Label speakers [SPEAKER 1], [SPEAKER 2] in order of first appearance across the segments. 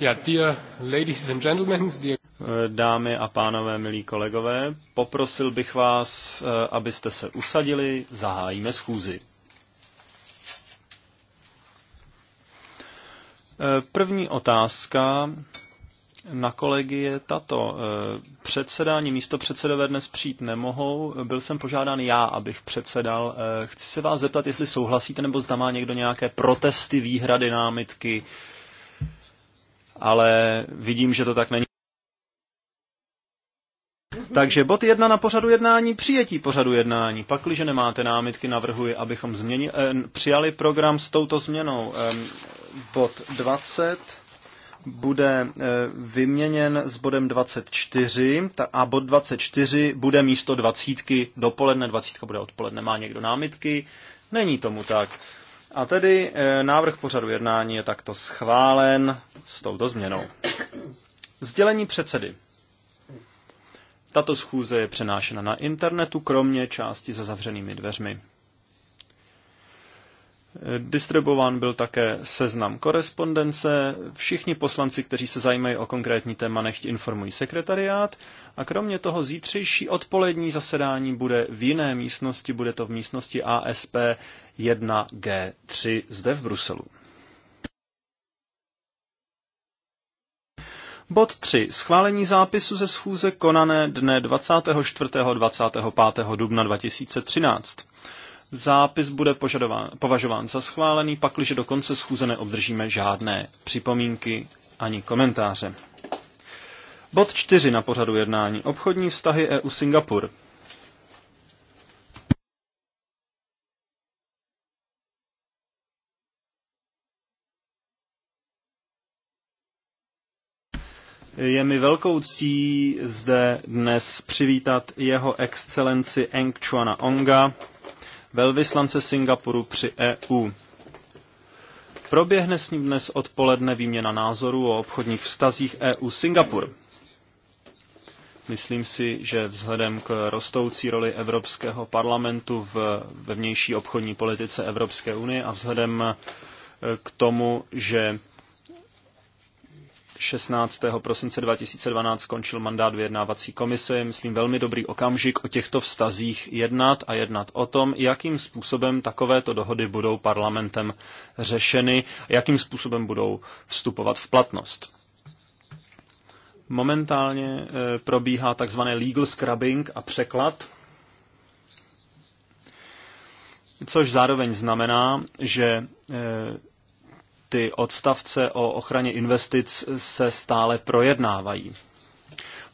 [SPEAKER 1] Eh,
[SPEAKER 2] dámy a pánové, milí kolegové, poprosil bych vás, eh, abyste se usadili, zahájíme schůzi. Eh, první otázka na kolegy je tato. Předseda ani předsedové dnes přijít nemohou. Byl jsem požádán já, abych předsedal. Chci se vás zeptat, jestli souhlasíte, nebo zda má někdo nějaké protesty, výhrady, námitky ale vidím, že to tak není. Takže bod jedna na pořadu jednání, přijetí pořadu jednání. Pakliže nemáte námitky, navrhuji, abychom změni, eh, přijali program s touto změnou. Eh, bod 20 bude eh, vyměněn s bodem 24 ta, a bod 24 bude místo 20 dopoledne, 20 bude odpoledne. Má někdo námitky? Není tomu tak. A tedy eh, návrh pořadu jednání je takto schválen s touto změnou. Sdělení předsedy. Tato schůze je přenášena na internetu, kromě části za zavřenými dveřmi. Distribuován byl také seznam korespondence. Všichni poslanci, kteří se zajímají o konkrétní téma, nechť informují sekretariát. A kromě toho zítřejší odpolední zasedání bude v jiné místnosti, bude to v místnosti ASP 1G3 zde v Bruselu. Bod 3. Schválení zápisu ze schůze konané dne 24. 25. dubna 2013. Zápis bude požadován, považován za schválený, pakliže do konce schůze neobdržíme žádné připomínky ani komentáře. Bod 4 na pořadu jednání. Obchodní vztahy EU-Singapur. Je mi velkou ctí zde dnes přivítat jeho excelenci Eng Chuana Onga, velvyslance Singapuru při EU. Proběhne s ním dnes odpoledne výměna názorů o obchodních vztazích EU-Singapur. Myslím si, že vzhledem k rostoucí roli Evropského parlamentu v, ve vnější obchodní politice Evropské unie a vzhledem eh, k tomu, že 16. prosince 2012 skončil mandát vyjednávací komise. Je, myslím, velmi dobrý okamžik o těchto vztazích jednat a jednat o tom, jakým způsobem takovéto dohody budou parlamentem řešeny, jakým způsobem budou vstupovat v platnost. Momentálně eh, probíhá tzv. legal scrubbing a překlad, což zároveň znamená, že eh, ty odstavce o ochraně investic se stále projednávají.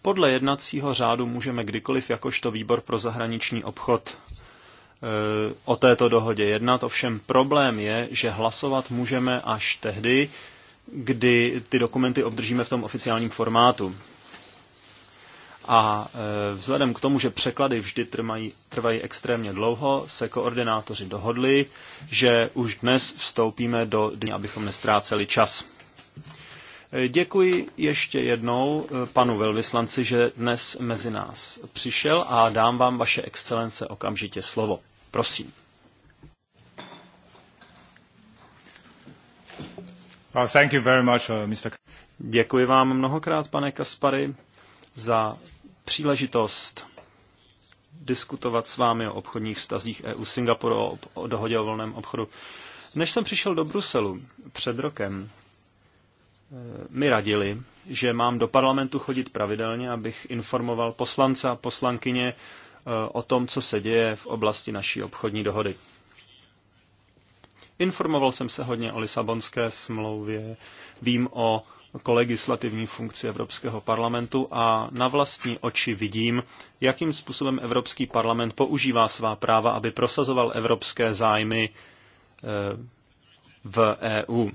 [SPEAKER 2] Podle jednacího řádu můžeme kdykoliv jakožto výbor pro zahraniční obchod e, o této dohodě jednat, ovšem problém je, že hlasovat můžeme až tehdy, kdy ty dokumenty obdržíme v tom oficiálním formátu. A e, vzhledem k tomu, že překlady vždy trvají, trvají extrémně dlouho, se koordinátoři dohodli, že už dnes vstoupíme do dny, abychom nestráceli čas. E, děkuji ještě jednou e, panu velvyslanci, že dnes mezi nás přišel a dám vám vaše excelence okamžitě slovo. Prosím. Thank you very much, uh, Mr. Děkuji vám mnohokrát, pane Kaspary, za příležitost diskutovat s vámi o obchodních vztazích EU Singapuru, o, o dohodě o volném obchodu. Než jsem přišel do Bruselu před rokem, eh, mi radili, že mám do parlamentu chodit pravidelně, abych informoval poslance a poslankyně eh, o tom, co se děje v oblasti naší obchodní dohody. Informoval jsem se hodně o Lisabonské smlouvě, vím o kolegislativní funkci Evropského parlamentu a na vlastní oči vidím, jakým způsobem Evropský parlament používá svá práva, aby prosazoval evropské zájmy eh, v EU.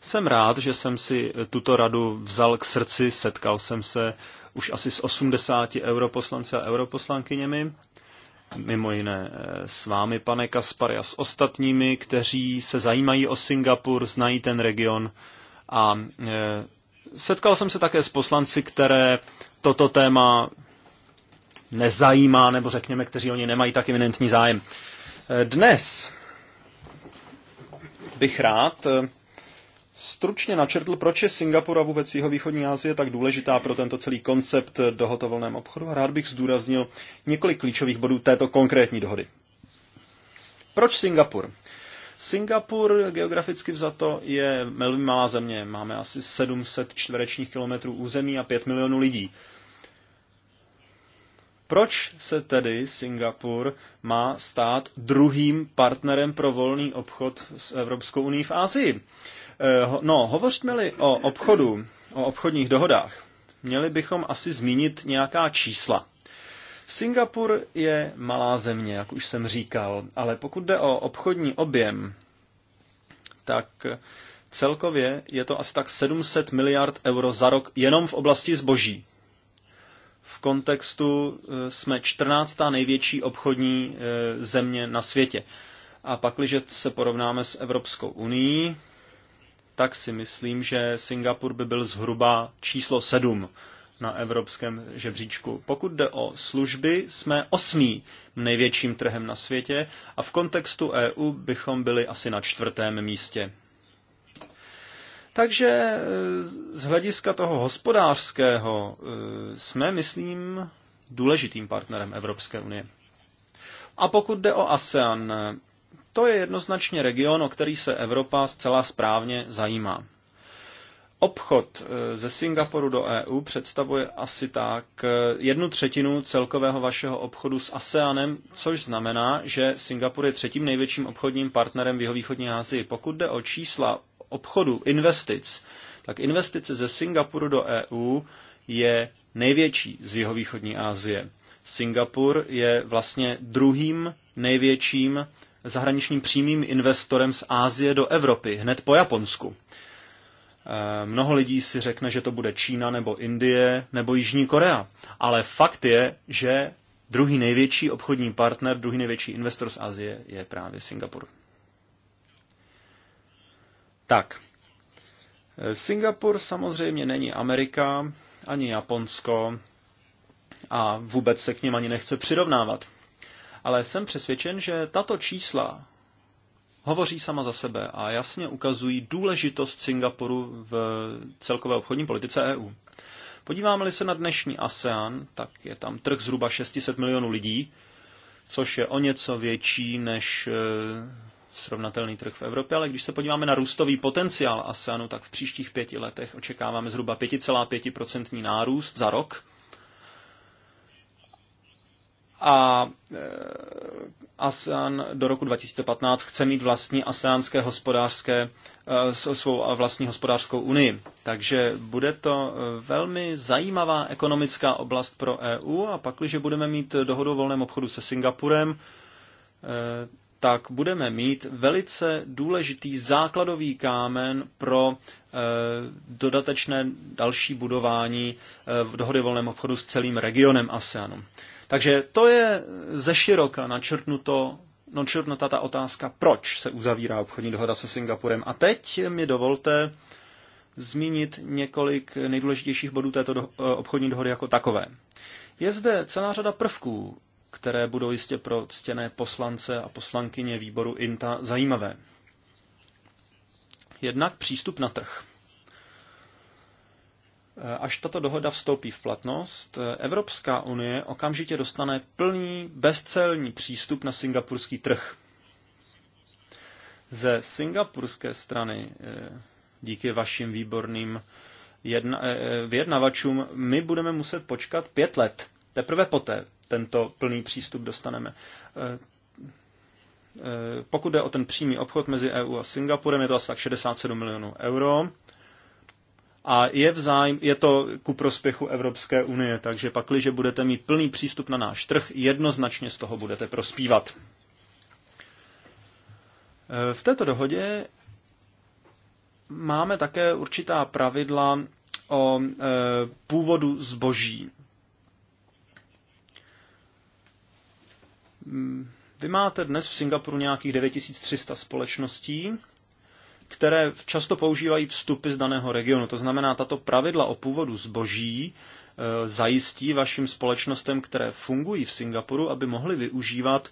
[SPEAKER 2] Jsem rád, že jsem si tuto radu vzal k srdci, setkal jsem se už asi s 80 europoslanci a europoslankyněmi, mimo jiné eh, s vámi, pane Kaspar, a s ostatními, kteří se zajímají o Singapur, znají ten region a e, setkal jsem se také s poslanci, které toto téma nezajímá, nebo řekněme, kteří oni nemají tak eminentní zájem. E, dnes bych rád e, stručně načrtl, proč je Singapur a vůbec jeho východní Asie tak důležitá pro tento celý koncept dohod o volném obchodu. Rád bych zdůraznil několik klíčových bodů této konkrétní dohody. Proč Singapur? Singapur geograficky vzato je velmi malá země. Máme asi 700 čtverečních kilometrů území a 5 milionů lidí. Proč se tedy Singapur má stát druhým partnerem pro volný obchod s Evropskou uní v Asii? Eh, no, hovořme-li o obchodu, o obchodních dohodách, měli bychom asi zmínit nějaká čísla. Singapur je malá země, jak už jsem říkal, ale pokud jde o obchodní objem, tak celkově je to asi tak 700 miliard euro za rok jenom v oblasti zboží. V kontextu eh, jsme 14. největší obchodní eh, země na světě. A pak, když se porovnáme s Evropskou unii, tak si myslím, že Singapur by byl zhruba číslo 7 na evropském žebříčku. Pokud jde o služby, jsme osmý největším trhem na světě a v kontextu EU bychom byli asi na čtvrtém místě. Takže e, z hlediska toho hospodářského e, jsme, myslím, důležitým partnerem Evropské unie. A pokud jde o ASEAN, to je jednoznačně region, o který se Evropa zcela správně zajímá. Obchod eh, ze Singapuru do EU představuje asi tak eh, jednu třetinu celkového vašeho obchodu s ASEANem, což znamená, že Singapur je třetím největším obchodním partnerem v jihovýchodní Asii. Pokud jde o čísla obchodu, investic, tak investice ze Singapuru do EU je největší z jihovýchodní Asie. Singapur je vlastně druhým největším zahraničním přímým investorem z Asie do Evropy, hned po Japonsku. Eh, mnoho lidí si řekne, že to bude Čína nebo Indie nebo Jižní Korea, ale fakt je, že druhý největší obchodní partner, druhý největší investor z Azie je právě Singapur. Tak. Eh, Singapur samozřejmě není Amerika, ani Japonsko a vůbec se k ním ani nechce přirovnávat. Ale jsem přesvědčen, že tato čísla hovoří sama za sebe a jasně ukazují důležitost Singapuru v celkové obchodní politice EU. Podíváme-li se na dnešní ASEAN, tak je tam trh zhruba 600 milionů lidí, což je o něco větší než e, srovnatelný trh v Evropě, ale když se podíváme na růstový potenciál ASEANu, tak v příštích pěti letech očekáváme zhruba 5,5% nárůst za rok, a e, ASEAN do roku 2015 chce mít vlastní aseánské hospodářské, e, svou vlastní hospodářskou unii. Takže bude to e, velmi zajímavá ekonomická oblast pro EU a pak, když budeme mít dohodu o volném obchodu se Singapurem, tak budeme mít velice důležitý základový kámen pro dodatečné další budování dohody o volném obchodu s celým regionem ASEANu. Takže to je ze široka načrtnuto načrtnuta ta otázka, proč se uzavírá obchodní dohoda se Singapurem. A teď mi dovolte zmínit několik nejdůležitějších bodů této do, eh, obchodní dohody jako takové. Je zde celá řada prvků, které budou jistě pro ctěné poslance a poslankyně výboru INTA zajímavé. Jednak přístup na trh. Eh, až tato dohoda vstoupí v platnost, eh, Evropská unie okamžitě dostane plný bezcelní přístup na singapurský trh. Ze singapurské strany, eh, díky vašim výborným jedna, vyjednavačům, my budeme muset počkat pět let. Teprve poté tento plný přístup dostaneme. Pokud jde o ten přímý obchod mezi EU a Singapurem, je to asi tak 67 milionů euro a je, v zájm, je to ku prospěchu Evropské unie, takže pakliže budete mít plný přístup na náš trh, jednoznačně z toho budete prospívat. E, v této dohodě máme také určitá pravidla o e, původu zboží. Mm, vy máte dnes v Singapuru nějakých 9300 společností které často používají vstupy z daného regionu. To znamená, tato pravidla o původu zboží e, zajistí vašim společnostem, které fungují v Singapuru, aby mohly využívat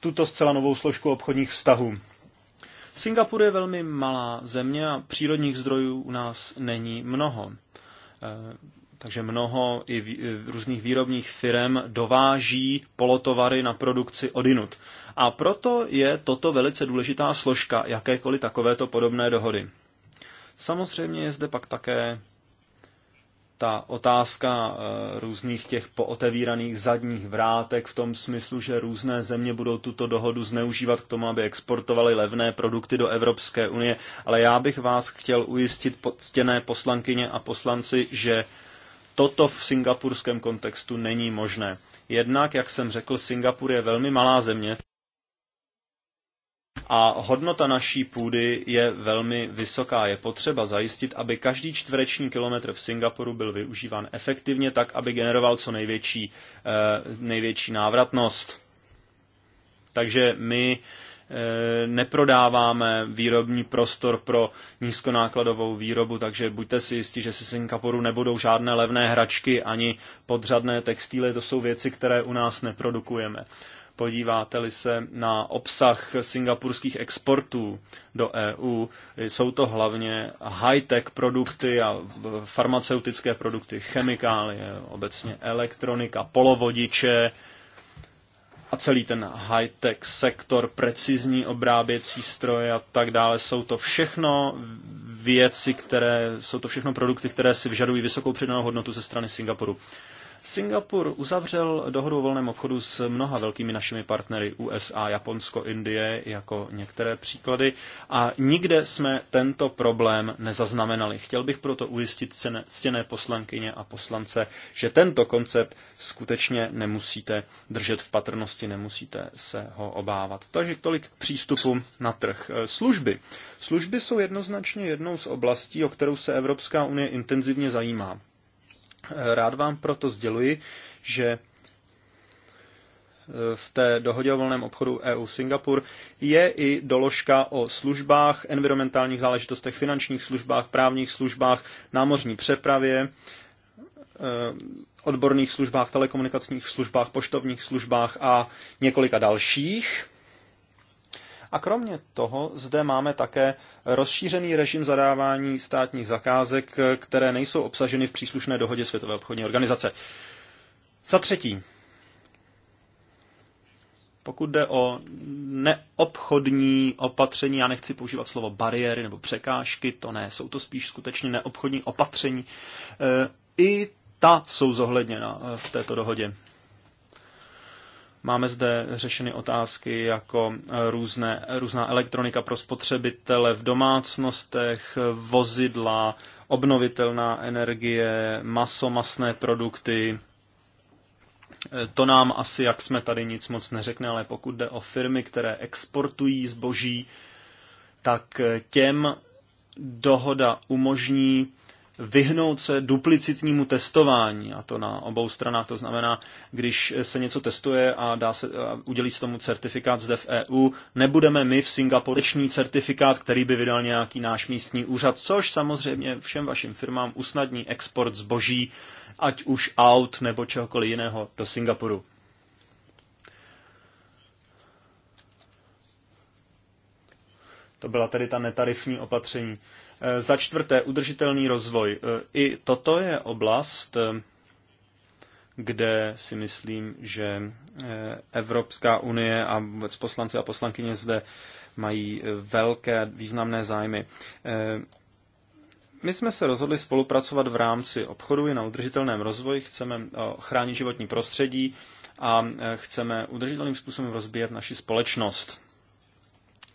[SPEAKER 2] tuto zcela novou složku obchodních vztahů. Singapur je velmi malá země a přírodních zdrojů u nás není mnoho. E, takže mnoho i e, různých výrobních firm dováží polotovary na produkci odinut. A proto je toto velice důležitá složka jakékoliv takovéto podobné dohody. Samozřejmě je zde pak také ta otázka e, různých těch pootevíraných zadních vrátek v tom smyslu, že různé země budou tuto dohodu zneužívat k tomu, aby exportovali levné produkty do Evropské unie. Ale já bych vás chtěl ujistit, ctěné poslankyně a poslanci, že toto v singapurském kontextu není možné. Jednak, jak jsem řekl, Singapur je velmi malá země a hodnota naší půdy je velmi vysoká. Je potřeba zajistit, aby každý čtvereční kilometr v Singapuru byl využíván efektivně tak, aby generoval co největší, eh, největší návratnost. Takže my Eh, neprodáváme výrobní prostor pro nízkonákladovou výrobu, takže buďte si jistí, že si Singapuru nebudou žádné levné hračky ani podřadné textíly, to jsou věci, které u nás neprodukujeme. Podíváte-li se na obsah singapurských exportů do EU, jsou to hlavně high-tech produkty a farmaceutické produkty, chemikálie, obecně elektronika, polovodiče, a celý ten high-tech sektor, precizní obráběcí stroje a tak dále, jsou to všechno věci, které, jsou to všechno produkty, které si vyžadují vysokou přidanou hodnotu ze strany Singapuru. Singapur uzavřel dohodu o volném obchodu s mnoha velkými našimi partnery USA, Japonsko, Indie jako některé příklady a nikde jsme tento problém nezaznamenali. Chtěl bych proto ujistit ctěné poslankyně a poslance, že tento koncept skutečně nemusíte držet v patrnosti, nemusíte se ho obávat. Takže tolik k přístupu na trh. E, služby. Služby jsou jednoznačně jednou z oblastí, o kterou se Evropská unie intenzivně zajímá. Rád vám proto sděluji, že eh, v té dohodě o volném obchodu EU-Singapur je i doložka o službách, environmentálních záležitostech, finančních službách, právních službách, námořní přepravě, eh, odborných službách, telekomunikačních službách, poštovních službách a několika dalších. A kromě toho zde máme také rozšířený režim zadávání státních zakázek, které nejsou obsaženy v příslušné dohodě Světové obchodní organizace. Za třetí, pokud jde o neobchodní opatření, já nechci používat slovo bariéry nebo překážky, to ne, jsou to spíš skutečně neobchodní opatření, eh, i ta jsou zohledněna eh, v této dohodě. Máme zde řešeny otázky jako eh, různé, různá elektronika pro spotřebitele v domácnostech, vozidla, obnovitelná energie, maso, masné produkty. Eh, to nám asi, jak jsme tady, nic moc neřekne, ale pokud jde o firmy, které exportují zboží, tak eh, těm dohoda umožní vyhnout se duplicitnímu testování, a to na obou stranách. To znamená, když se něco testuje a, dá se, a udělí se tomu certifikát zde v EU, nebudeme my v Singapureční certifikát, který by vydal nějaký náš místní úřad, což samozřejmě všem vašim firmám usnadní export zboží, ať už aut nebo čehokoliv jiného do Singapuru. To byla tedy ta netarifní opatření. Eh, za čtvrté, udržitelný rozvoj. Eh, I toto je oblast, eh, kde si myslím, že Evropská unie a vůbec poslanci a poslankyně zde mají velké významné zájmy. My jsme se rozhodli spolupracovat v rámci obchodu i na udržitelném rozvoji, chceme chránit životní prostředí a chceme udržitelným způsobem rozbíjet naši společnost.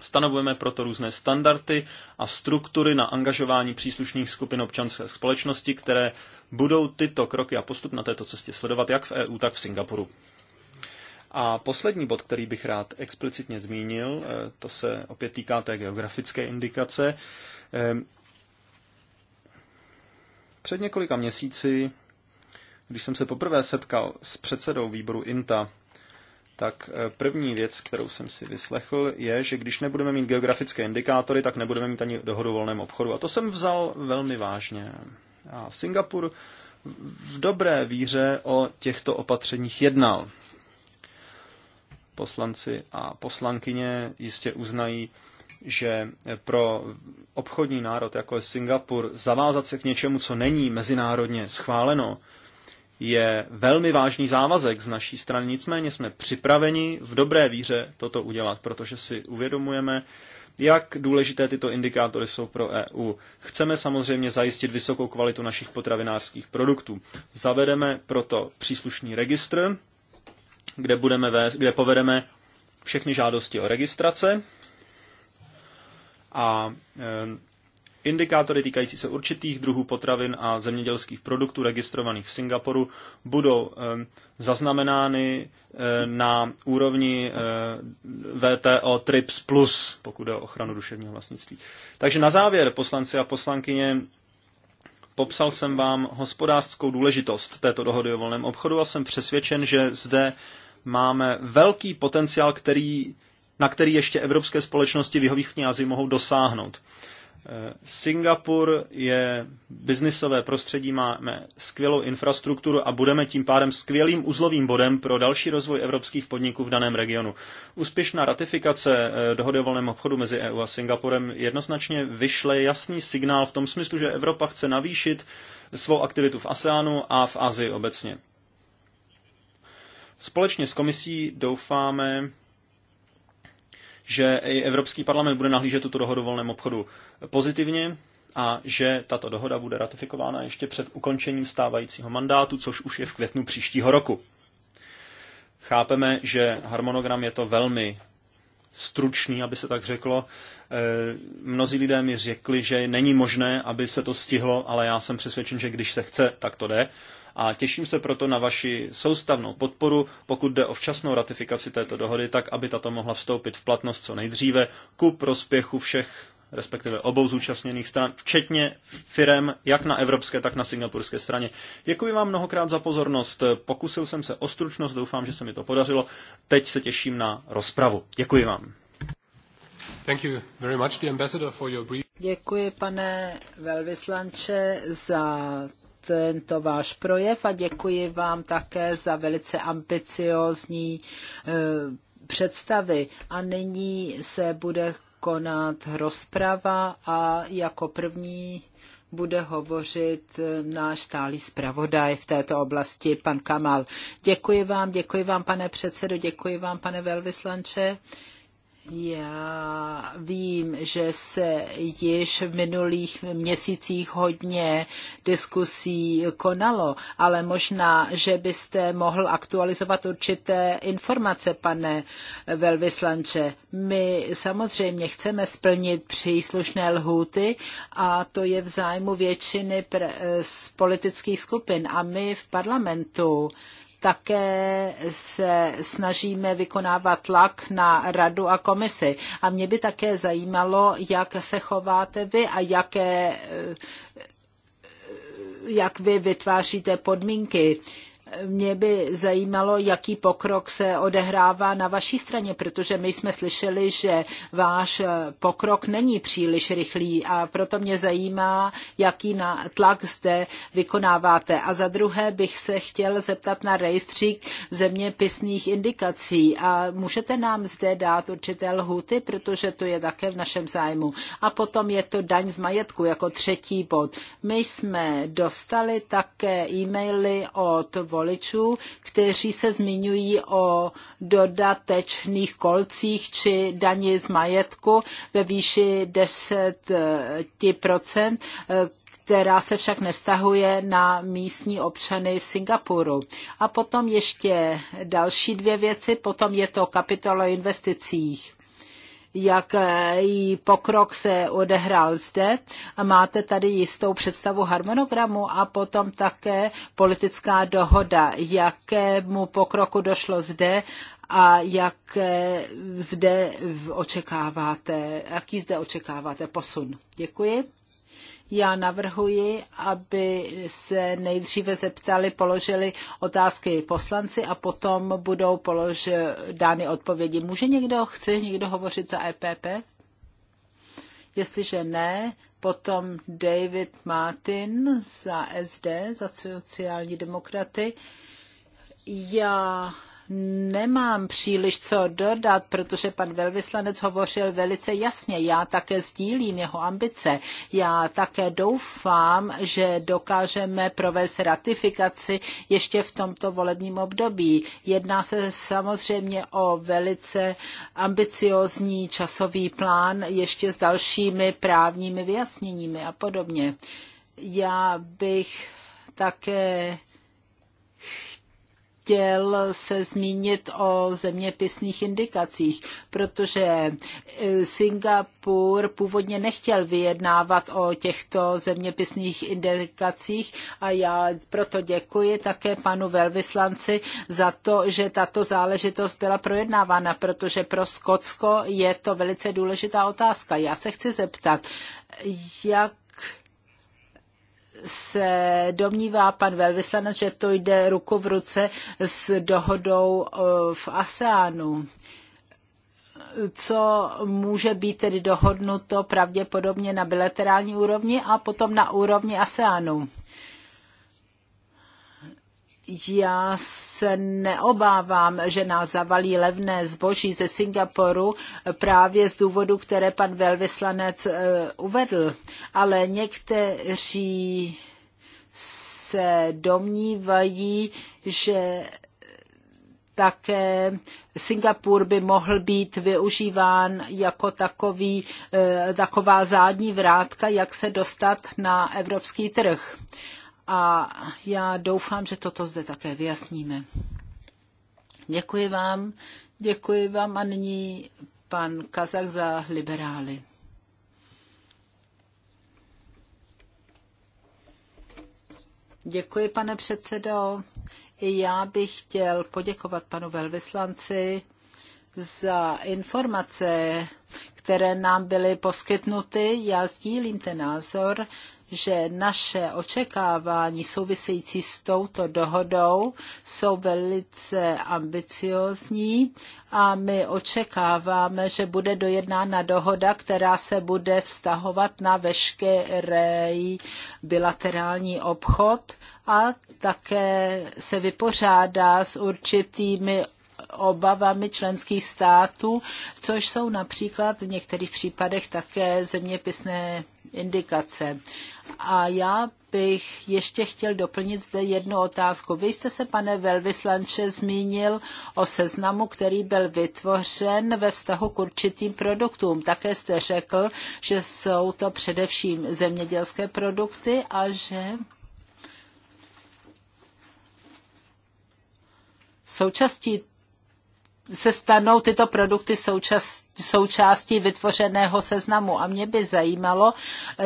[SPEAKER 2] Stanovujeme proto různé standardy a struktury na angažování příslušných skupin občanské společnosti, které budou tyto kroky a postup na této cestě sledovat jak v EU, tak v Singapuru. A poslední bod, který bych rád explicitně zmínil, eh, to se opět týká té geografické indikace. Eh, před několika měsíci, když jsem se poprvé setkal s předsedou výboru INTA tak eh, první věc, kterou jsem si vyslechl, je, že když nebudeme mít geografické indikátory, tak nebudeme mít ani dohodu o volném obchodu. A to jsem vzal velmi vážně. A Singapur v dobré víře o těchto opatřeních jednal. Poslanci a poslankyně jistě uznají, že pro obchodní národ, jako je Singapur, zavázat se k něčemu, co není mezinárodně schváleno, je velmi vážný závazek z naší strany, nicméně jsme připraveni v dobré víře toto udělat, protože si uvědomujeme, jak důležité tyto indikátory jsou pro EU. Chceme samozřejmě zajistit vysokou kvalitu našich potravinářských produktů. Zavedeme proto příslušný registr, kde, budeme vést, kde povedeme všechny žádosti o registrace a Indikátory týkající se určitých druhů potravin a zemědělských produktů registrovaných v Singapuru budou eh, zaznamenány eh, na úrovni eh, VTO TRIPS+, plus, pokud je o ochranu duševního vlastnictví. Takže na závěr, poslanci a poslankyně, popsal jsem vám hospodářskou důležitost této dohody o volném obchodu a jsem přesvědčen, že zde máme velký potenciál, který, na který ještě evropské společnosti v jihovýchodní mohou dosáhnout. Eh, Singapur je biznisové prostředí, máme skvělou infrastrukturu a budeme tím pádem skvělým uzlovým bodem pro další rozvoj evropských podniků v daném regionu. Úspěšná ratifikace eh, dohody o volném obchodu mezi EU a Singapurem jednoznačně vyšle jasný signál v tom smyslu, že Evropa chce navýšit svou aktivitu v ASEANu a v Asii obecně. Společně s komisí doufáme, že i Evropský parlament bude nahlížet tuto dohodu o volném obchodu pozitivně a že tato dohoda bude ratifikována ještě před ukončením stávajícího mandátu, což už je v květnu příštího roku. Chápeme, že harmonogram je to velmi stručný, aby se tak řeklo. E, mnozí lidé mi řekli, že není možné, aby se to stihlo, ale já jsem přesvědčen, že když se chce, tak to jde a těším se proto na vaši soustavnou podporu, pokud jde o včasnou ratifikaci této dohody, tak aby tato mohla vstoupit v platnost co nejdříve ku prospěchu všech respektive obou zúčastněných stran, včetně firem, jak na evropské, tak na singapurské straně. Děkuji vám mnohokrát za pozornost. Pokusil jsem se o stručnost, doufám, že se mi to podařilo. Teď se těším na rozpravu. Děkuji vám.
[SPEAKER 3] Thank you
[SPEAKER 1] very much, the ambassador, for your brief... Děkuji, pane velvyslanče, za tento váš projev a děkuji vám také za velice ambiciozní eh, představy. A nyní se bude konat rozprava a jako první bude hovořit eh, náš stálý zpravodaj v této oblasti, pan Kamal. Děkuji vám, děkuji vám, pane předsedo, děkuji vám, pane velvyslanče. Já vím, že se již v minulých měsících hodně diskusí konalo, ale možná, že byste mohl aktualizovat určité informace, pane velvyslanče. My samozřejmě chceme splnit příslušné lhůty a to je v zájmu většiny eh, z politických skupin. A my v parlamentu také se snažíme vykonávat tlak na radu a komisi. A mě by také zajímalo, jak se chováte vy a jaké, jak vy vytváříte podmínky mě by zajímalo, jaký pokrok se odehrává na vaší straně, protože my jsme slyšeli, že váš pokrok není příliš rychlý a proto mě zajímá, jaký tlak zde vykonáváte. A za druhé bych se chtěl zeptat na rejstřík zeměpisných indikací a můžete nám zde dát určité lhuty, protože to je také v našem zájmu. A potom je to daň z majetku jako třetí bod. My jsme dostali také e-maily od voličů, kteří se zmiňují o dodatečných kolcích či daní z majetku ve výši 10%, eh, eh, která se však nestahuje na místní občany v Singapuru. A potom ještě další dvě věci, potom je to kapitola o investicích jaký pokrok se odehrál zde a máte tady jistou představu harmonogramu a potom také politická dohoda, jakému pokroku došlo zde a jak zde očekáváte, jaký zde očekáváte posun. Děkuji. Já navrhuji, aby se nejdříve zeptali, položili otázky poslanci a potom budou polož, dány odpovědi. Může někdo, chce někdo hovořit za EPP? Jestliže ne, potom David Martin za SD, za sociální demokraty. Já nemám příliš co dodat, protože pan velvyslanec hovořil velice jasně. Já také sdílím jeho ambice. Já také doufám, že dokážeme provést ratifikaci ještě v tomto volebním období. Jedná se samozřejmě o velice ambiciozní časový plán ještě s dalšími právními vyjasněními a podobně. Já bych také chtěl se zmínit o zeměpisných indikacích, protože e, Singapur původně nechtěl vyjednávat o těchto zeměpisných indikacích a já proto děkuji také panu velvyslanci za to, že tato záležitost byla projednávána, protože pro Skotsko je to velice důležitá otázka. Já se chci zeptat, jak se domnívá pan velvyslanec, že to jde ruku v ruce s dohodou eh, v ASEANu co může být tedy dohodnuto pravděpodobně na bilaterální úrovni a potom na úrovni ASEANu já se neobávám, že nás zavalí levné zboží ze Singapuru právě z důvodu, které pan velvyslanec eh, uvedl. Ale někteří se domnívají, že také Singapur by mohl být využíván jako takový, eh, taková zádní vrátka, jak se dostat na evropský trh a já doufám, že toto zde také vyjasníme. Děkuji vám, děkuji vám a nyní pan Kazak za liberály. Děkuji, pane předsedo. I já bych chtěl poděkovat panu velvyslanci za informace, které nám byly poskytnuty. Já sdílím ten názor, že naše očekávání související s touto dohodou jsou velice ambiciozní a my očekáváme, že bude dojednána dohoda, která se bude vztahovat na veškerý bilaterální obchod a také se vypořádá s určitými obavami členských států, což jsou například v některých případech také zeměpisné indikace. A já bych ještě chtěl doplnit zde jednu otázku. Vy jste se, pane velvyslanče, zmínil o seznamu, který byl vytvořen ve vztahu k určitým produktům. Také jste řekl, že jsou to především zemědělské produkty a že součástí se stanou tyto produkty součas, součástí vytvořeného seznamu. A mě by zajímalo,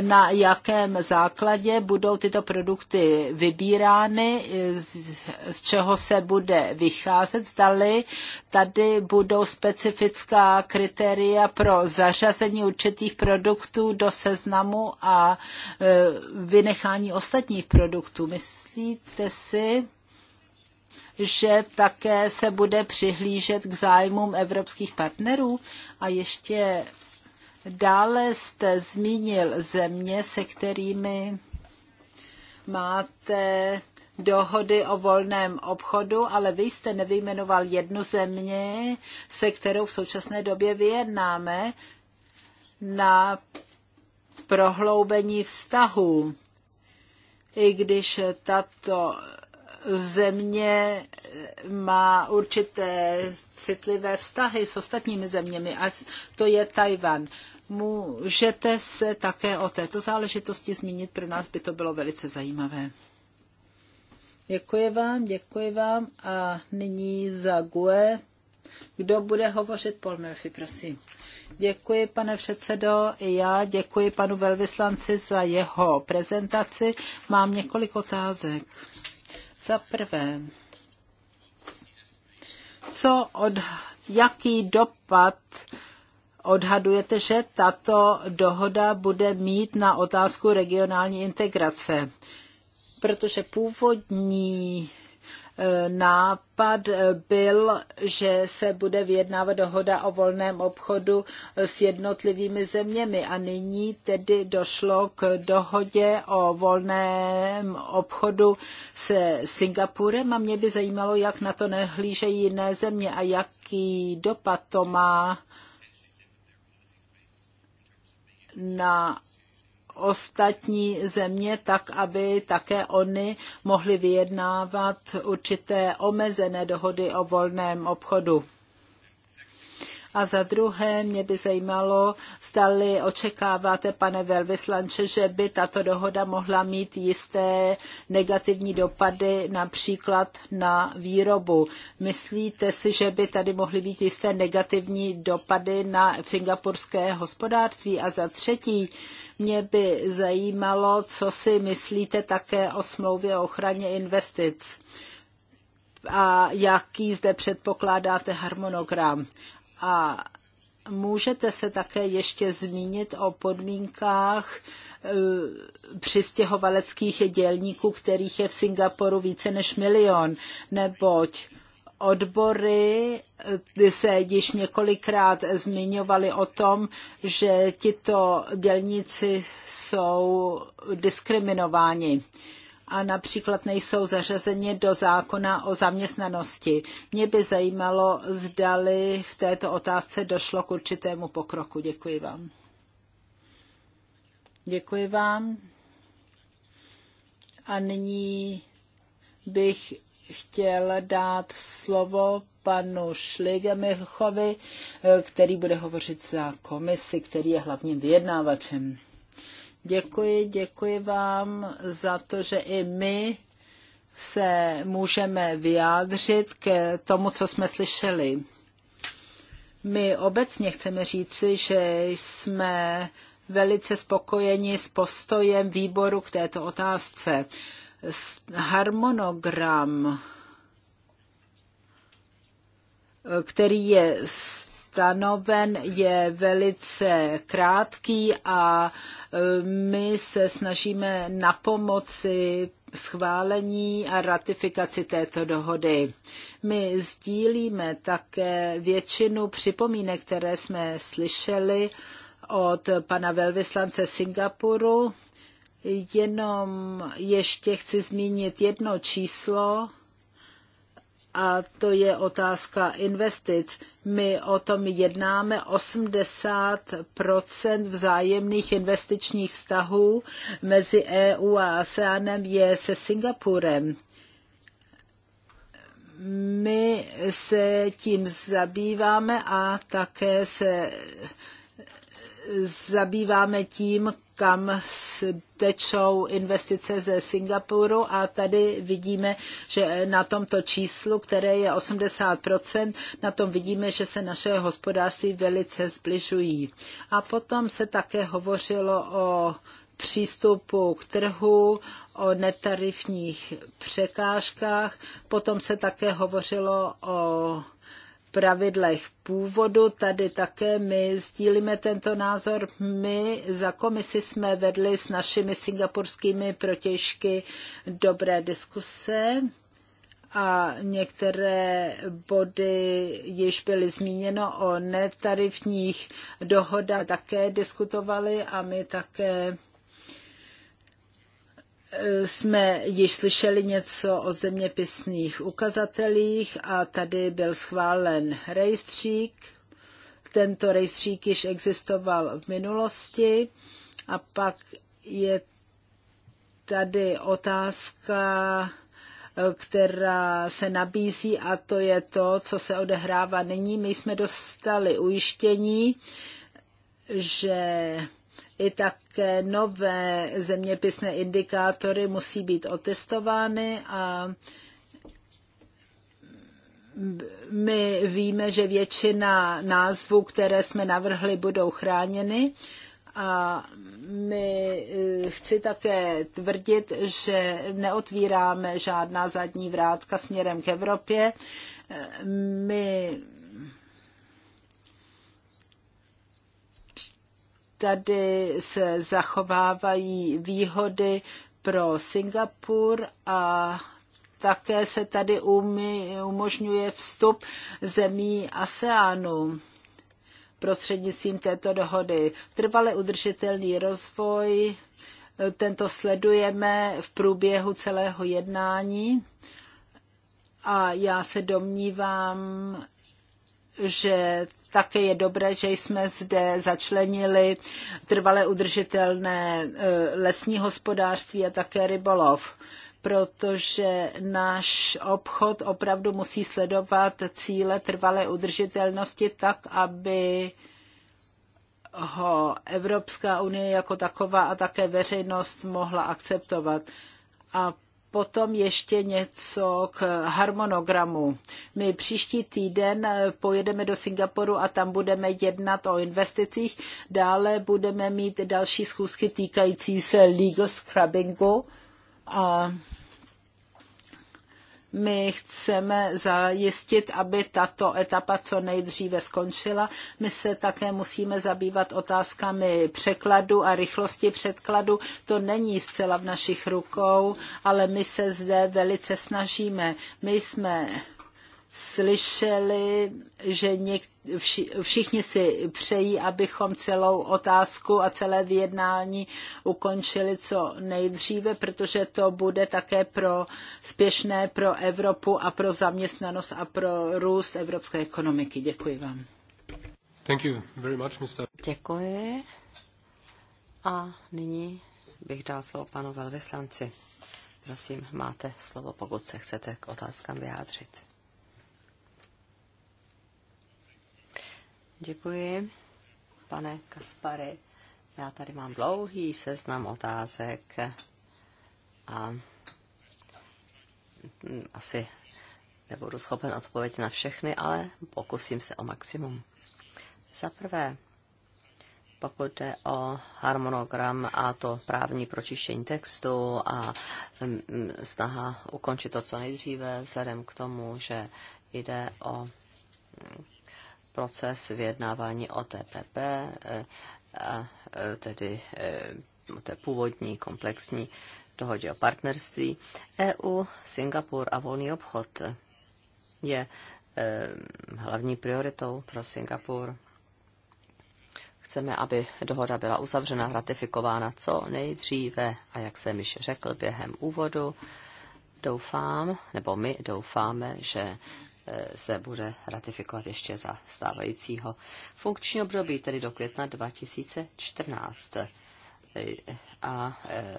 [SPEAKER 1] na jakém základě budou tyto produkty vybírány, z, z čeho se bude vycházet, zdali tady budou specifická kritéria pro zařazení určitých produktů do seznamu a e, vynechání ostatních produktů. Myslíte si, že také se bude přihlížet k zájmům evropských partnerů? A ještě dále jste zmínil země, se kterými máte dohody o volném obchodu, ale vy jste nevyjmenoval jednu země, se kterou v současné době vyjednáme na prohloubení vztahu. I když tato země má určité citlivé vztahy s ostatními zeměmi a to je Tajvan. Můžete se také o této záležitosti zmínit, pro nás by to bylo velice zajímavé. Děkuji vám, děkuji vám a nyní za GUE. Kdo bude hovořit? Paul Murphy, prosím. Děkuji, pane předsedo. I já děkuji panu velvyslanci za jeho prezentaci. Mám několik otázek. Za prvé, co od, jaký dopad odhadujete, že tato dohoda bude mít na otázku regionální integrace? Protože původní nápad byl, že se bude vyjednávat dohoda o volném obchodu s jednotlivými zeměmi a nyní tedy došlo k dohodě o volném obchodu se Singapurem a mě by zajímalo, jak na to nehlížejí jiné země a jaký dopad to má na ostatní země, tak aby také oni mohli vyjednávat určité omezené dohody o volném obchodu. A za druhé mě by zajímalo, zdali očekáváte, pane velvyslanče, že by tato dohoda mohla mít jisté negativní dopady například na výrobu. Myslíte si, že by tady mohly být jisté negativní dopady na singapurské hospodářství? A za třetí, mě by zajímalo, co si myslíte také o smlouvě o ochraně investic a jaký zde předpokládáte harmonogram. A můžete se také ještě zmínit o podmínkách eh, přistěhovaleckých dělníků, kterých je v Singapuru více než milion, neboť odbory eh, se již několikrát zmiňovaly o tom, že tito dělníci jsou diskriminováni. Uh, a například nejsou zařazeni do zákona o zaměstnanosti. Mě by zajímalo, zdali v této otázce došlo k určitému pokroku. Děkuji vám. Děkuji vám. A nyní bych chtěl dát slovo panu Šligemichovi, který bude hovořit za komisi, který je hlavním vyjednávačem. Děkuji, děkuji vám za to, že i my se můžeme vyjádřit k tomu, co jsme slyšeli. My obecně chceme říci, že jsme velice spokojeni s postojem výboru k této otázce. Harmonogram, který je stanoven, je velice krátký a eh, my se snažíme na pomoci schválení a ratifikaci této dohody. My sdílíme také většinu připomínek, které jsme slyšeli od pana velvyslance Singapuru. Jenom ještě chci zmínit jedno číslo, a to je otázka investic. My o tom jednáme 80 vzájemných investičních vztahů mezi EU a ASEANem je se Singapurem. My se tím zabýváme a také se zabýváme tím, kam tečou investice ze Singapuru a tady vidíme, že na tomto číslu, které je 80%, na tom vidíme, že se naše hospodářství velice zbližují. A potom se také hovořilo o přístupu k trhu, o netarifních překážkách, potom se také hovořilo o pravidlech původu. Tady také my sdílíme tento názor. My za komisi jsme vedli s našimi singapurskými protěžky dobré diskuse a některé body již byly zmíněno o netarifních dohodách také diskutovali a my také Eh, jsme již slyšeli něco o zeměpisných ukazatelích a tady byl schválen rejstřík. Tento rejstřík již existoval v minulosti a pak je tady otázka, eh, která se nabízí a to je to, co se odehrává nyní. My jsme dostali ujištění, že i také nové zeměpisné indikátory musí být otestovány a my víme, že většina názvů, které jsme navrhli, budou chráněny a my eh, chci také tvrdit, že neotvíráme žádná zadní vrátka směrem k Evropě. Eh, my Tady se zachovávají výhody pro Singapur a také se tady umožňuje vstup zemí ASEANu prostřednictvím této dohody. Trvale udržitelný rozvoj, tento sledujeme v průběhu celého jednání a já se domnívám, že také je dobré, že jsme zde začlenili trvale udržitelné e, lesní hospodářství a také rybolov protože náš obchod opravdu musí sledovat cíle trvalé udržitelnosti tak, aby ho Evropská unie jako taková a také veřejnost mohla akceptovat. A potom ještě něco k harmonogramu. My příští týden pojedeme do Singapuru a tam budeme jednat o investicích. Dále budeme mít další schůzky týkající se legal scrubbingu a my chceme zajistit, aby tato etapa co nejdříve skončila. My se také musíme zabývat otázkami překladu a rychlosti překladu. To není zcela v našich rukou, ale my se zde velice snažíme. My jsme slyšeli, že něk, všichni si přejí, abychom celou otázku a celé vyjednání ukončili co nejdříve, protože to bude také pro spěšné pro Evropu a pro zaměstnanost a pro růst evropské ekonomiky. Děkuji vám.
[SPEAKER 3] Thank you very much, Mr. Děkuji. A nyní bych dal slovo panu velvyslanci. Prosím, máte slovo, pokud se chcete k otázkám vyjádřit. Děkuji, pane Kaspary. Já tady mám dlouhý seznam otázek a asi nebudu schopen odpovědět na všechny, ale pokusím se o maximum. Za prvé, pokud jde o harmonogram a to právní pročištění textu a mm, snaha ukončit to co nejdříve, vzhledem k tomu, že jde o proces vyjednávání o TPP, eh, a eh, tedy eh, o té původní komplexní dohodě o partnerství. EU, Singapur a volný obchod je hlavní prioritou pro Singapur. Chceme, aby dohoda byla uzavřena, ratifikována co nejdříve a jak jsem již řekl během úvodu, doufám, nebo my doufáme, že se bude ratifikovat ještě za stávajícího funkční období, tedy do května 2014. A e,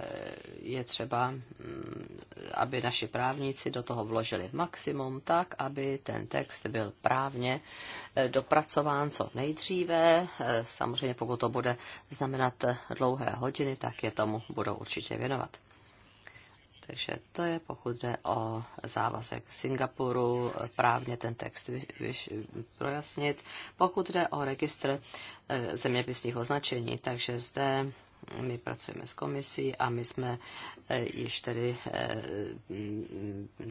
[SPEAKER 3] je třeba, mm, aby naši právníci do toho vložili maximum tak, aby ten text byl právně e, dopracován co nejdříve. E, samozřejmě pokud to bude znamenat dlouhé hodiny, tak je tomu budou určitě věnovat. Takže to je, pokud jde o závazek Singapuru, právně ten text vy, vy, projasnit. Pokud jde o registr eh, zeměpisných označení, takže zde my pracujeme s komisí a my jsme eh, již tedy eh,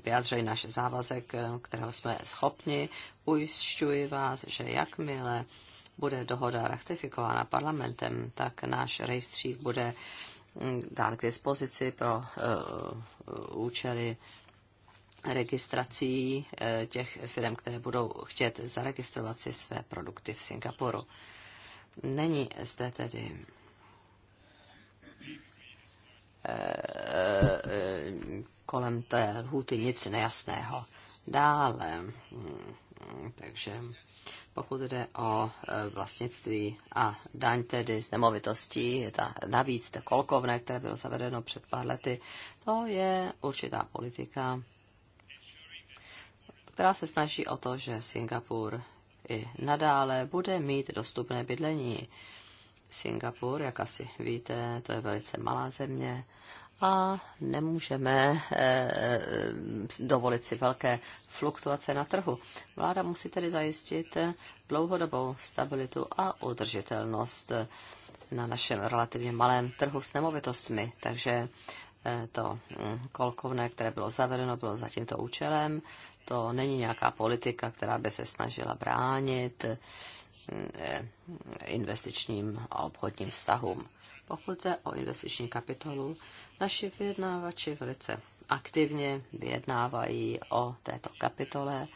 [SPEAKER 3] vyjádřili náš závazek, kterého jsme schopni. Ujišťuji vás, že jakmile bude dohoda ratifikována parlamentem, tak náš rejstřík bude Mm, dán k dispozici pro eh, eh, účely registrací eh, těch firm, které budou chtět zaregistrovat si své produkty v Singapuru. Není zde tedy kolem té lhůty nic nejasného. Dále, mm, takže pokud jde o e, vlastnictví a daň tedy z nemovitostí, je ta, navíc ta kolkovné, které bylo zavedeno před pár lety, to je určitá politika, která se snaží o to, že Singapur i nadále bude mít dostupné bydlení. Singapur, jak asi víte, to je velice malá země a nemůžeme eh, eh, dovolit si velké fluktuace na trhu. Vláda musí tedy zajistit dlouhodobou stabilitu a udržitelnost eh, na našem relativně malém trhu s nemovitostmi. Takže to hm, kolkovné, které bylo zavedeno, bylo za tímto účelem. To není nějaká politika, která by se snažila bránit hm, investičním a obchodním vztahům. Pokud jde o investiční kapitolu, naši vyjednávači velice aktivně vyjednávají o této kapitole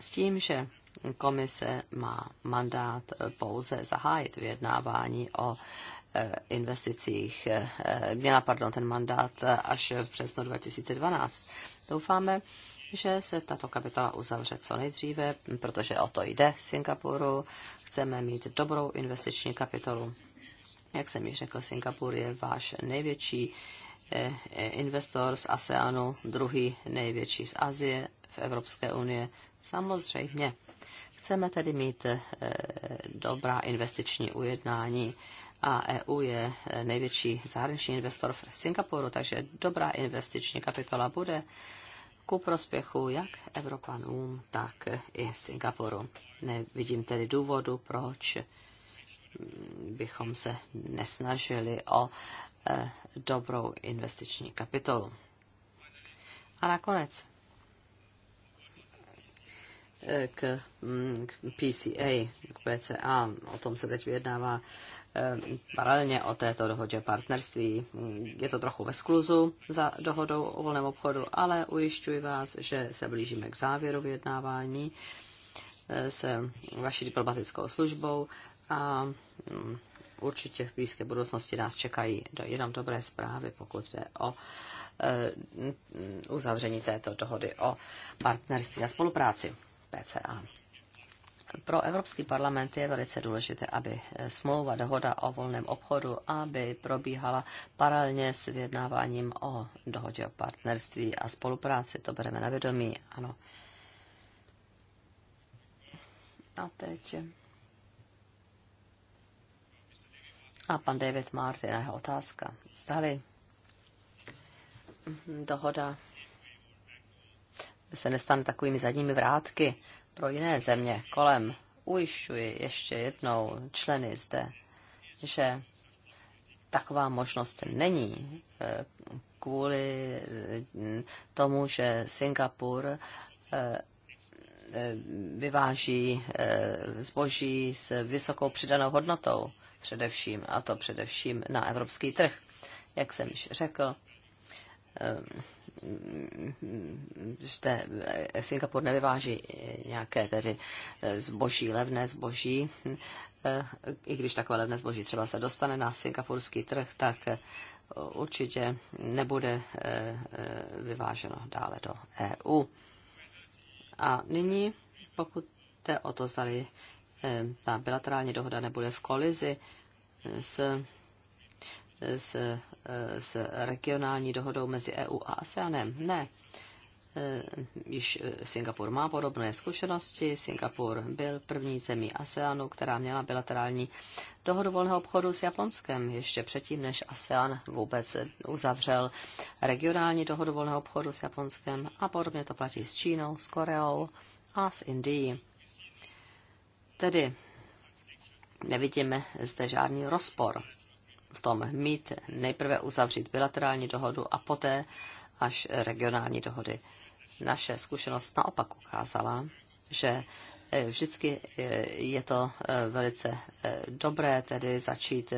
[SPEAKER 3] s tím, že komise má mandát pouze zahájit vyjednávání o e, investicích. E, e, měla, pardon, ten mandát až v březnu 2012. Doufáme, že se tato kapitola uzavře co nejdříve, protože o to jde v Singapuru. Chceme mít dobrou investiční kapitolu jak jsem již řekl, Singapur je váš největší eh, eh, investor z ASEANu, druhý největší z Azie, v Evropské unie. Samozřejmě. Chceme tedy mít eh, dobrá investiční ujednání a EU je největší zahraniční investor v Singapuru, takže dobrá investiční kapitola bude ku prospěchu jak Evropanům, tak i Singapuru. Nevidím tedy důvodu, proč bychom se nesnažili o eh, dobrou investiční kapitolu. A nakonec eh, k, mm, k PCA, k PCA, o tom se teď vyjednává eh, paralelně o této dohodě partnerství. Je to trochu ve skluzu za dohodou o volném obchodu, ale ujišťuji vás, že se blížíme k závěru vyjednávání se vaší diplomatickou službou a mm, určitě v blízké budoucnosti nás čekají jenom dobré zprávy, pokud jde o e, mm, uzavření této dohody o partnerství a spolupráci PCA. Pro Evropský parlament je velice důležité, aby e, smlouva, dohoda o volném obchodu, aby probíhala paralelně s vyjednáváním o dohodě o partnerství a spolupráci. To bereme na vědomí, ano. A teď A pan David Martin, jeho otázka. Zdali dohoda se nestane takovými zadními vrátky pro jiné země kolem. Ujišťuji ještě jednou členy zde, že taková možnost není eh, kvůli eh, tomu, že Singapur eh, vyváží zboží s vysokou přidanou hodnotou především, a to především na evropský trh. Jak jsem již řekl, eh, že eh, Singapur nevyváží nějaké tedy eh, zboží, levné zboží, i když takové levné zboží třeba se dostane na singapurský trh, tak určitě nebude vyváženo dále do EU. A nyní, pokud jde o to, zdali Eh, ta bilaterální dohoda nebude v kolizi eh, s, eh, s, s regionální dohodou mezi EU a ASEANem. Ne. Již Singapur má podobné zkušenosti. Singapur byl první zemí ASEANu, která měla bilaterální dohodu volného obchodu s Japonskem ještě předtím, než ASEAN vůbec uzavřel regionální dohodu volného obchodu s Japonskem a podobně to platí s Čínou, s Koreou a s Indií. Tedy nevidíme zde žádný rozpor v tom mít nejprve uzavřít bilaterální dohodu a poté až regionální dohody. Naše zkušenost naopak ukázala, že e, vždycky e, je to e, velice dobré tedy začít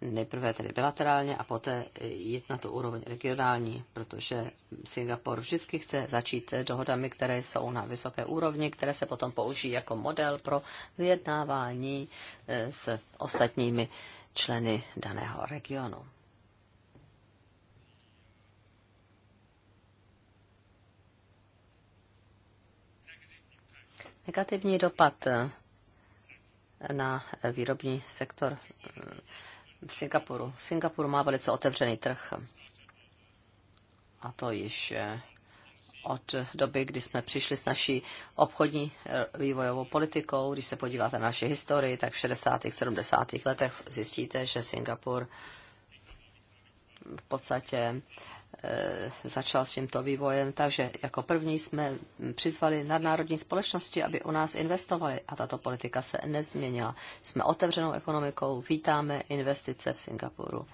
[SPEAKER 3] nejprve tedy bilaterálně a poté jít na tu úroveň regionální, protože Singapur vždycky chce začít dohodami, které jsou na vysoké úrovni, které se potom použijí jako model pro vyjednávání eh, s ostatními členy daného regionu. Negativní dopad eh, na výrobní sektor eh, v Singapuru. Singapur má velice otevřený trh. A to již eh, od doby, kdy jsme přišli s naší obchodní eh, vývojovou politikou. Když se podíváte na naši historii, tak v 60. a 70. letech zjistíte, že Singapur v podstatě Eh, začal s tímto vývojem. Takže jako první jsme přizvali nadnárodní společnosti, aby u nás investovali a tato politika se nezměnila. Jsme otevřenou ekonomikou, vítáme investice v Singapuru.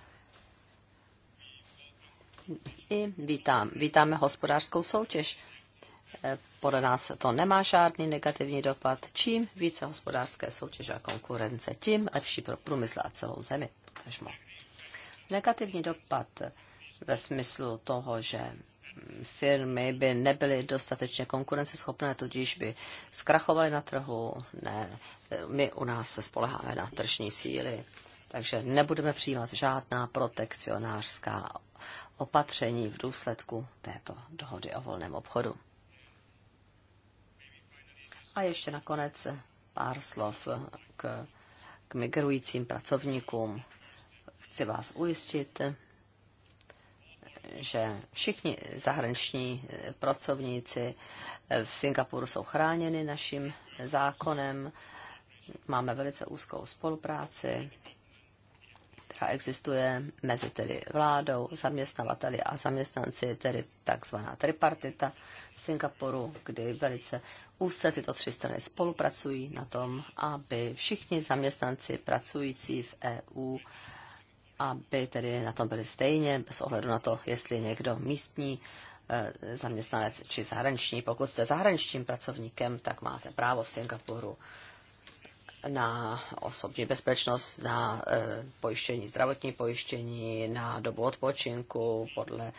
[SPEAKER 3] I vítám, vítáme hospodářskou soutěž. Eh, podle nás to nemá žádný negativní dopad. Čím více hospodářské soutěže a konkurence, tím lepší pro průmysl a celou zemi. Negativní dopad ve smyslu toho, že firmy by nebyly dostatečně konkurenceschopné, tudíž by zkrachovaly na trhu. Ne, my u nás se spoleháme na tržní síly, takže nebudeme přijímat žádná protekcionářská opatření v důsledku této dohody o volném obchodu. A ještě nakonec pár slov k, k migrujícím pracovníkům. Chci vás ujistit, že všichni zahraniční eh, pracovníci eh, v Singapuru jsou chráněni naším zákonem. Máme velice úzkou spolupráci, která existuje mezi tedy vládou, zaměstnavateli a zaměstnanci, tedy takzvaná tripartita v Singapuru, kdy velice úzce tyto tři strany spolupracují na tom, aby všichni zaměstnanci pracující v EU aby tedy na tom byli stejně, bez ohledu na to, jestli někdo místní eh, zaměstnanec či zahraniční. Pokud jste zahraničním pracovníkem, tak máte právo v Singapuru na osobní bezpečnost, na eh, pojištění, zdravotní pojištění, na dobu odpočinku podle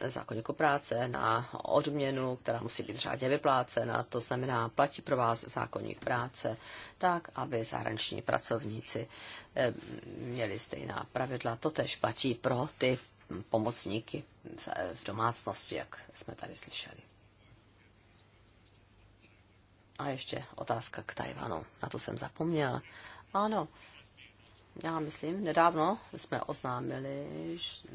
[SPEAKER 3] zákonníku práce, na odměnu, která musí být řádně vyplácena, to znamená, platí pro vás zákonník práce, tak, aby zahraniční pracovníci eh, měli stejná pravidla. To tež platí pro ty pomocníky v domácnosti, jak jsme tady slyšeli. A ještě otázka k Tajvanu. Na to jsem zapomněl. Ano, já myslím, nedávno jsme oznámili, že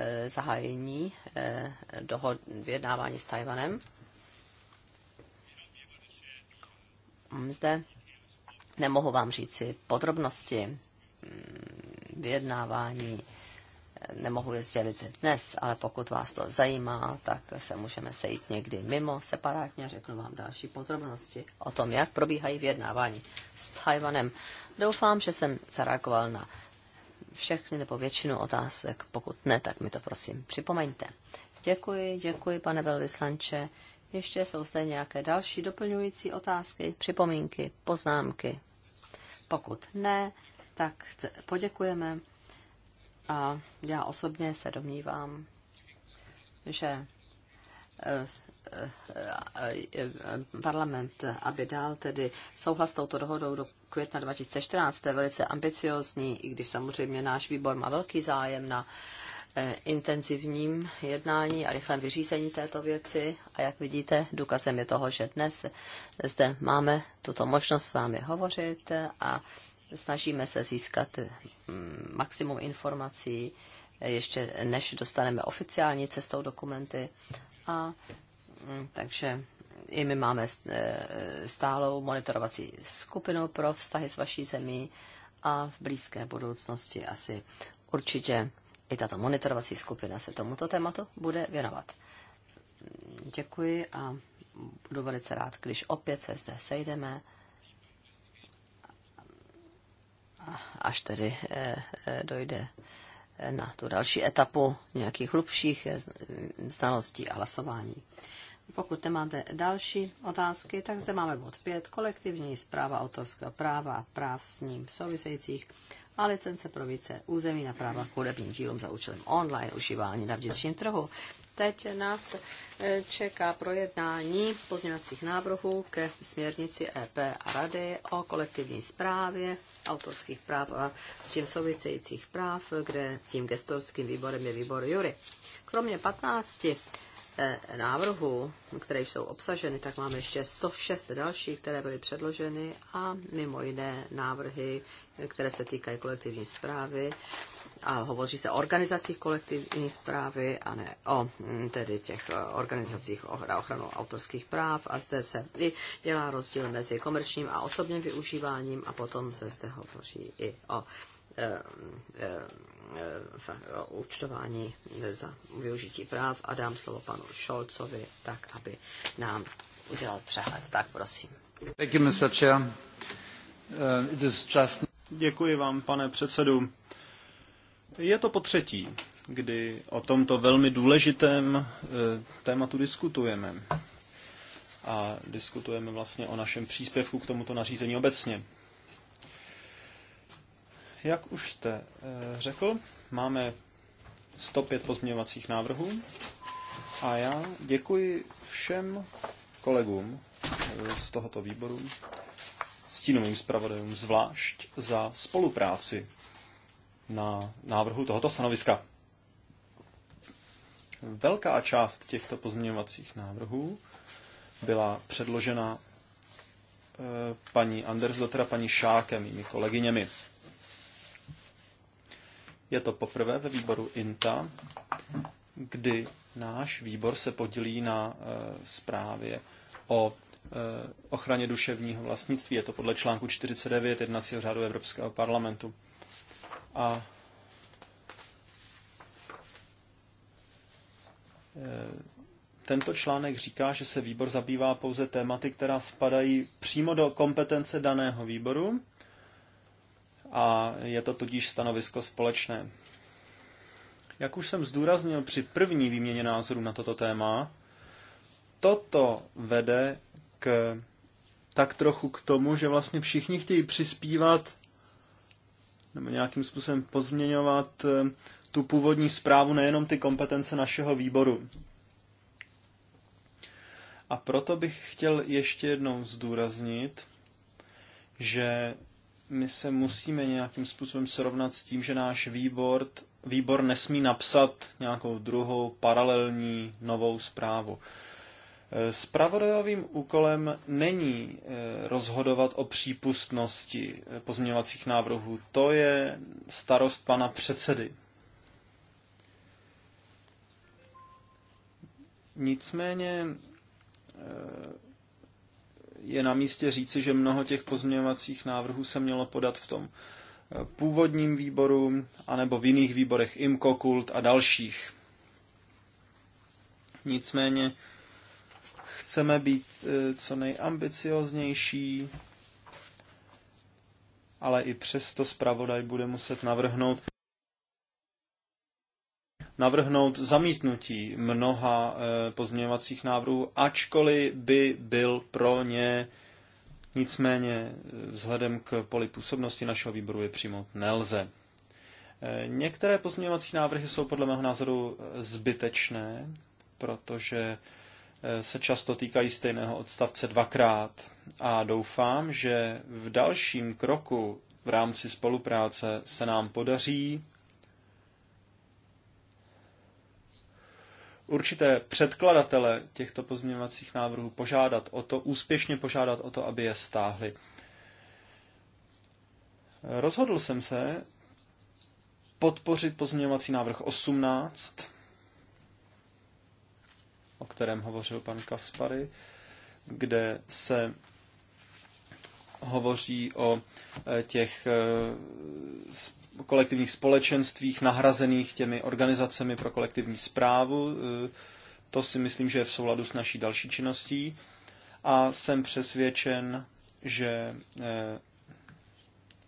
[SPEAKER 3] Eh, zahájení eh, dohod vyjednávání s Tajvanem. Zde nemohu vám říci podrobnosti mm, vyjednávání, eh, nemohu je sdělit dnes, ale pokud vás to zajímá, tak se můžeme sejít někdy mimo separátně a řeknu vám další podrobnosti o tom, jak probíhají vyjednávání s Tajvanem. Doufám, že jsem zareagoval na všechny nebo většinu otázek. Pokud ne, tak mi to prosím připomeňte. Děkuji, děkuji, pane velvyslanče. Ještě jsou zde nějaké další doplňující otázky, připomínky, poznámky. Pokud ne, tak poděkujeme. A já osobně se domnívám, že eh, eh, eh, parlament, aby dal tedy souhlas s touto dohodou do května 2014. To je velice ambiciozní, i když samozřejmě náš výbor má velký zájem na eh, intenzivním jednání a rychlém vyřízení této věci. A jak vidíte, důkazem je toho, že dnes zde máme tuto možnost s vámi hovořit a snažíme se získat mm, maximum informací, eh, ještě než dostaneme oficiální cestou dokumenty. A mm, takže i my máme eh, stálou monitorovací skupinu pro vztahy s vaší zemí a v blízké budoucnosti asi určitě i tato monitorovací skupina se tomuto tématu bude věnovat. Děkuji a budu velice rád, když opět se zde sejdeme, až tedy eh, eh, dojde na tu další etapu nějakých hlubších znalostí a hlasování. Pokud nemáte další otázky, tak zde máme bod 5. Kolektivní zpráva autorského práva a práv s ním souvisejících a licence pro více území na práva k hudebním dílům za účelem online užívání na vnitřním trhu. Teď nás eh, čeká projednání pozměňovacích návrhů ke směrnici EP a Rady o kolektivní zprávě autorských práv a s tím souvisejících práv, kde tím gestorským výborem je výbor Jury. Kromě 15 Eh, návrhů, které jsou obsaženy, tak máme ještě 106 dalších, které byly předloženy a mimo jiné návrhy, které se týkají kolektivní zprávy a hovoří se o organizacích kolektivní zprávy a ne o hm, tedy těch eh, organizacích na ochranu autorských práv a zde se i dělá rozdíl mezi komerčním a osobním využíváním a potom se zde hovoří i o Eh, eh, eh, účtování za využití práv a dám slovo panu Šolcovi, tak aby nám udělal přehled. Tak prosím.
[SPEAKER 2] Děkuji vám, pane předsedu. Je to po třetí, kdy o tomto velmi důležitém tématu diskutujeme. A diskutujeme vlastně o našem příspěvku k tomuto nařízení obecně. Jak už jste eh, řekl, máme 105 pozměňovacích návrhů a já děkuji všem kolegům eh, z tohoto výboru, stínovým zpravodajům zvlášť, za spolupráci na návrhu tohoto stanoviska. Velká část těchto pozměňovacích návrhů byla předložena eh, paní Andersdotter a paní Šákem, mými kolegyněmi. Je to poprvé ve výboru INTA, kdy náš výbor se podílí na e, zprávě o e, ochraně duševního vlastnictví. Je to podle článku 49 jednacího řádu Evropského parlamentu. A e, tento článek říká, že se výbor zabývá pouze tématy, která spadají přímo do kompetence daného výboru a je to tudíž stanovisko společné. Jak už jsem zdůraznil při první výměně názorů na toto téma, toto vede k tak trochu k tomu, že vlastně všichni chtějí přispívat nebo nějakým způsobem pozměňovat eh, tu původní zprávu, nejenom ty kompetence našeho výboru. A proto bych chtěl ještě jednou zdůraznit, že my se musíme nějakým způsobem srovnat s tím, že náš výbor, výbor nesmí napsat nějakou druhou paralelní novou zprávu. Spravodajovým e, úkolem není e, rozhodovat o přípustnosti e, pozměňovacích návrhů. To je starost pana předsedy. Nicméně je na místě říci, že mnoho těch pozměňovacích návrhů se mělo podat v tom eh, původním výboru, anebo v jiných výborech IMCO, KULT a dalších. Nicméně chceme být eh, co nejambicioznější, ale i přesto zpravodaj bude muset navrhnout navrhnout zamítnutí mnoha eh, pozměňovacích návrhů, ačkoliv by byl pro ně nicméně eh, vzhledem k poli působnosti našeho výboru je přijmout nelze. Eh, některé pozměňovací návrhy jsou podle mého názoru zbytečné, protože se často týkají stejného odstavce dvakrát a doufám, že v dalším kroku v rámci spolupráce se nám podaří určité předkladatele těchto pozměňovacích návrhů požádat o to, úspěšně požádat o to, aby je stáhli. Rozhodl jsem se podpořit pozměňovací návrh 18, o kterém hovořil pan Kaspary, kde se hovoří o eh, těch eh, kolektivních společenstvích nahrazených těmi organizacemi pro kolektivní zprávu. E, to si myslím, že je v souladu s naší další činností a jsem přesvědčen, že e,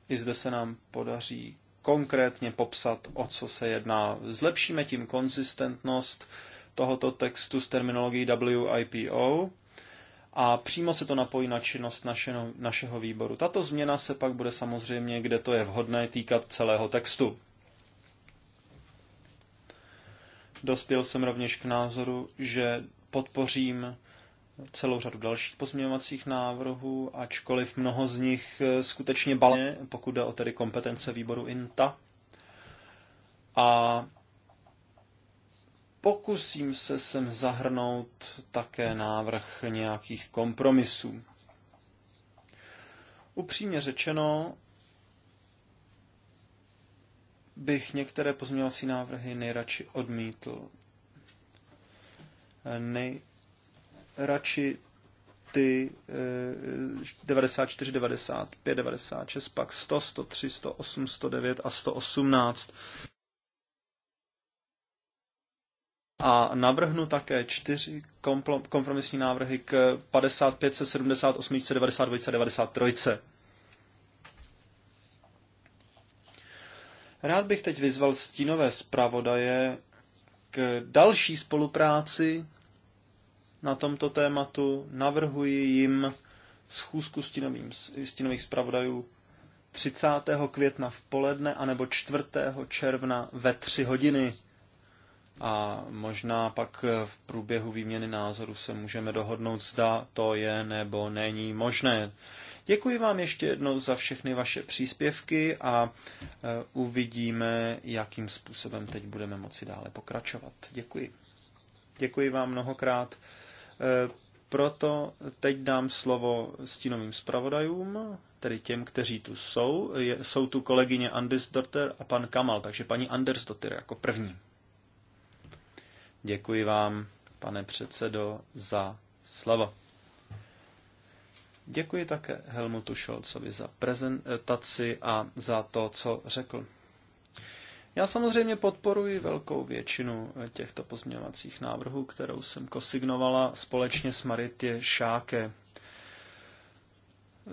[SPEAKER 2] i zde se nám podaří konkrétně popsat, o co se jedná. Zlepšíme tím konzistentnost tohoto textu s terminologií WIPO a přímo se to napojí na činnost našeho, našeho výboru. Tato změna se pak bude samozřejmě, kde to je vhodné, týkat celého textu. Dospěl jsem rovněž k názoru, že podpořím celou řadu dalších pozměňovacích návrhů, ačkoliv mnoho z nich eh, skutečně balé, pokud jde o tedy kompetence výboru INTA. A Pokusím se sem zahrnout také návrh nějakých kompromisů. Upřímně řečeno, bych některé pozměňovací návrhy nejradši odmítl. Nejradši ty 94, 95, 96, pak 100, 103, 108, 109 a 118. a navrhnu také čtyři kompromisní návrhy k 55, 78, 92, 93. Rád bych teď vyzval stínové zpravodaje k další spolupráci na tomto tématu. Navrhuji jim schůzku stínovým, stínových zpravodajů 30. května v poledne anebo 4. června ve 3 hodiny a možná pak v průběhu výměny názoru se můžeme dohodnout, zda to je nebo není možné. Děkuji vám ještě jednou za všechny vaše příspěvky a e, uvidíme, jakým způsobem teď budeme moci dále pokračovat. Děkuji. Děkuji vám mnohokrát. E, proto teď dám slovo stínovým zpravodajům, tedy těm, kteří tu jsou. Jsou tu kolegyně Andersdotter a pan Kamal, takže paní Andersdotter jako první. Děkuji vám, pane předsedo, za slovo. Děkuji také Helmutu Scholzovi za prezentaci a za to, co řekl. Já samozřejmě podporuji velkou většinu těchto pozměňovacích návrhů, kterou jsem kosignovala společně s Maritě Šáke.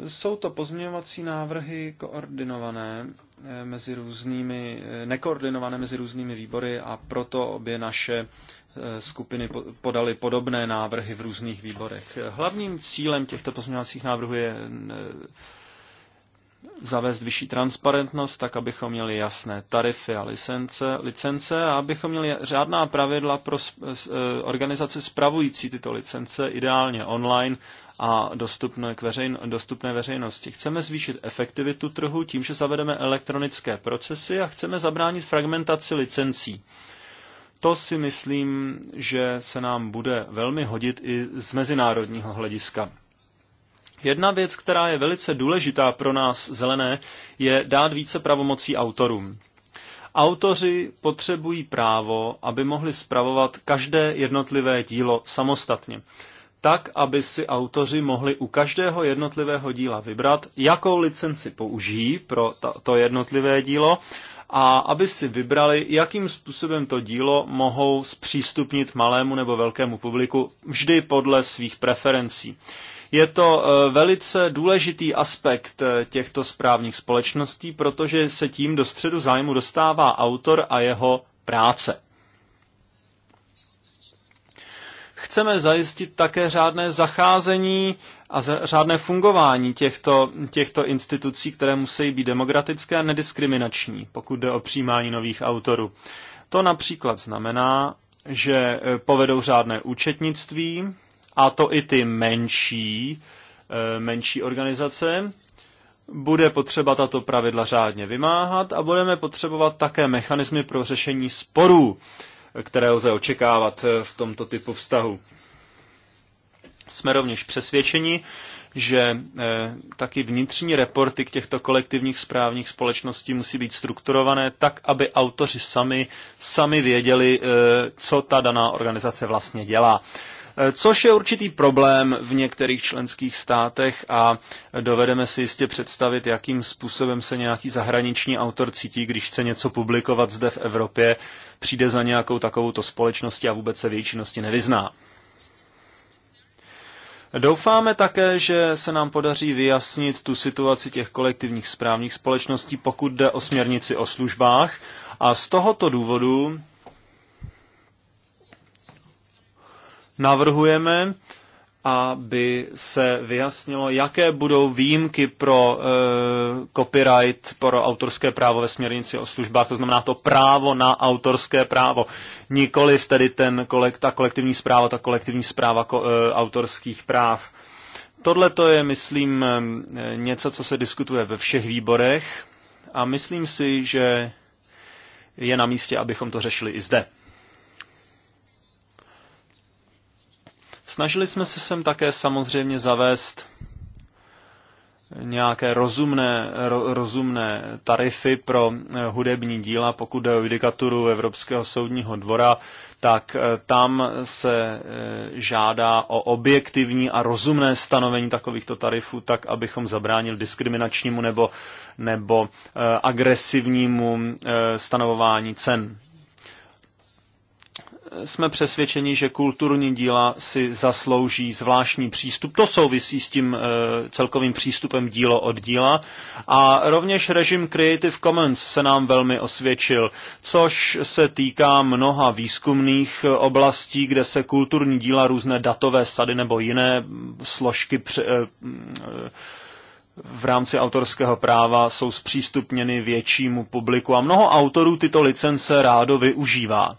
[SPEAKER 2] Jsou to pozměňovací návrhy koordinované Eh, mezi různými, eh, nekoordinované mezi různými výbory a proto obě naše eh, skupiny podaly podobné návrhy v různých výborech. Hlavním cílem těchto pozměňovacích návrhů je zavést vyšší transparentnost, tak abychom měli jasné tarify a licence, licence a abychom měli řádná pravidla pro e, organizace spravující tyto licence, ideálně online a dostupné, k veřejn, dostupné veřejnosti. Chceme zvýšit efektivitu trhu tím, že zavedeme elektronické procesy a chceme zabránit fragmentaci licencí. To si myslím, že se nám bude velmi hodit i z mezinárodního hlediska. Jedna věc, která je velice důležitá pro nás zelené, je dát více pravomocí autorům. Autoři potřebují právo, aby mohli spravovat každé jednotlivé dílo samostatně. Tak, aby si autoři mohli u každého jednotlivého díla vybrat, jakou licenci použijí pro to jednotlivé dílo a aby si vybrali, jakým způsobem to dílo mohou zpřístupnit malému nebo velkému publiku, vždy podle svých preferencí. Je to eh, velice důležitý aspekt eh, těchto správních společností, protože se tím do středu zájmu dostává autor a jeho práce. Chceme zajistit také řádné zacházení a řádné fungování těchto, těchto institucí, které musí být demokratické a nediskriminační, pokud jde o přijímání nových autorů. To například znamená, že eh, povedou řádné účetnictví, a to i ty menší, eh, menší organizace, bude potřeba tato pravidla řádně vymáhat a budeme potřebovat také mechanismy pro řešení sporů, které lze očekávat eh, v tomto typu vztahu. Jsme rovněž přesvědčeni, že eh, taky vnitřní reporty k těchto kolektivních správních společností musí být strukturované tak, aby autoři sami, sami věděli, co ta daná organizace vlastně dělá. Eh, což je určitý problém v některých členských státech a dovedeme si jistě představit, jakým způsobem se nějaký zahraniční autor cítí, když chce něco publikovat zde v Evropě, přijde za nějakou takovouto společností a vůbec se většinosti nevyzná. Doufáme také, že se nám podaří vyjasnit tu situaci těch kolektivních správních společností, pokud jde o směrnici o službách. A z tohoto důvodu navrhujeme, aby se vyjasnilo, jaké budou výjimky pro e, copyright, pro autorské právo ve směrnici o službách, to znamená to právo na autorské právo. Nikoliv tedy ten, ta kolektivní zpráva, ta kolektivní zpráva ko, e, autorských práv. Tohle to je, myslím, eh, něco, co se diskutuje ve všech výborech a myslím si, že je na místě, abychom to řešili i zde. Snažili jsme se sem také samozřejmě zavést nějaké rozumné, ro, rozumné tarify pro eh, hudební díla, pokud jde o judikaturu Evropského soudního dvora, tak eh, tam se eh, žádá o objektivní a rozumné stanovení takovýchto tarifů, tak abychom zabránili diskriminačnímu nebo, nebo agresivnímu stanovování cen jsme přesvědčeni, že kulturní díla si zaslouží zvláštní přístup. To souvisí s tím eh, celkovým přístupem dílo od díla. A rovněž režim Creative Commons se nám velmi osvědčil, což se týká mnoha výzkumných oblastí, kde se kulturní díla, různé datové sady nebo jiné složky pře- eh, v rámci autorského práva jsou zpřístupněny většímu publiku a mnoho autorů tyto licence rádo využívá.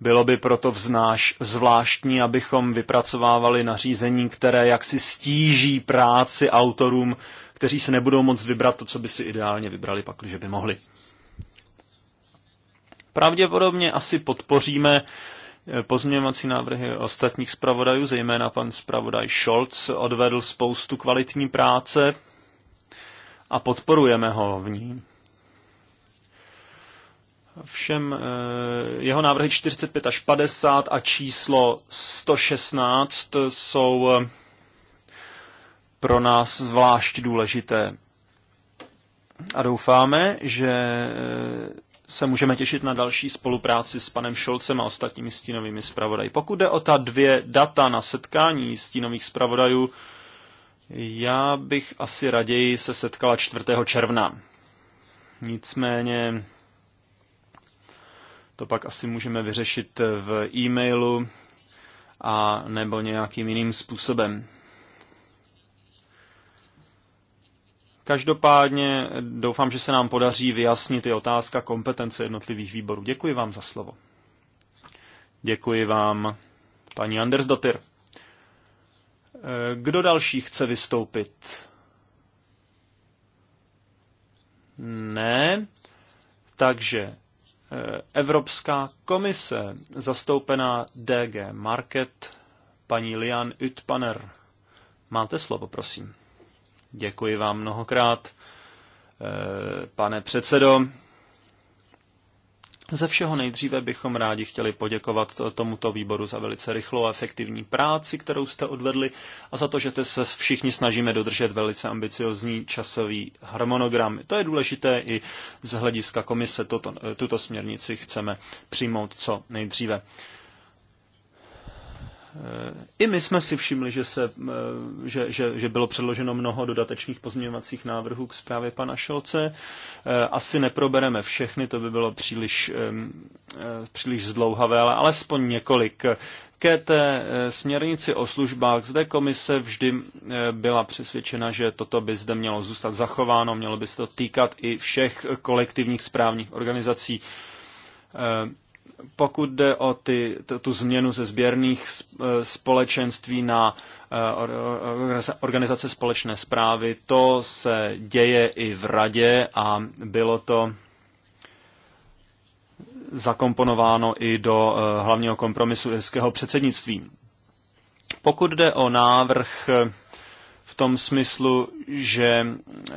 [SPEAKER 2] Bylo by proto vznáš zvláštní, abychom vypracovávali nařízení, které jaksi stíží práci autorům, kteří se nebudou moc vybrat to, co by si ideálně vybrali, pakliže by mohli. Pravděpodobně asi podpoříme eh, pozměňovací návrhy ostatních zpravodajů, zejména pan zpravodaj Scholz odvedl spoustu kvalitní práce a podporujeme ho v ní všem eh, jeho návrhy 45 až 50 a číslo 116 jsou eh, pro nás zvlášť důležité. A doufáme, že eh, se můžeme těšit na další spolupráci s panem Šolcem a ostatními stínovými zpravodaji. Pokud jde o ta dvě data na setkání stínových zpravodajů, já bych asi raději se setkala 4. června. Nicméně to pak asi můžeme vyřešit v e-mailu a nebo nějakým jiným způsobem. Každopádně doufám, že se nám podaří vyjasnit i otázka kompetence jednotlivých výborů. Děkuji vám za slovo. Děkuji vám, paní Andersdottir. Kdo další chce vystoupit? Ne. Takže Eh, Evropská komise, zastoupená DG Market, paní Lian Utpaner. Máte slovo, prosím. Děkuji vám mnohokrát, eh, pane předsedo. Ze všeho nejdříve bychom rádi chtěli poděkovat tomuto výboru za velice rychlou a efektivní práci, kterou jste odvedli a za to, že se všichni snažíme dodržet velice ambiciozní časový harmonogram. To je důležité i z hlediska komise. tuto směrnici chceme přijmout co nejdříve. Eh, I my jsme si všimli, že, se, eh, že, že, že bylo předloženo mnoho dodatečných pozměňovacích návrhů k zprávě pana Šelce. Eh, asi neprobereme všechny, to by bylo příliš, příliš zdlouhavé, ale alespoň několik. Ke té směrnici o službách zde komise vždy byla přesvědčena, že toto by zde mělo zůstat zachováno, mělo by se to týkat i všech kolektivních správních organizací pokud jde o ty, tu změnu ze sběrných e, společenství na e, organizace společné zprávy, to se děje i v radě a bylo to zakomponováno i do e, hlavního kompromisu irského předsednictví. Pokud jde o návrh v tom smyslu, že eh,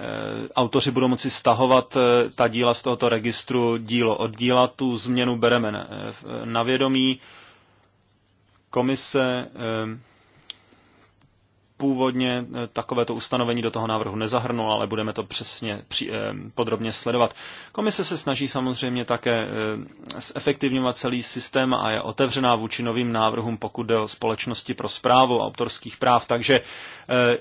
[SPEAKER 2] autoři budou moci stahovat eh, ta díla z tohoto registru dílo od díla. Tu změnu bereme na eh, vědomí. Komise původně eh, takovéto ustanovení do toho návrhu nezahrnul, ale budeme to přesně při, eh, podrobně sledovat. Komise se snaží samozřejmě také eh, zefektivňovat celý systém a je otevřená vůči novým návrhům, pokud jde o společnosti pro zprávu a autorských práv, takže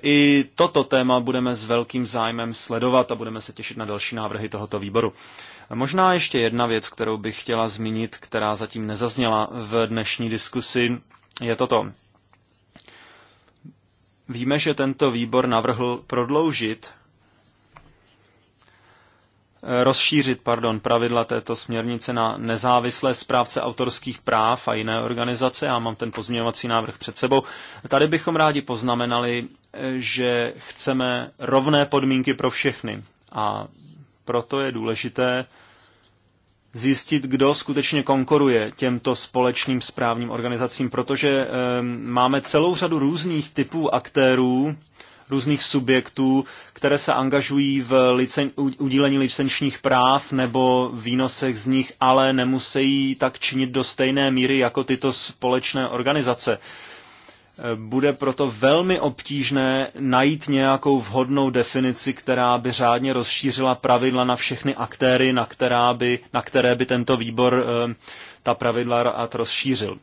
[SPEAKER 2] i toto téma budeme s velkým zájmem sledovat a budeme se těšit na další návrhy tohoto výboru. Možná ještě jedna věc, kterou bych chtěla zmínit, která zatím nezazněla v dnešní diskusi, je toto. Víme, že tento výbor navrhl prodloužit, eh, rozšířit, pardon, pravidla této směrnice na nezávislé správce autorských práv a jiné organizace. Já mám ten pozměňovací návrh před sebou. Tady bychom rádi poznamenali, eh, že chceme rovné podmínky pro všechny. A proto je důležité, zjistit, kdo skutečně konkuruje těmto společným správním organizacím, protože eh, máme celou řadu různých typů aktérů, různých subjektů, které se angažují v licen, udílení licenčních práv nebo výnosech z nich, ale nemusí tak činit do stejné míry jako tyto společné organizace bude proto velmi obtížné najít nějakou vhodnou definici, která by řádně rozšířila pravidla na všechny aktéry, na, která by, na které by tento výbor eh, ta pravidla rozšířil.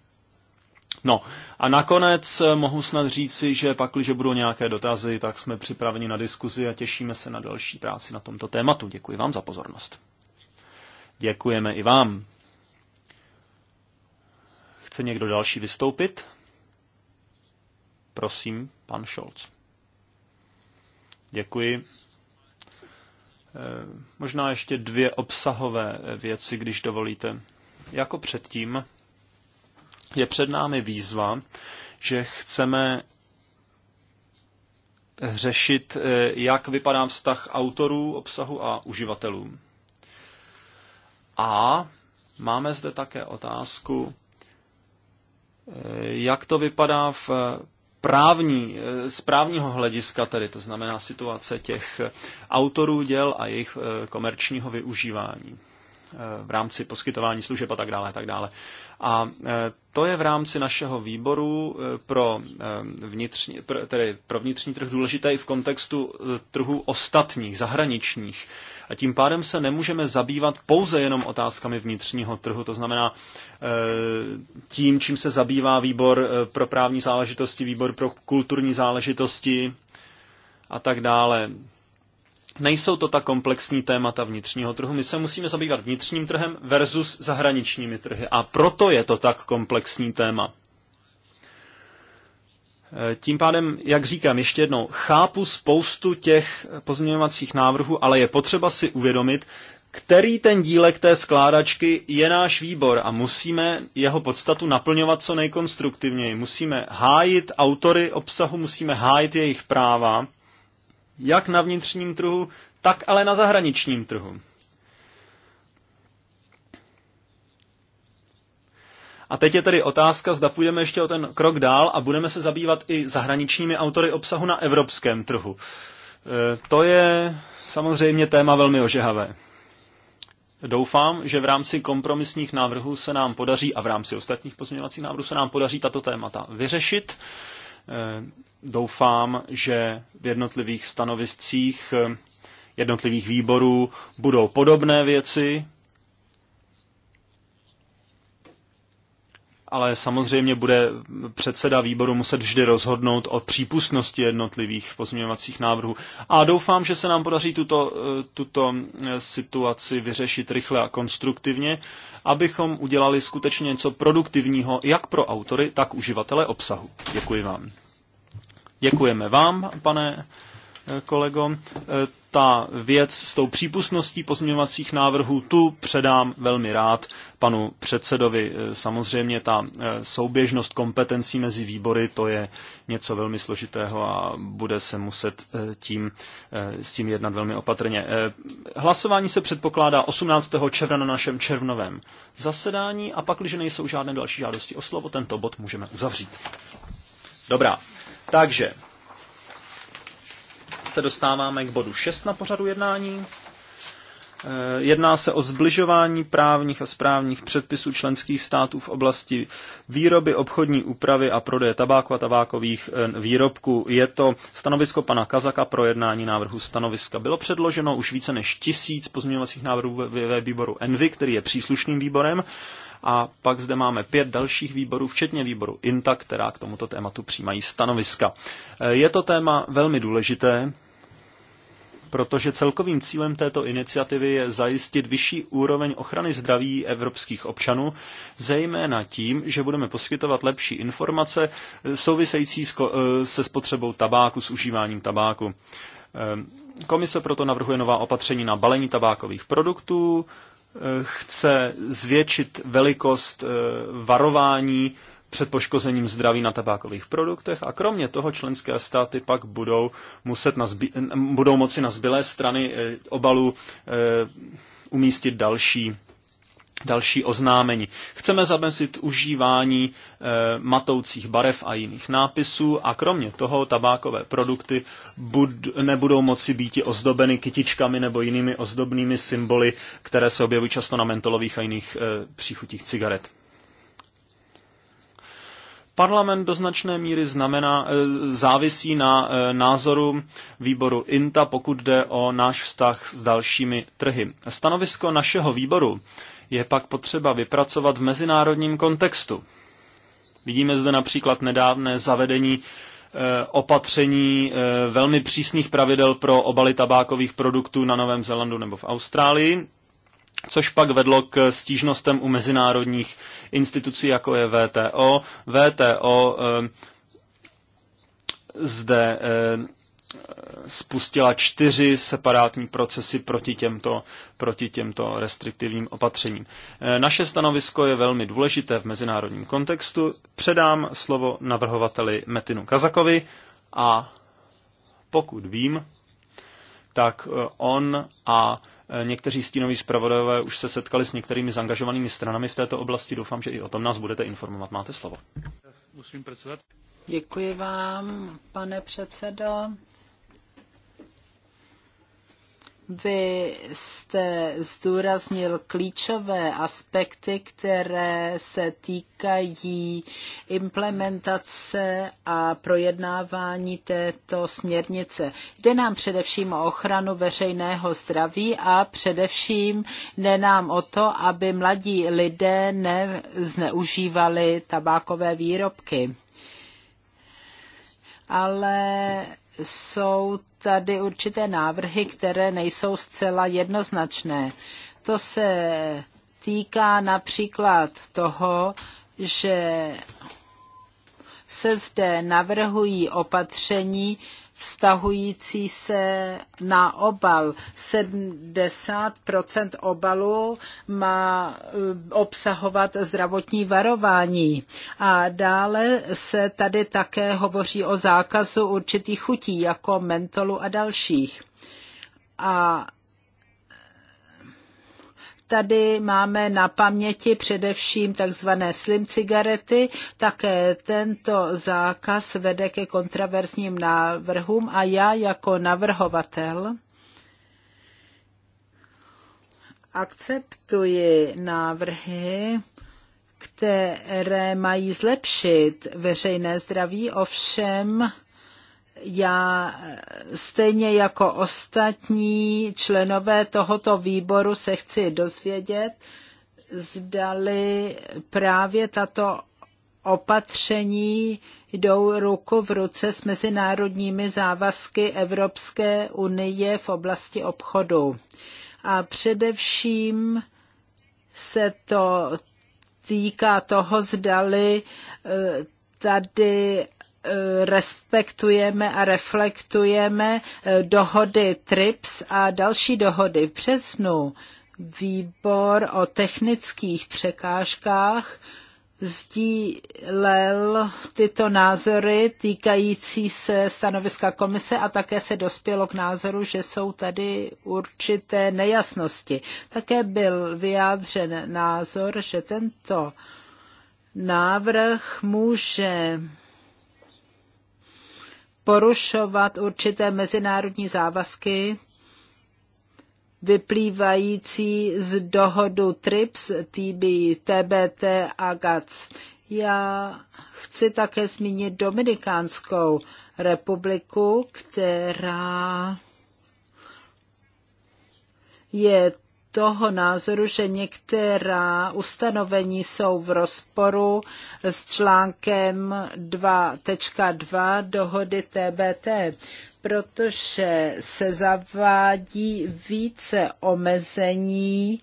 [SPEAKER 2] No a nakonec eh, mohu snad říci, že pak, když budou nějaké dotazy, tak jsme připraveni na diskuzi a těšíme se na další práci na tomto tématu. Děkuji vám za pozornost. Děkujeme i vám. Chce někdo další vystoupit? Prosím, pan Scholz. Děkuji. Eh, možná ještě dvě obsahové eh, věci, když dovolíte. Jako předtím je před námi výzva, že chceme řešit, eh, jak vypadá vztah autorů obsahu a uživatelů. A máme zde také otázku, jak to vypadá v právní, eh, z právního hlediska tedy, to znamená situace těch eh, autorů děl a jejich eh, komerčního využívání v rámci poskytování služeb a tak dále, a tak dále. A to je v rámci našeho výboru pro vnitřní, tedy pro vnitřní trh důležité i v kontextu trhů ostatních, zahraničních a tím pádem se nemůžeme zabývat pouze jenom otázkami vnitřního trhu, to znamená eh, tím, čím se zabývá výbor eh, pro právní záležitosti, výbor pro kulturní záležitosti a tak dále. Nejsou to ta komplexní témata vnitřního trhu. My se musíme zabývat vnitřním trhem versus zahraničními trhy. A proto je to tak komplexní téma. Eh, tím pádem, jak říkám ještě jednou, chápu spoustu těch pozměňovacích návrhů, ale je potřeba si uvědomit, který ten dílek té skládačky je náš výbor a musíme jeho podstatu naplňovat co nejkonstruktivněji. Musíme hájit autory obsahu, musíme hájit jejich práva, jak na vnitřním trhu, tak ale na zahraničním trhu. A teď je tedy otázka, zda půjdeme ještě o ten krok dál a budeme se zabývat i zahraničními autory obsahu na evropském trhu. E, to je samozřejmě téma velmi ožehavé. Doufám, že v rámci kompromisních návrhů se nám podaří a v rámci ostatních pozměňovacích návrhů se nám podaří tato témata vyřešit. E, doufám, že v jednotlivých stanoviscích e, jednotlivých výborů budou podobné věci, ale samozřejmě bude předseda výboru muset vždy rozhodnout o přípustnosti jednotlivých pozměňovacích návrhů. A doufám, že se nám podaří tuto, eh, tuto eh, situaci vyřešit rychle a konstruktivně, abychom udělali skutečně něco produktivního jak pro autory, tak uživatele obsahu. Děkuji vám. Děkujeme vám, pane eh, kolego ta věc s tou přípustností pozměňovacích návrhů, tu předám velmi rád panu předsedovi. E, samozřejmě ta e, souběžnost kompetencí mezi výbory, to je něco velmi složitého a bude se muset e, tím, s tím jednat velmi opatrně. Hlasování se předpokládá 18. června na našem červnovém zasedání a pak, když nejsou žádné další žádosti o slovo, tento bod můžeme uzavřít. Dobrá, takže se dostáváme k bodu 6 na pořadu jednání. Eh, jedná se o zbližování právních a správních předpisů členských států v oblasti výroby, obchodní úpravy a prodeje tabáku a tabákových eh, výrobků. Je to stanovisko pana Kazaka pro jednání návrhu stanoviska. Bylo předloženo už více než tisíc pozměňovacích návrhů ve výboru Envy, který je příslušným výborem a pak zde máme pět dalších výborů, včetně výboru INTA, která k tomuto tématu přijímají stanoviska. Eh, je to téma velmi důležité, protože celkovým cílem této iniciativy je zajistit vyšší úroveň ochrany zdraví evropských občanů, zejména tím, že budeme poskytovat lepší informace eh, související eh, se spotřebou tabáku, s užíváním tabáku. Komise proto navrhuje nová opatření na balení tabákových produktů, chce zvětšit velikost eh, varování před poškozením zdraví na tabákových produktech a kromě toho členské státy pak budou, muset na zbi- budou moci na zbylé strany eh, obalu eh, umístit další další oznámení. Chceme zamezit užívání e, matoucích barev a jiných nápisů a kromě toho tabákové produkty bud, nebudou moci být ozdobeny kytičkami nebo jinými ozdobnými symboly, které se objevují často na mentolových a jiných e, příchutích cigaret. Parlament do značné míry znamená, eh, závisí na názoru výboru INTA, pokud jde o náš vztah s dalšími trhy. Stanovisko našeho výboru je pak potřeba vypracovat v mezinárodním kontextu. Vidíme zde například nedávné zavedení e, opatření e, velmi přísných pravidel pro obaly tabákových produktů na Novém Zelandu nebo v Austrálii, což pak vedlo k stížnostem u mezinárodních institucí, jako je VTO. VTO e, zde spustila čtyři separátní procesy proti těmto, proti těmto restriktivním opatřením. E, naše stanovisko je velmi důležité v mezinárodním kontextu. Předám slovo navrhovateli Metinu Kazakovi a pokud vím, tak e, on a e, někteří stínoví zpravodajové už se setkali s některými zangažovanými stranami v této oblasti. Doufám, že i o tom nás budete informovat. Máte slovo.
[SPEAKER 1] Děkuji vám, pane předsedo. Vy jste zdůraznil klíčové aspekty, které se týkají implementace a projednávání této směrnice. Jde nám především o ochranu veřejného zdraví a především jde nám o to, aby mladí lidé nezneužívali tabákové výrobky. Ale jsou tady určité návrhy, které nejsou zcela jednoznačné. To se týká například toho, že se zde navrhují opatření, vztahující se na obal. 70% obalu má eh, obsahovat zdravotní varování. A dále se tady také hovoří o zákazu určitých chutí, jako mentolu a dalších. A tady máme na paměti především takzvané slim cigarety. Také tento zákaz vede ke kontraverzním návrhům a já jako navrhovatel akceptuji návrhy, které mají zlepšit veřejné zdraví, ovšem já eh, stejně jako ostatní členové tohoto výboru se chci dozvědět, zdali právě tato opatření jdou ruku v ruce s mezinárodními závazky Evropské unie v oblasti obchodu. A především se to týká toho, zdali eh, tady Eh, respektujeme a reflektujeme eh, dohody TRIPS a další dohody. V březnu výbor o technických překážkách sdílel tyto názory týkající se stanoviska komise a také se dospělo k názoru, že jsou tady určité nejasnosti. Také byl vyjádřen názor, že tento návrh může porušovat určité mezinárodní závazky vyplývající z dohodu TRIPS, TB, TBT a GATS. Já chci také zmínit Dominikánskou republiku, která je toho názoru, že některá ustanovení jsou v rozporu s článkem 2.2 dohody TBT, protože se zavádí více omezení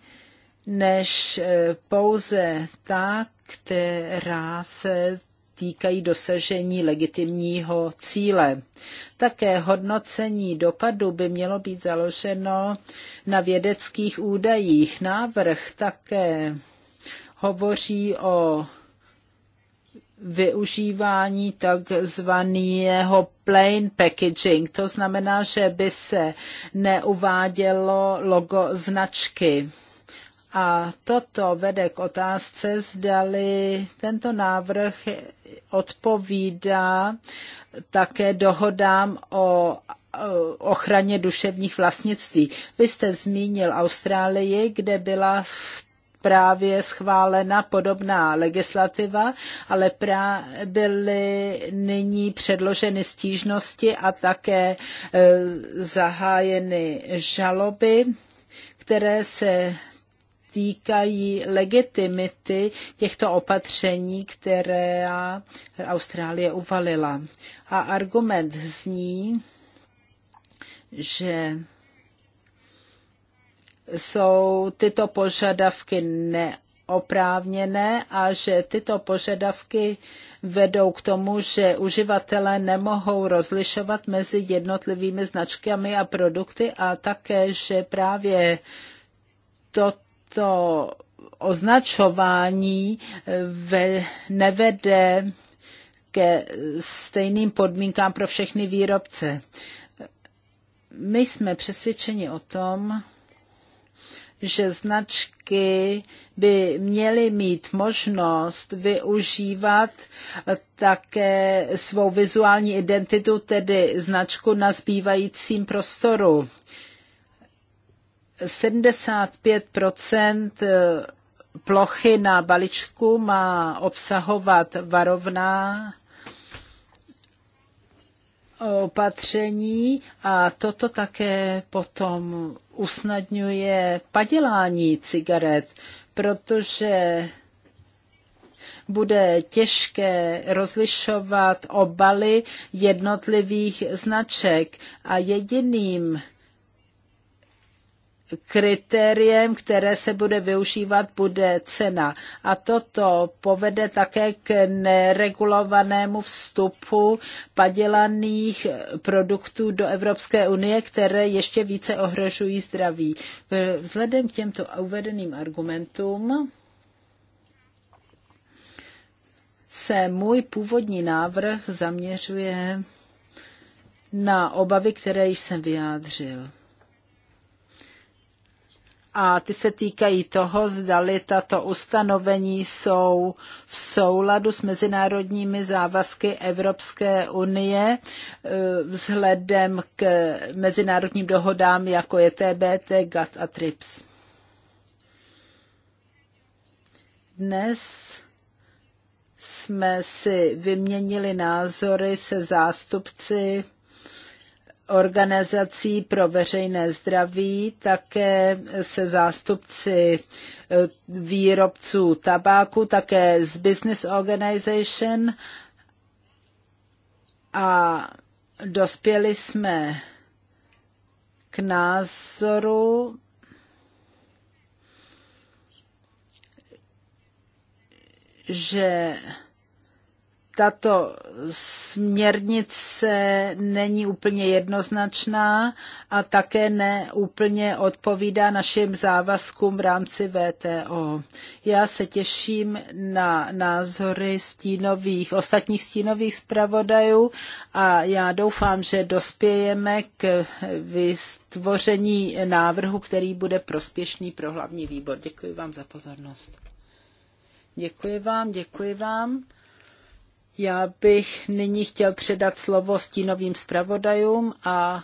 [SPEAKER 1] než eh, pouze ta, která se týkají dosažení legitimního cíle. Také hodnocení dopadu by mělo být založeno na vědeckých údajích. Návrh také hovoří o využívání takzvaného plain packaging. To znamená, že by se neuvádělo logo značky. A toto vede k otázce, zdali tento návrh odpovídá také dohodám o ochraně duševních vlastnictví. Vy jste zmínil Austrálii, kde byla právě schválena podobná legislativa, ale pra byly nyní předloženy stížnosti a také e, zahájeny žaloby, které se týkají legitimity těchto opatření, které Austrálie uvalila. A argument zní, že jsou tyto požadavky neoprávněné a že tyto požadavky vedou k tomu, že uživatelé nemohou rozlišovat mezi jednotlivými značkami a produkty a také, že právě toto to označování eh, nevede ke stejným podmínkám pro všechny výrobce. My jsme přesvědčeni o tom, že značky by měly mít možnost využívat také svou vizuální identitu, tedy značku na zbývajícím prostoru. 75 plochy na balíčku má obsahovat varovná opatření a toto také potom usnadňuje padělání cigaret, protože bude těžké rozlišovat obaly jednotlivých značek a jediným kritériem, které se bude využívat, bude cena. A toto povede také k neregulovanému vstupu padělaných produktů do Evropské unie, které ještě více ohrožují zdraví. Vzhledem k těmto uvedeným argumentům se můj původní návrh zaměřuje na obavy, které již jsem vyjádřil a ty se týkají toho, zdali tato ustanovení jsou v souladu s mezinárodními závazky Evropské unie eh, vzhledem k mezinárodním dohodám, jako je TBT, GATT a TRIPS. Dnes jsme si vyměnili názory se zástupci organizací pro veřejné zdraví, také se zástupci e, výrobců tabáku, také z Business Organization a dospěli jsme k názoru, že tato směrnice není úplně jednoznačná a také neúplně odpovídá našim závazkům v rámci VTO. Já se těším na názory stínových, ostatních stínových zpravodajů a já doufám, že dospějeme k vytvoření návrhu, který bude prospěšný pro hlavní výbor. Děkuji vám za pozornost. Děkuji vám, děkuji vám. Já bych nyní chtěl předat slovo stínovým zpravodajům a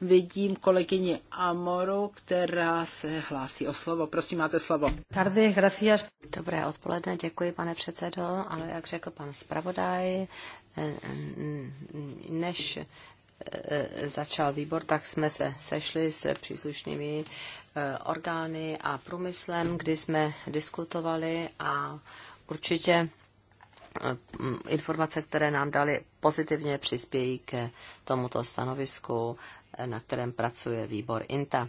[SPEAKER 1] vidím kolegyni Amoru, která se hlásí o slovo. Prosím, máte slovo. Tardy,
[SPEAKER 3] gracias. Dobré odpoledne, děkuji, pane předsedo, ale jak řekl pan zpravodaj, než eh, eh, začal výbor, tak jsme se sešli s příslušnými eh, orgány a průmyslem, kdy jsme diskutovali a určitě Eh, informace, které nám dali, pozitivně přispějí k tomuto stanovisku, eh, na kterém pracuje výbor INTA.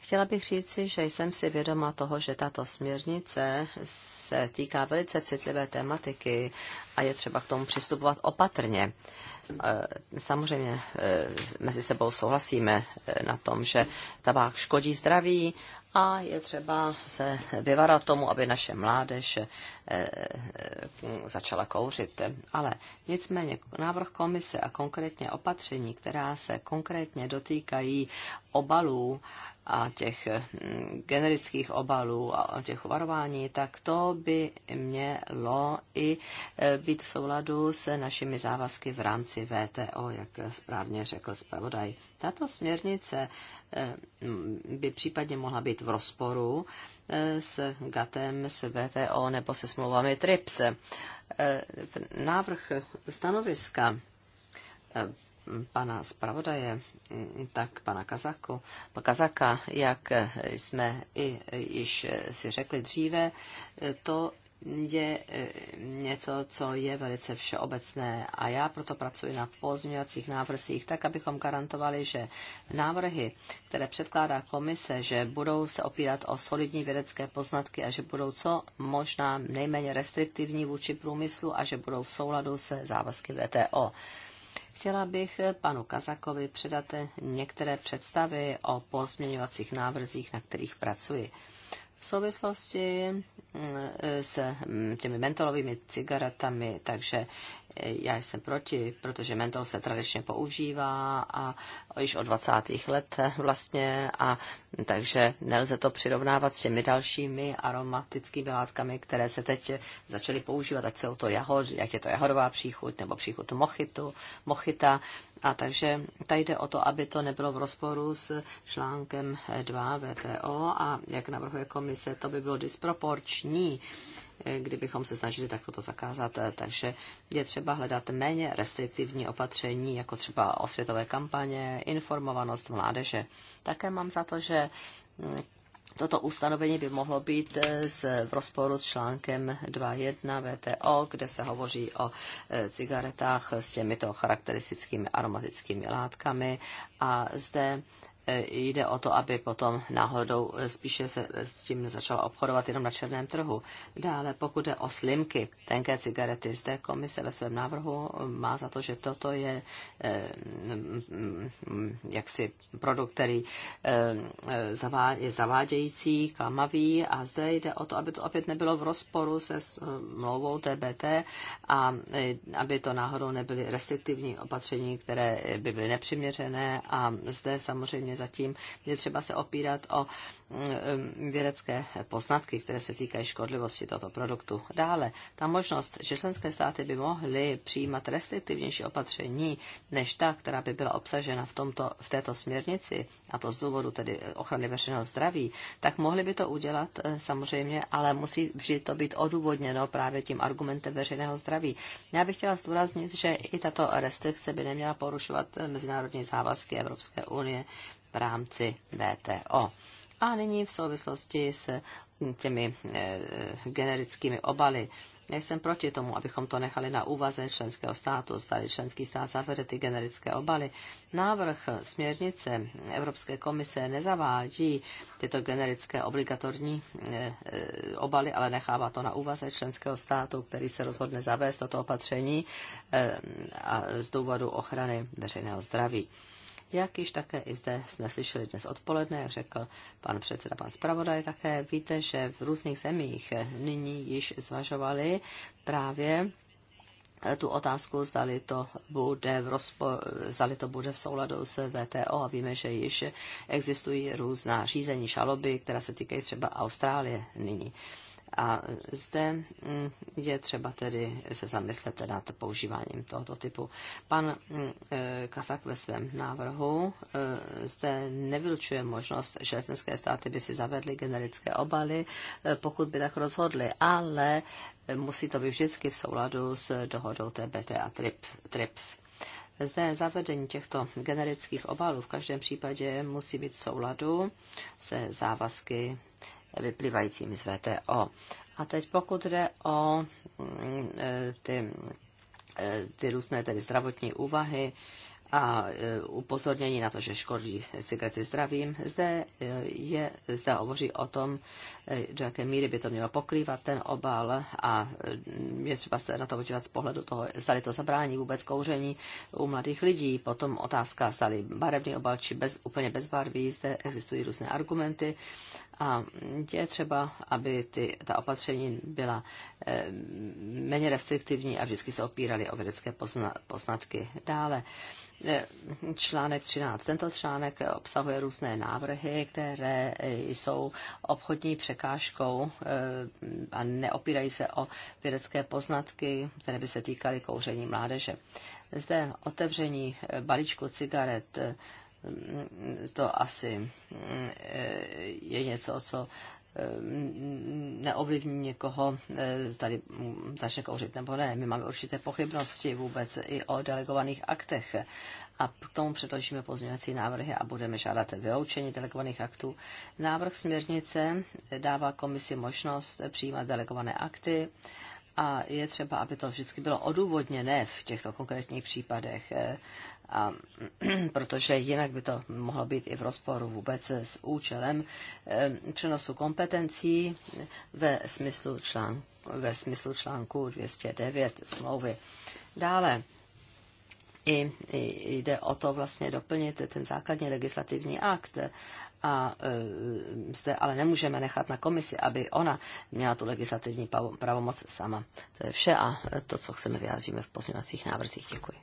[SPEAKER 3] Chtěla bych říci, že jsem si vědoma toho, že tato směrnice se týká velice citlivé tématiky a je třeba k tomu přistupovat opatrně. Eh, samozřejmě mezi sebou souhlasíme na tom, že tabák škodí zdraví a je třeba se vyvarat tomu, aby naše mládež eh, eh, začala kouřit. Ale nicméně návrh komise a konkrétně opatření, která se konkrétně dotýkají obalů a těch hm, generických obalů a těch varování, tak to by mělo i e, být v souladu s našimi závazky v rámci VTO, jak správně řekl zpravodaj. Tato směrnice e, by případně mohla být v rozporu e, s GATem, s VTO nebo se smlouvami TRIPS. Návrh stanoviska pana zpravodaje, tak pana Kazaku, Kazaka, jak jsme i již si řekli dříve, to je něco, co je velice všeobecné a já proto pracuji na pozměňovacích návrzích tak, abychom garantovali, že návrhy, které předkládá komise, že budou se opírat o solidní vědecké poznatky a že budou co možná nejméně restriktivní vůči průmyslu a že budou v souladu se závazky VTO. Chtěla bych panu Kazakovi předat některé představy o pozměňovacích návrzích, na kterých pracuji. V souvislosti mm, s mm, těmi mentolovými cigaretami, takže já jsem proti, protože mentol se tradičně používá a již od 20. let vlastně a takže nelze to přirovnávat s těmi dalšími aromatickými látkami, které se teď začaly používat, ať jsou to jahod, ať je to jahodová příchuť nebo příchuť mochitu, mochita. A takže tady jde o to, aby to nebylo v rozporu s článkem 2 VTO a jak navrhuje komise, to by bylo disproporční kdybychom se snažili takto to zakázat. Eh, Takže je třeba hledat méně restriktivní opatření, jako třeba osvětové kampaně, informovanost mládeže. Také mám za to, že mm, Toto ustanovení by mohlo být eh, z, v rozporu s článkem 2.1 VTO, kde se hovoří o eh, cigaretách s těmito charakteristickými aromatickými látkami. A zde E, jde o to, aby potom náhodou e, spíše se e, s tím začala obchodovat jenom na černém trhu. Dále, pokud jde o slimky, tenké cigarety, zde komise ve svém návrhu má za to, že toto je jaksi produkt, který je zavádějící, klamavý a zde jde o to, aby to opět nebylo v rozporu se mlouvou TBT a aby to náhodou nebyly restriktivní opatření, které by byly nepřiměřené a zde samozřejmě samozřejmě zatím je třeba se opírat o mm, mm, vědecké poznatky, které se týkají škodlivosti tohoto produktu. Dále, ta možnost, že členské státy by mohly přijímat restriktivnější opatření než ta, která by byla obsažena v, tomto, v této směrnici, a to z důvodu tedy ochrany veřejného zdraví, tak mohly by to udělat eh, samozřejmě, ale musí vždy to být odůvodněno právě tím argumentem veřejného zdraví. Já bych chtěla zdůraznit, že i tato restrikce by neměla porušovat eh, mezinárodní závazky Evropské unie v rámci VTO. A nyní v souvislosti s těmi eh, eh, generickými obaly. Já jsem proti tomu, abychom to nechali na úvaze členského státu, zdali členský stát zavede ty generické obaly. Návrh směrnice Evropské komise nezavádí tyto generické obligatorní eh, obaly, ale nechává to na úvaze členského státu, který se rozhodne zavést toto opatření a z důvodu ochrany veřejného zdraví. Jak již také i zde jsme slyšeli dnes odpoledne, jak řekl pan předseda, pan zpravodaj také, víte, že v různých zemích nyní již zvažovali právě eh, tu otázku, zdali to bude v, rozpo, zdali to bude v souladu s VTO a víme, že již existují různá řízení, šaloby, která se týkají třeba Austrálie nyní. A zde mm, je třeba tedy se zamyslet nad používáním tohoto typu. Pan mm, e, Kasak ve svém návrhu e, zde nevylučuje možnost, že členské státy by si zavedly generické obaly, e, pokud by tak rozhodly, ale musí to být vždycky v souladu s dohodou TBT a TRIPS. Zde zavedení těchto generických obalů v každém případě musí být v souladu se závazky vyplývajícím z VTO. A teď pokud jde o mm, e, ty, e, ty různé tedy zdravotní úvahy, a e, upozornění na to, že škodí cigarety zdravím. Zde, je, zde hovoří o tom, do jaké míry by to mělo pokrývat ten obal a mm, je třeba se na to podívat z pohledu toho, zda to zabrání vůbec kouření u mladých lidí. Potom otázka, zda barevný obal či bez, úplně bezbarvý. Zde existují různé argumenty a je třeba, aby ty, ta opatření byla e, méně restriktivní a vždycky se opíraly o vědecké pozna, poznatky. Dále e, článek 13. Tento článek obsahuje různé návrhy, které eh, jsou obchodní překážkou e, a neopírají se o vědecké poznatky, které by se týkaly kouření mládeže. Zde otevření balíčku cigaret to asi mm, je něco, co mm, neovlivní někoho, eh, zdali začne kouřit nebo ne. My máme určité pochybnosti vůbec i o delegovaných aktech a k tomu předložíme pozměňovací návrhy a budeme žádat vyloučení delegovaných aktů. Návrh směrnice dává komisi možnost přijímat delegované akty a je třeba, aby to vždycky bylo odůvodněné v těchto konkrétních případech a, protože jinak by to mohlo být i v rozporu vůbec s účelem eh, přenosu kompetencí ve smyslu článku, ve smyslu článku 209 smlouvy. Dále i, jde o to vlastně doplnit ten základní legislativní akt a eh, zde ale nemůžeme nechat na komisi, aby ona měla tu legislativní pravomoc sama. To je vše a to, co chceme, vyjádříme v pozměňovacích návrzích.
[SPEAKER 1] Děkuji.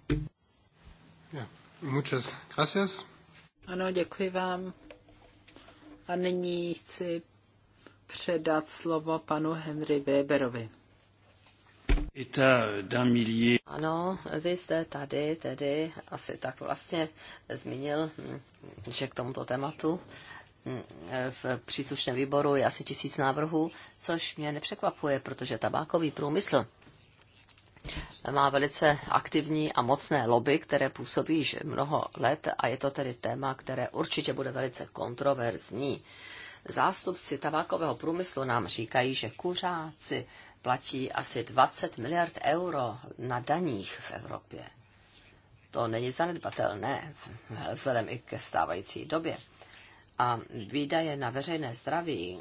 [SPEAKER 1] Yeah. Muchas gracias. Ano, děkuji vám. A nyní chci předat slovo panu Henry Weberovi.
[SPEAKER 3] Uh, ano, vy jste tady, tedy asi tak vlastně zmínil, hm, že k tomuto tématu hm, v příslušném výboru je asi tisíc návrhů, což mě nepřekvapuje, protože tabákový průmysl má velice aktivní a mocné lobby, které působí již mnoho let a je to tedy téma, které určitě bude velice kontroverzní. Zástupci tabákového průmyslu nám říkají, že kuřáci platí asi 20 miliard euro na daních v Evropě. To není zanedbatelné vzhledem i ke stávající době a výdaje na veřejné zdraví,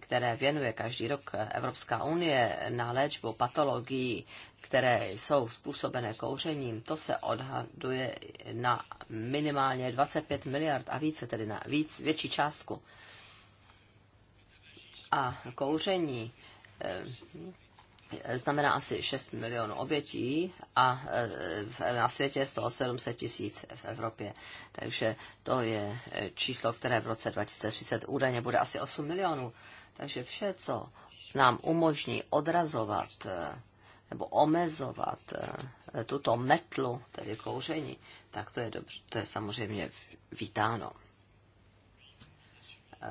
[SPEAKER 3] které věnuje každý rok Evropská unie na léčbu patologií, které jsou způsobené kouřením, to se odhaduje na minimálně 25 miliard a více, tedy na víc, větší částku. A kouření eh, znamená asi 6 milionů obětí a e, na světě z 700 tisíc v Evropě. Takže to je e, číslo, které v roce 2030 údajně bude asi 8 milionů. Takže vše, co nám umožní odrazovat e, nebo omezovat tuto metlu, tedy kouření, tak to je, dobře, to je samozřejmě vítáno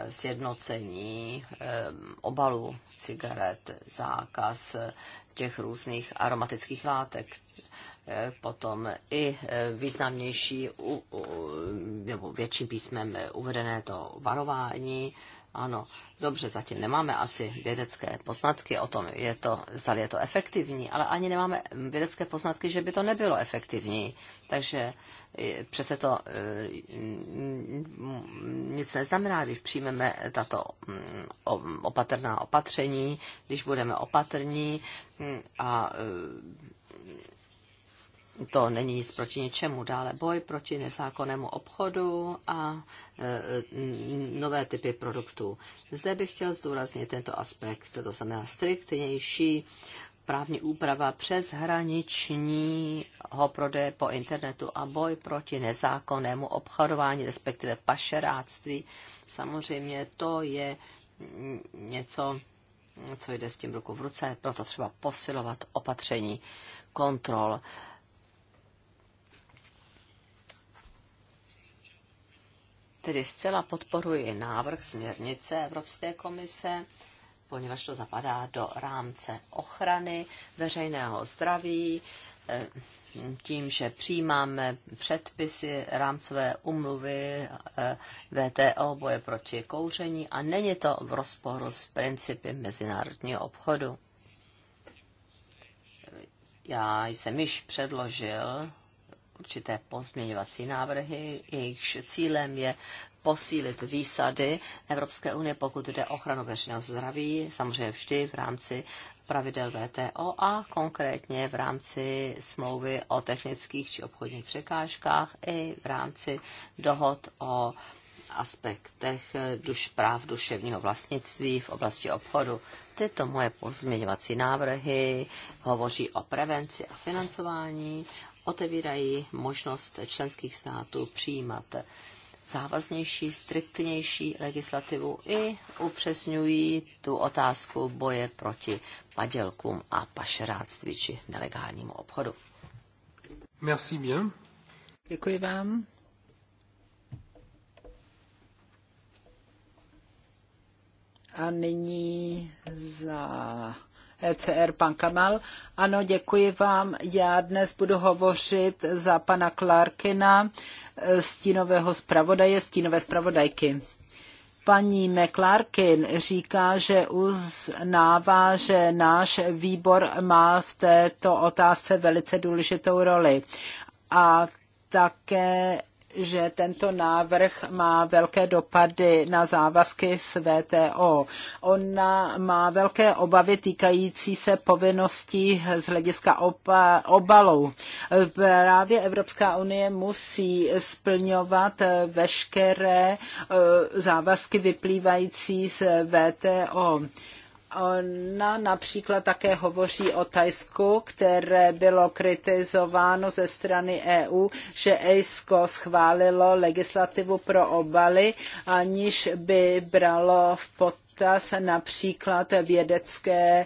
[SPEAKER 3] sjednocení ehm, obalů cigaret, zákaz těch různých aromatických látek, eh, potom i eh, významnější, nebo větším písmem uvedené to varování, ano, dobře, zatím nemáme asi vědecké poznatky o tom, je to, zda je to efektivní, ale ani nemáme vědecké poznatky, že by to nebylo efektivní. Takže e, přece to e, nic neznamená, když přijmeme tato mm, opatrná opatření, když budeme opatrní mm, a e, to není nic proti ničemu. Dále boj proti nezákonnému obchodu a e, nové typy produktů. Zde bych chtěl zdůraznit tento aspekt, to znamená striktnější právní úprava přeshraničního prodeje po internetu a boj proti nezákonnému obchodování, respektive pašeráctví. Samozřejmě to je něco, co jde s tím ruku v ruce, proto třeba posilovat opatření kontrol tedy zcela podporuji návrh směrnice Evropské komise, poněvadž to zapadá do rámce ochrany veřejného zdraví, eh, tím, že přijímáme předpisy, rámcové umluvy eh, VTO, boje proti kouření a není to v rozporu s principy mezinárodního obchodu. Já jsem již předložil určité pozměňovací návrhy, jejichž cílem je posílit výsady Evropské unie, pokud jde o ochranu veřejného zdraví, samozřejmě vždy v rámci pravidel VTO a konkrétně v rámci smlouvy o technických či obchodních překážkách i v rámci dohod o aspektech duš práv duševního vlastnictví v oblasti obchodu. Tyto moje pozměňovací návrhy hovoří o prevenci a financování, otevírají možnost členských států přijímat závaznější, striktnější legislativu i upřesňují tu otázku boje proti padělkům a pašeráctví či nelegálnímu obchodu.
[SPEAKER 1] Merci bien. Děkuji vám. A nyní za ECR, pan Kamal. Ano, děkuji vám. Já dnes budu hovořit za pana Clarkina, e, stínového zpravodaje, stínové zpravodajky paní McClarkin říká, že uznává, že náš výbor má v této otázce velice důležitou roli. A také že tento návrh má velké dopady na závazky s VTO. Ona má velké obavy týkající se povinností z hlediska obalů. Právě Evropská unie musí splňovat veškeré eh, závazky vyplývající z VTO Ona například také hovoří o Tajsku, které bylo kritizováno ze strany EU, že EISCO schválilo legislativu pro obaly, aniž by bralo v pot potaz například vědecké eh,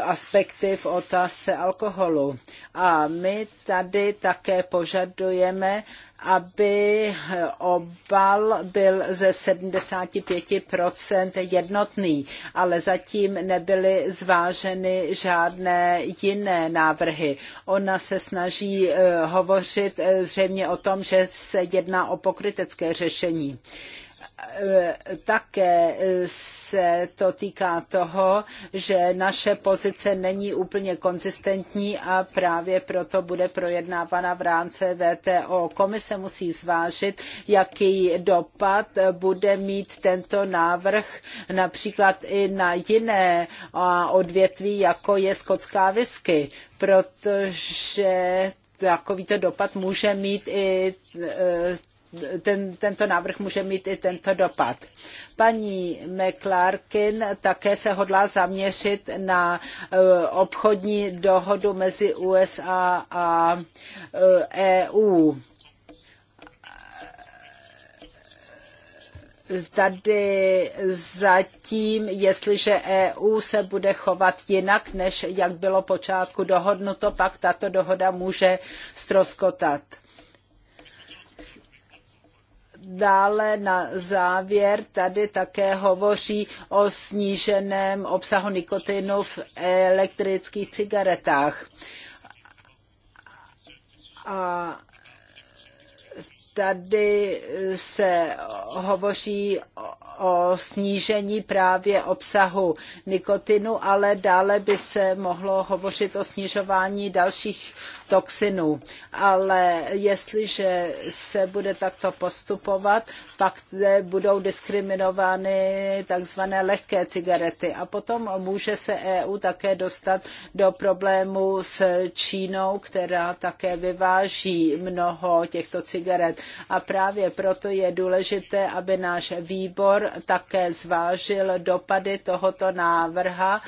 [SPEAKER 1] aspekty v otázce alkoholu. A my tady také požadujeme, aby eh, obal byl ze 75% jednotný, ale zatím nebyly zváženy žádné jiné návrhy. Ona se snaží eh, hovořit zřejmě o tom, že se jedná o pokrytecké řešení. Také se to týká toho, že naše pozice není úplně konzistentní a právě proto bude projednávána v rámci VTO. Komise musí zvážit, jaký dopad bude mít tento návrh například i na jiné odvětví, jako je skotská whisky, protože takovýto dopad může mít i e, ten, tento návrh může mít i tento dopad. Paní McClarkin také se hodlá zaměřit na eh, obchodní dohodu mezi USA a EU. Eh, e tady zatím, jestliže EU se bude chovat jinak, než jak bylo počátku dohodnuto, pak tato dohoda může stroskotat dále na závěr tady také hovoří o sníženém obsahu nikotinu v elektrických cigaretách. A tady se hovoří o snížení právě obsahu nikotinu, ale dále by se mohlo hovořit o snižování dalších toxinů. Ale jestliže se bude takto postupovat, pak budou diskriminovány takzvané lehké cigarety. A potom může se EU také dostat do problému s Čínou, která také vyváží mnoho těchto cigaret. A právě proto je důležité, aby náš výbor také zvážil dopady tohoto návrha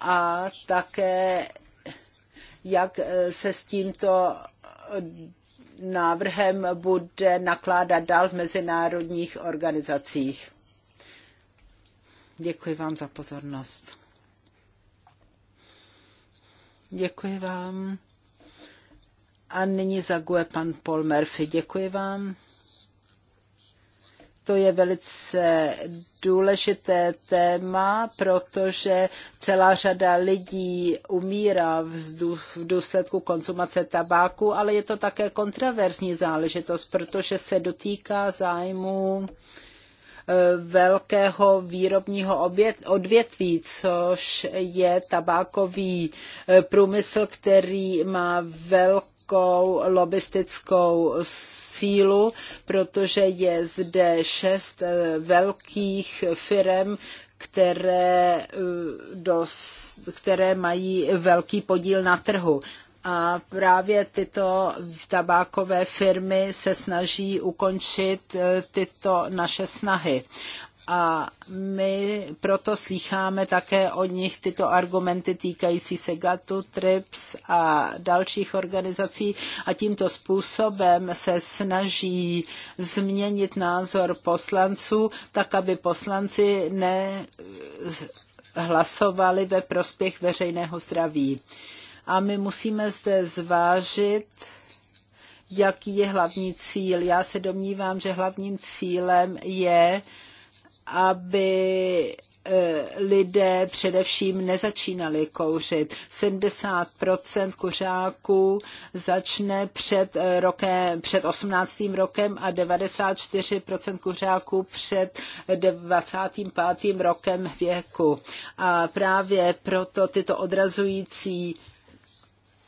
[SPEAKER 1] a také jak eh, se s tímto návrhem bude nakládat dál v mezinárodních organizacích. Děkuji vám za pozornost. Děkuji vám. A nyní zaguje pan Paul Murphy. Děkuji vám. To je velice důležité téma, protože celá řada lidí umírá v důsledku konzumace tabáku, ale je to také kontraverzní záležitost, protože se dotýká zájmu eh, velkého výrobního odvětví, což je tabákový eh, průmysl, který má velké obrovskou lobistickou sílu, protože je zde šest eh, velkých firm, které, eh, dost, které mají velký podíl na trhu. A právě tyto tabákové firmy se snaží ukončit eh, tyto naše snahy a my proto slycháme také od nich tyto argumenty týkající se GATU, TRIPS a dalších organizací a tímto způsobem se snaží změnit názor poslanců, tak aby poslanci ne hlasovali ve prospěch veřejného zdraví. A my musíme zde zvážit, jaký je hlavní cíl. Já se domnívám, že hlavním cílem je uh, aby e, lidé především nezačínali kouřit. 70% kuřáků začne před, e, rokem, před 18. rokem a 94% kuřáků před 25. rokem věku. A právě proto tyto odrazující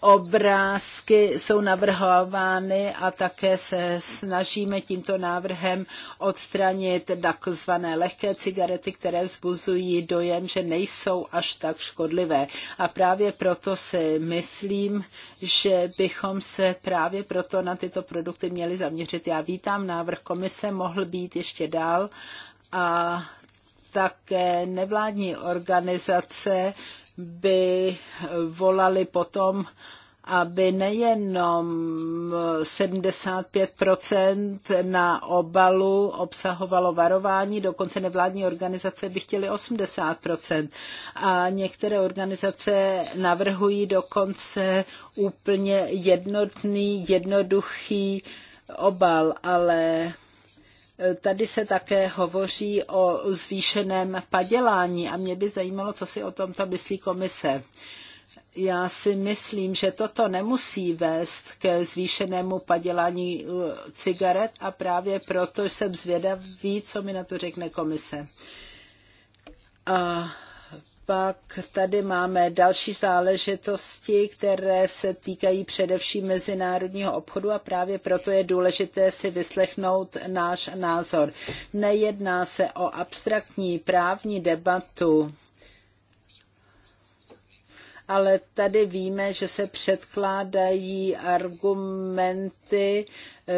[SPEAKER 1] obrázky jsou navrhovány a také se snažíme tímto návrhem odstranit takzvané lehké cigarety, které vzbuzují dojem, že nejsou až tak škodlivé. A právě proto si myslím, že bychom se právě proto na tyto produkty měli zaměřit. Já vítám návrh komise, mohl být ještě dál a také nevládní organizace by volali potom, aby nejenom 75% na obalu obsahovalo varování, dokonce nevládní organizace by chtěly 80%. A některé organizace navrhují dokonce úplně jednotný, jednoduchý obal, ale Tady se také hovoří o zvýšeném padělání a mě by zajímalo, co si o tomto myslí komise. Já si myslím, že toto nemusí vést ke zvýšenému padělání uh, cigaret a právě proto jsem zvědavý, co mi na to řekne komise. A pak tady máme další záležitosti, které se týkají především mezinárodního obchodu a právě proto je důležité si vyslechnout náš názor. Nejedná se o abstraktní právní debatu, ale tady víme, že se předkládají argumenty, eh,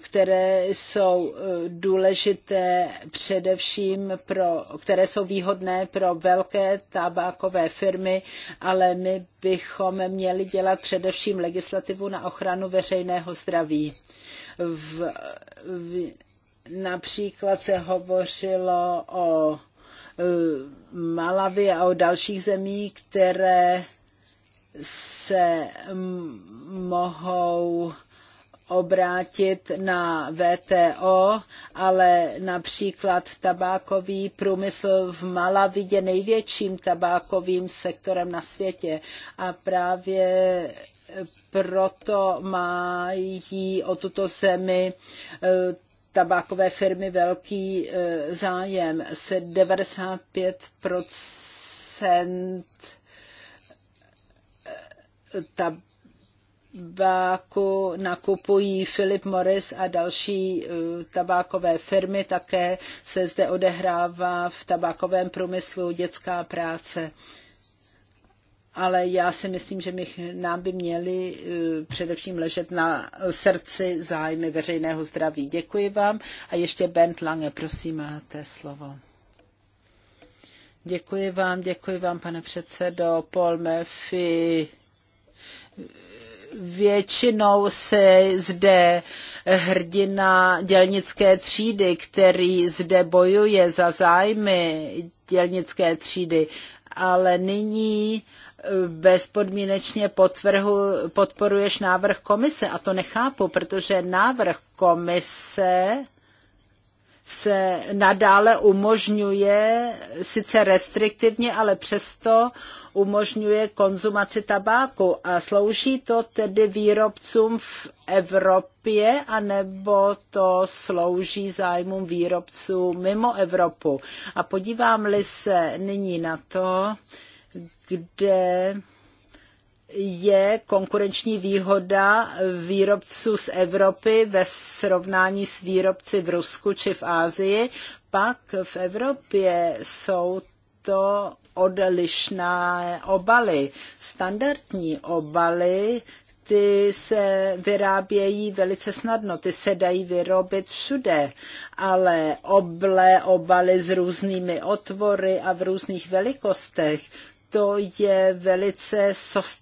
[SPEAKER 1] které jsou eh, důležité především pro, které jsou výhodné pro velké tabákové firmy, ale my bychom měli dělat především legislativu na ochranu veřejného zdraví. V, v, například se hovořilo o Eh, Malavy a o dalších zemí, které se mm, mohou obrátit na VTO, ale například tabákový průmysl v Malavi je největším tabákovým sektorem na světě a právě proto mají o tuto zemi eh, tabákové firmy velký e, zájem. Se 95 e, tabáku nakupují Philip Morris a další e, tabákové firmy. Také se zde odehrává v tabákovém průmyslu dětská práce ale já si myslím, že my, nám by měly eh, především ležet na srdci zájmy veřejného zdraví. Děkuji vám a ještě Bent Lange, prosím, máte slovo. Děkuji vám, děkuji vám, pane předsedo. Paul Murphy většinou se zde hrdina dělnické třídy, který zde bojuje za zájmy dělnické třídy, ale nyní bezpodmínečně podporuješ návrh komise a to nechápu, protože návrh komise se nadále umožňuje, sice restriktivně, ale přesto umožňuje konzumaci tabáku. A slouží to tedy výrobcům v Evropě, anebo to slouží zájmům výrobců mimo Evropu. A podívám-li se nyní na to, kde je konkurenční výhoda výrobců z Evropy ve srovnání s výrobci v Rusku či v Asii, pak v Evropě jsou to odlišné obaly. Standardní obaly ty se vyrábějí velice snadno, ty se dají vyrobit všude, ale oble, obaly s různými otvory a v různých velikostech, to je velice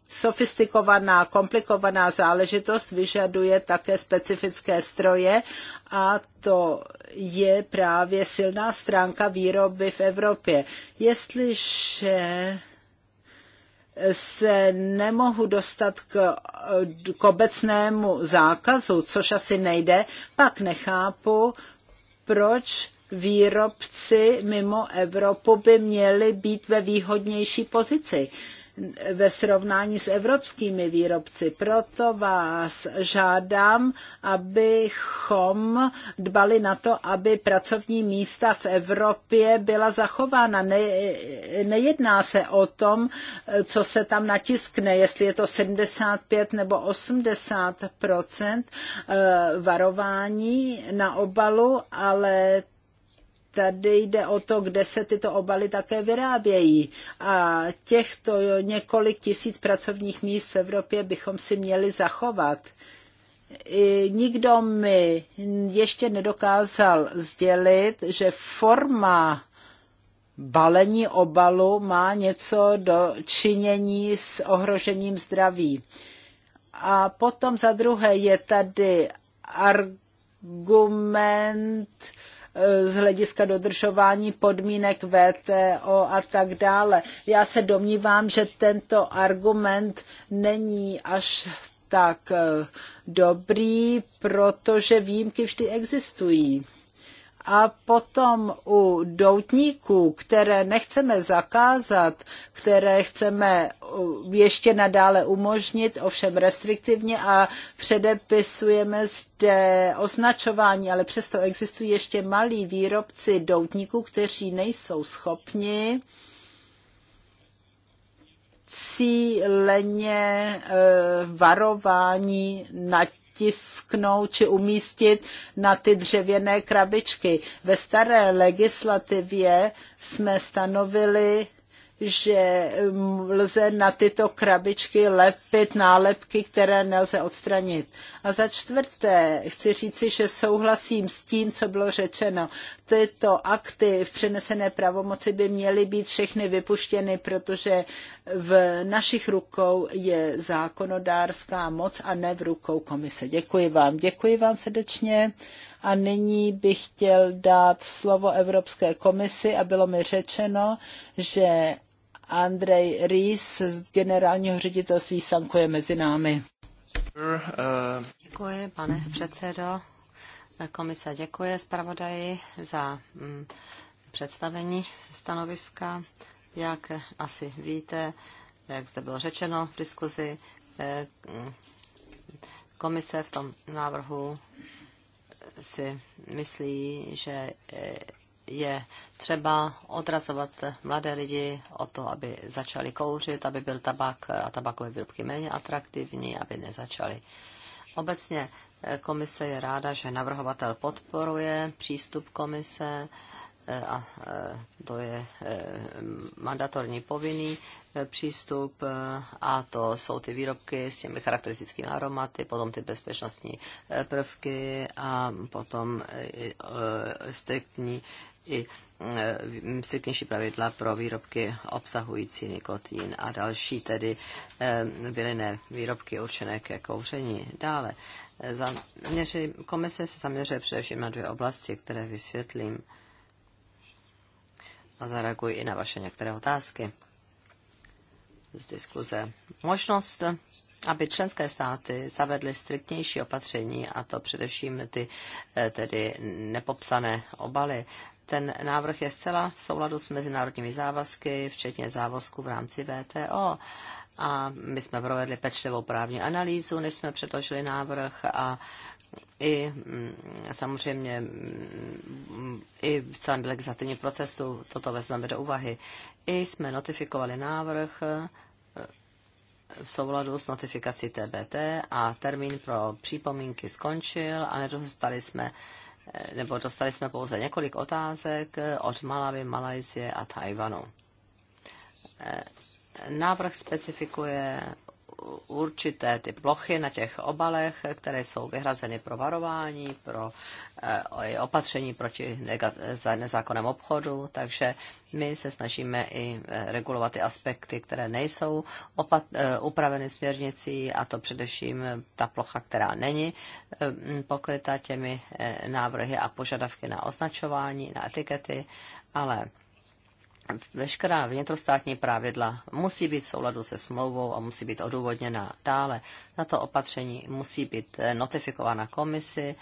[SPEAKER 1] sofistikovaná, komplikovaná záležitost, vyžaduje také specifické stroje a to je právě silná stránka výroby v Evropě. Jestliže se nemohu dostat k, k obecnému zákazu, což asi nejde, pak nechápu, proč výrobci mimo Evropu by měli být ve výhodnější pozici ve srovnání s evropskými výrobci. Proto vás žádám, abychom dbali na to, aby pracovní místa v Evropě byla zachována. Ne, nejedná se o tom, co se tam natiskne, jestli je to 75 nebo 80 eh, varování na obalu, ale tady jde o to, kde se tyto obaly také vyrábějí. A těchto několik tisíc pracovních míst v Evropě bychom si měli zachovat. Nikdo mi ještě nedokázal sdělit, že forma balení obalu má něco do činění s ohrožením zdraví. A potom za druhé je tady argument, z hlediska dodržování podmínek VTO a tak dále. Já se domnívám, že tento argument není až tak eh, dobrý, protože výjimky vždy existují. A potom u doutníků, které nechceme zakázat, které chceme eh, ještě nadále umožnit, ovšem restriktivně a předepisujeme zde označování, ale přesto existují ještě malí výrobci doutníků, kteří nejsou schopni cíleně eh, varování na tisknout či umístit na ty dřevěné krabičky. Ve staré legislativě jsme stanovili že mm, lze na tyto krabičky lepit nálepky, které nelze odstranit. A za čtvrté chci říci, že souhlasím s tím, co bylo řečeno. Tyto akty v přenesené pravomoci by měly být všechny vypuštěny, protože v našich rukou je zákonodárská moc a ne v rukou komise. Děkuji vám. Děkuji vám srdečně. A nyní bych chtěl dát slovo Evropské komisi a bylo mi řečeno, že Andrej Rýs z generálního ředitelství Sanko je mezi námi. Děkuji, pane předsedo.
[SPEAKER 3] Komise děkuje zpravodaji za mm, představení stanoviska. Jak asi víte, jak zde bylo řečeno v diskuzi, eh, komise v tom návrhu si myslí, že eh, je třeba odrazovat mladé lidi o to, aby začali kouřit, aby byl tabak a tabakové výrobky méně atraktivní, aby nezačali. Obecně eh, komise je ráda, že navrhovatel podporuje přístup komise eh, a eh, to je mandatorní povinný přístup a to jsou ty výrobky s těmi charakteristickými aromaty, potom ty bezpečnostní prvky a potom striktní i e, striktnější pravidla pro výrobky obsahující nikotin a další tedy e, bylinné výrobky určené ke kouření. Dále, e, zaměři, komise se zaměřuje především na dvě oblasti, které vysvětlím a zareaguji i na vaše některé otázky z diskuze. Možnost, aby členské státy zavedly striktnější opatření, a to především ty tedy nepopsané obaly, ten návrh je zcela v souladu s mezinárodními závazky, včetně závazku v rámci VTO. A my jsme provedli pečlivou právní analýzu, než jsme předložili návrh a i mm, samozřejmě mm, i v celém legislativním procesu toto vezmeme do úvahy. I jsme notifikovali návrh e, v souladu s notifikací TBT a termín pro přípomínky skončil a nedostali jsme nebo dostali jsme pouze několik otázek od Malavy, Malajzie a Tajvanu. Eh, návrh specifikuje určité ty plochy na těch obalech, které jsou vyhrazeny pro varování, pro eh, opatření proti nezákonném obchodu, takže my se snažíme i eh, regulovat ty aspekty, které nejsou opat- eh, upraveny směrnicí, a to především ta plocha, která není pokryta těmi návrhy a požadavky na označování, na etikety, ale veškerá vnitrostátní pravidla musí být v souladu se smlouvou a musí být odůvodněna dále. Na to opatření musí být eh, notifikována komisi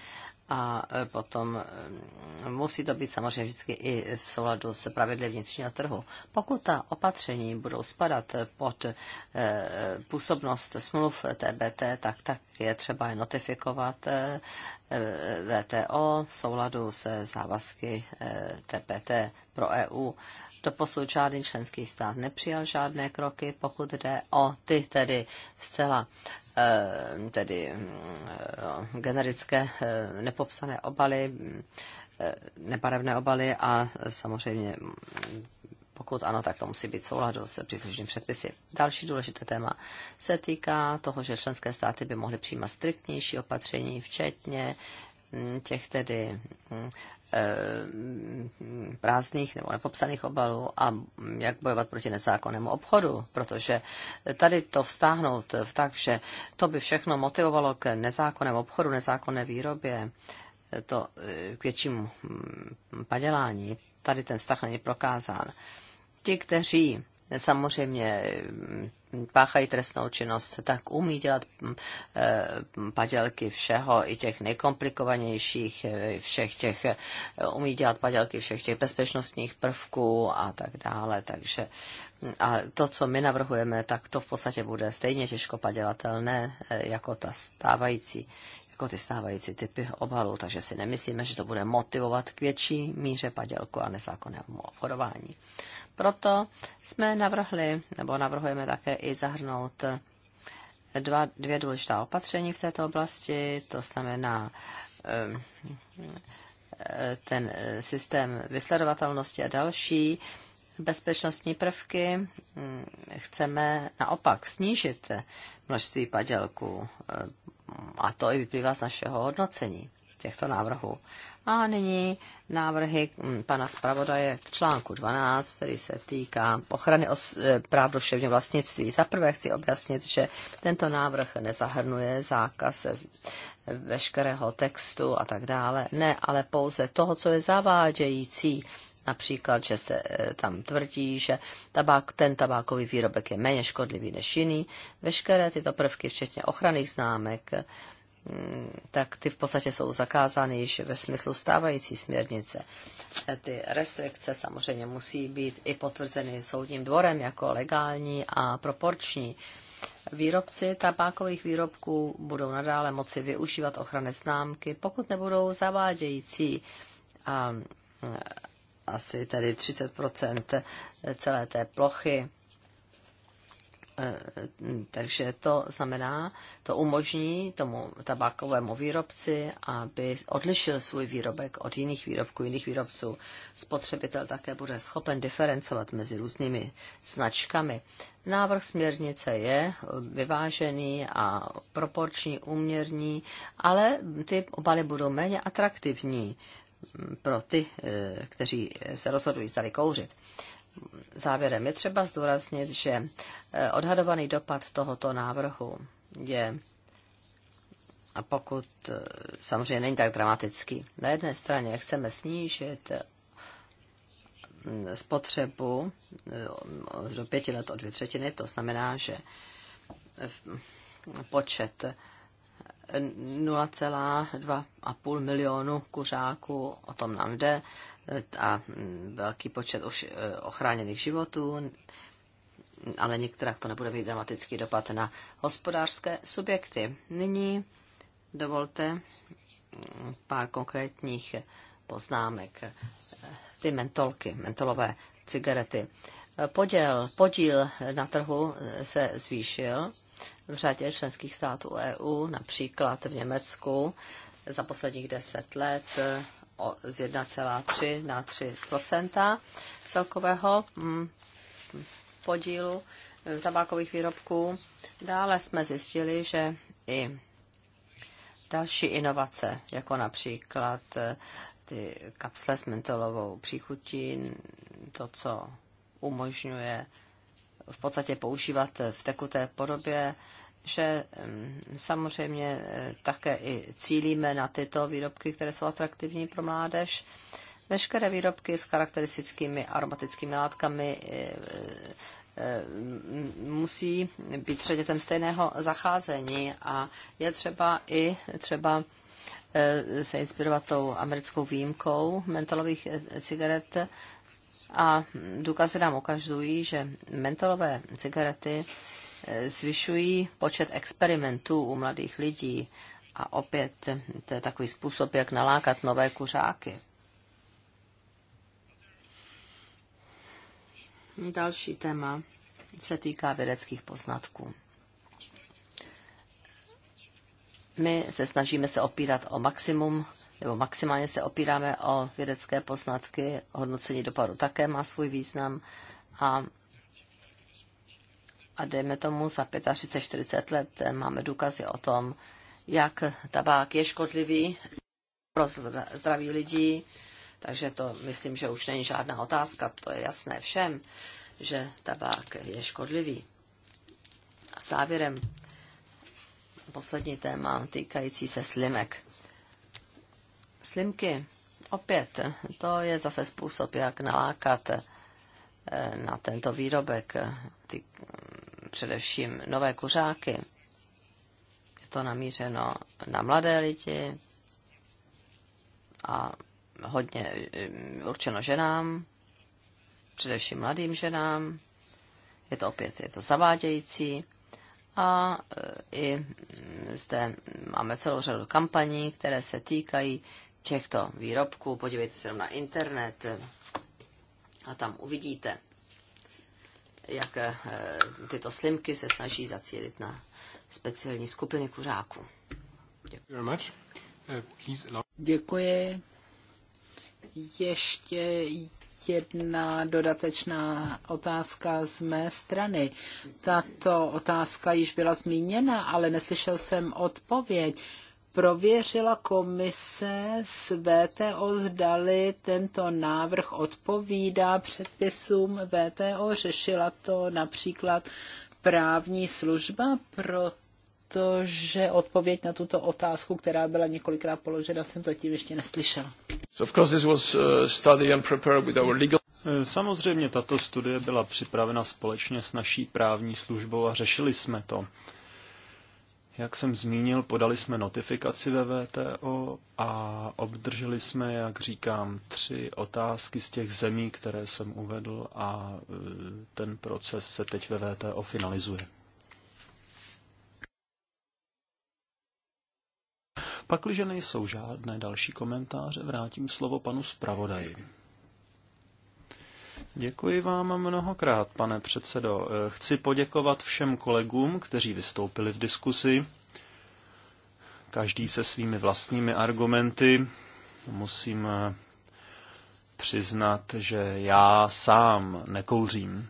[SPEAKER 3] a eh, potom eh, musí to být samozřejmě vždycky i v souladu s pravidly vnitřního trhu. Pokud ta opatření budou spadat pod působnost smluv TBT, tak, tak je třeba je notifikovat VTO v souladu se závazky TPT pro EU. Doposud žádný členský stát nepřijal žádné kroky, pokud jde o ty tedy zcela eh, tedy mm, eh, generické eh, nepopsané obaly, nebarevné obaly a samozřejmě mm, pokud ano, tak to musí být souladu s příslušnými předpisy. Další důležité téma se týká toho, že členské státy by mohly přijímat striktnější opatření, včetně těch tedy eh, prázdných nebo nepopsaných obalů a jak bojovat proti nezákonnému obchodu, protože tady to vztáhnout tak, že to by všechno motivovalo k nezákonnému obchodu, nezákonné výrobě, eh, to eh, k většímu hm, padělání, tady ten vztah není prokázán. Ti, kteří samozřejmě mm, páchají trestnou činnost, tak umí dělat mm, eh, padělky všeho, i těch nejkomplikovanějších, eh, všech těch, eh, umí dělat padělky všech těch bezpečnostních prvků a tak dále, takže mm, a to, co my navrhujeme, tak to v podstatě bude stejně těžko padělatelné jako ta stávající jako ty stávající typy obalů, takže si nemyslíme, že to bude motivovat k větší míře padělku a nezákonnému obchodování. Proto jsme navrhli, nebo navrhujeme také i zahrnout dva, dvě důležitá opatření v této oblasti, to znamená ehm, e, ten e, systém vysledovatelnosti a další bezpečnostní prvky hm, chceme naopak snížit množství padělků a to i vyplývá z našeho hodnocení těchto návrhů. A nyní návrhy mm, pana zpravodaje v článku 12, který se týká ochrany os- eh, práv duševního vlastnictví. Za prvé chci objasnit, že tento návrh nezahrnuje zákaz veškerého textu a tak dále. Ne, ale pouze toho, co je zavádějící Například, že se eh, tam tvrdí, že tabák, ten tabákový výrobek je méně škodlivý než jiný. Veškeré tyto prvky, včetně ochranných známek, mm, tak ty v podstatě jsou zakázány již ve smyslu stávající směrnice. Eh, ty restrikce samozřejmě musí být i potvrzeny soudním dvorem jako legální a proporční. Výrobci tabákových výrobků budou nadále moci využívat ochranné známky, pokud nebudou zavádějící a, asi tedy 30 celé té plochy. E, takže to znamená, to umožní tomu tabákovému výrobci, aby odlišil svůj výrobek od jiných výrobků, jiných výrobců. Spotřebitel také bude schopen diferencovat mezi různými značkami. Návrh směrnice je vyvážený a proporční, úměrný, ale ty obaly budou méně atraktivní pro ty, eh, kteří se rozhodují, zdali kouřit. Závěrem je třeba zdůraznit, že eh, odhadovaný dopad tohoto návrhu je, a pokud eh, samozřejmě není tak dramatický, na jedné straně chceme snížit spotřebu do pěti let o dvě třetiny, to znamená, že počet 0,2,5 milionu kuřáků, o tom nám jde, a velký počet už e, ochráněných životů, ale některá to nebude mít dramatický dopad na hospodářské subjekty. Nyní dovolte pár konkrétních poznámek. Ty mentolky, mentolové cigarety. Poděl, podíl na trhu se zvýšil v řadě členských států EU, například v Německu, za posledních deset let eh, z 1,3 na 3 celkového mm, podílu eh, tabákových výrobků. Dále jsme zjistili, že i další inovace, jako například eh, ty kapsle s mentolovou příchutí, to, co umožňuje v podstatě používat v tekuté podobě, že mm, samozřejmě eh, také i cílíme na tyto výrobky, které jsou atraktivní pro mládež. Veškeré výrobky s charakteristickými aromatickými látkami eh, eh, mm, musí být předmětem stejného zacházení a je třeba i třeba se inspirovat tou americkou výjimkou mentolových cigaret, a důkazy nám ukazují, že mentolové cigarety eh, zvyšují počet experimentů u mladých lidí. A opět eh, to je takový způsob, jak nalákat nové kuřáky. Další téma se týká vědeckých poznatků. My se snažíme se opírat o maximum nebo maximálně se opíráme o vědecké poznatky, hodnocení dopadu také má svůj význam a a dejme tomu za 35-40 let máme důkazy o tom, jak tabák je škodlivý pro zdraví lidí, takže to myslím, že už není žádná otázka, to je jasné všem, že tabák je škodlivý. A závěrem poslední téma týkající se slimek. Slimky, opět, to je zase způsob, jak nalákat eh, na tento výrobek ty, především nové kuřáky. Je to namířeno na mladé lidi a hodně eh, určeno ženám, především mladým ženám. Je to opět, je to zavádějící. A eh, i mm, zde máme celou řadu kampaní, které se týkají těchto výrobků. Podívejte se na internet a tam uvidíte, jak eh, tyto slimky se snaží zacílit na speciální skupiny kuřáků. Děkuji. Eh,
[SPEAKER 1] Děkuji. Ještě jedna dodatečná otázka z mé strany. Tato otázka již byla zmíněna, ale neslyšel jsem odpověď prověřila komise s VTO, zdali tento návrh odpovídá předpisům VTO. Řešila to například právní služba, protože odpověď na tuto otázku, která byla několikrát položena, jsem zatím ještě neslyšela.
[SPEAKER 2] Samozřejmě tato studie byla připravena společně s naší právní službou a řešili jsme to. Jak jsem zmínil, podali jsme notifikaci ve VTO a obdrželi jsme, jak říkám, tři otázky z těch zemí, které jsem uvedl a e, ten proces se teď ve VTO finalizuje. Pakliže nejsou žádné další komentáře, vrátím slovo panu zpravodaji. Děkuji vám mnohokrát, pane předsedo. Eh, chci poděkovat všem kolegům, kteří vystoupili v diskusi. Každý se svými vlastními argumenty. Musím eh, přiznat, že já sám nekouřím,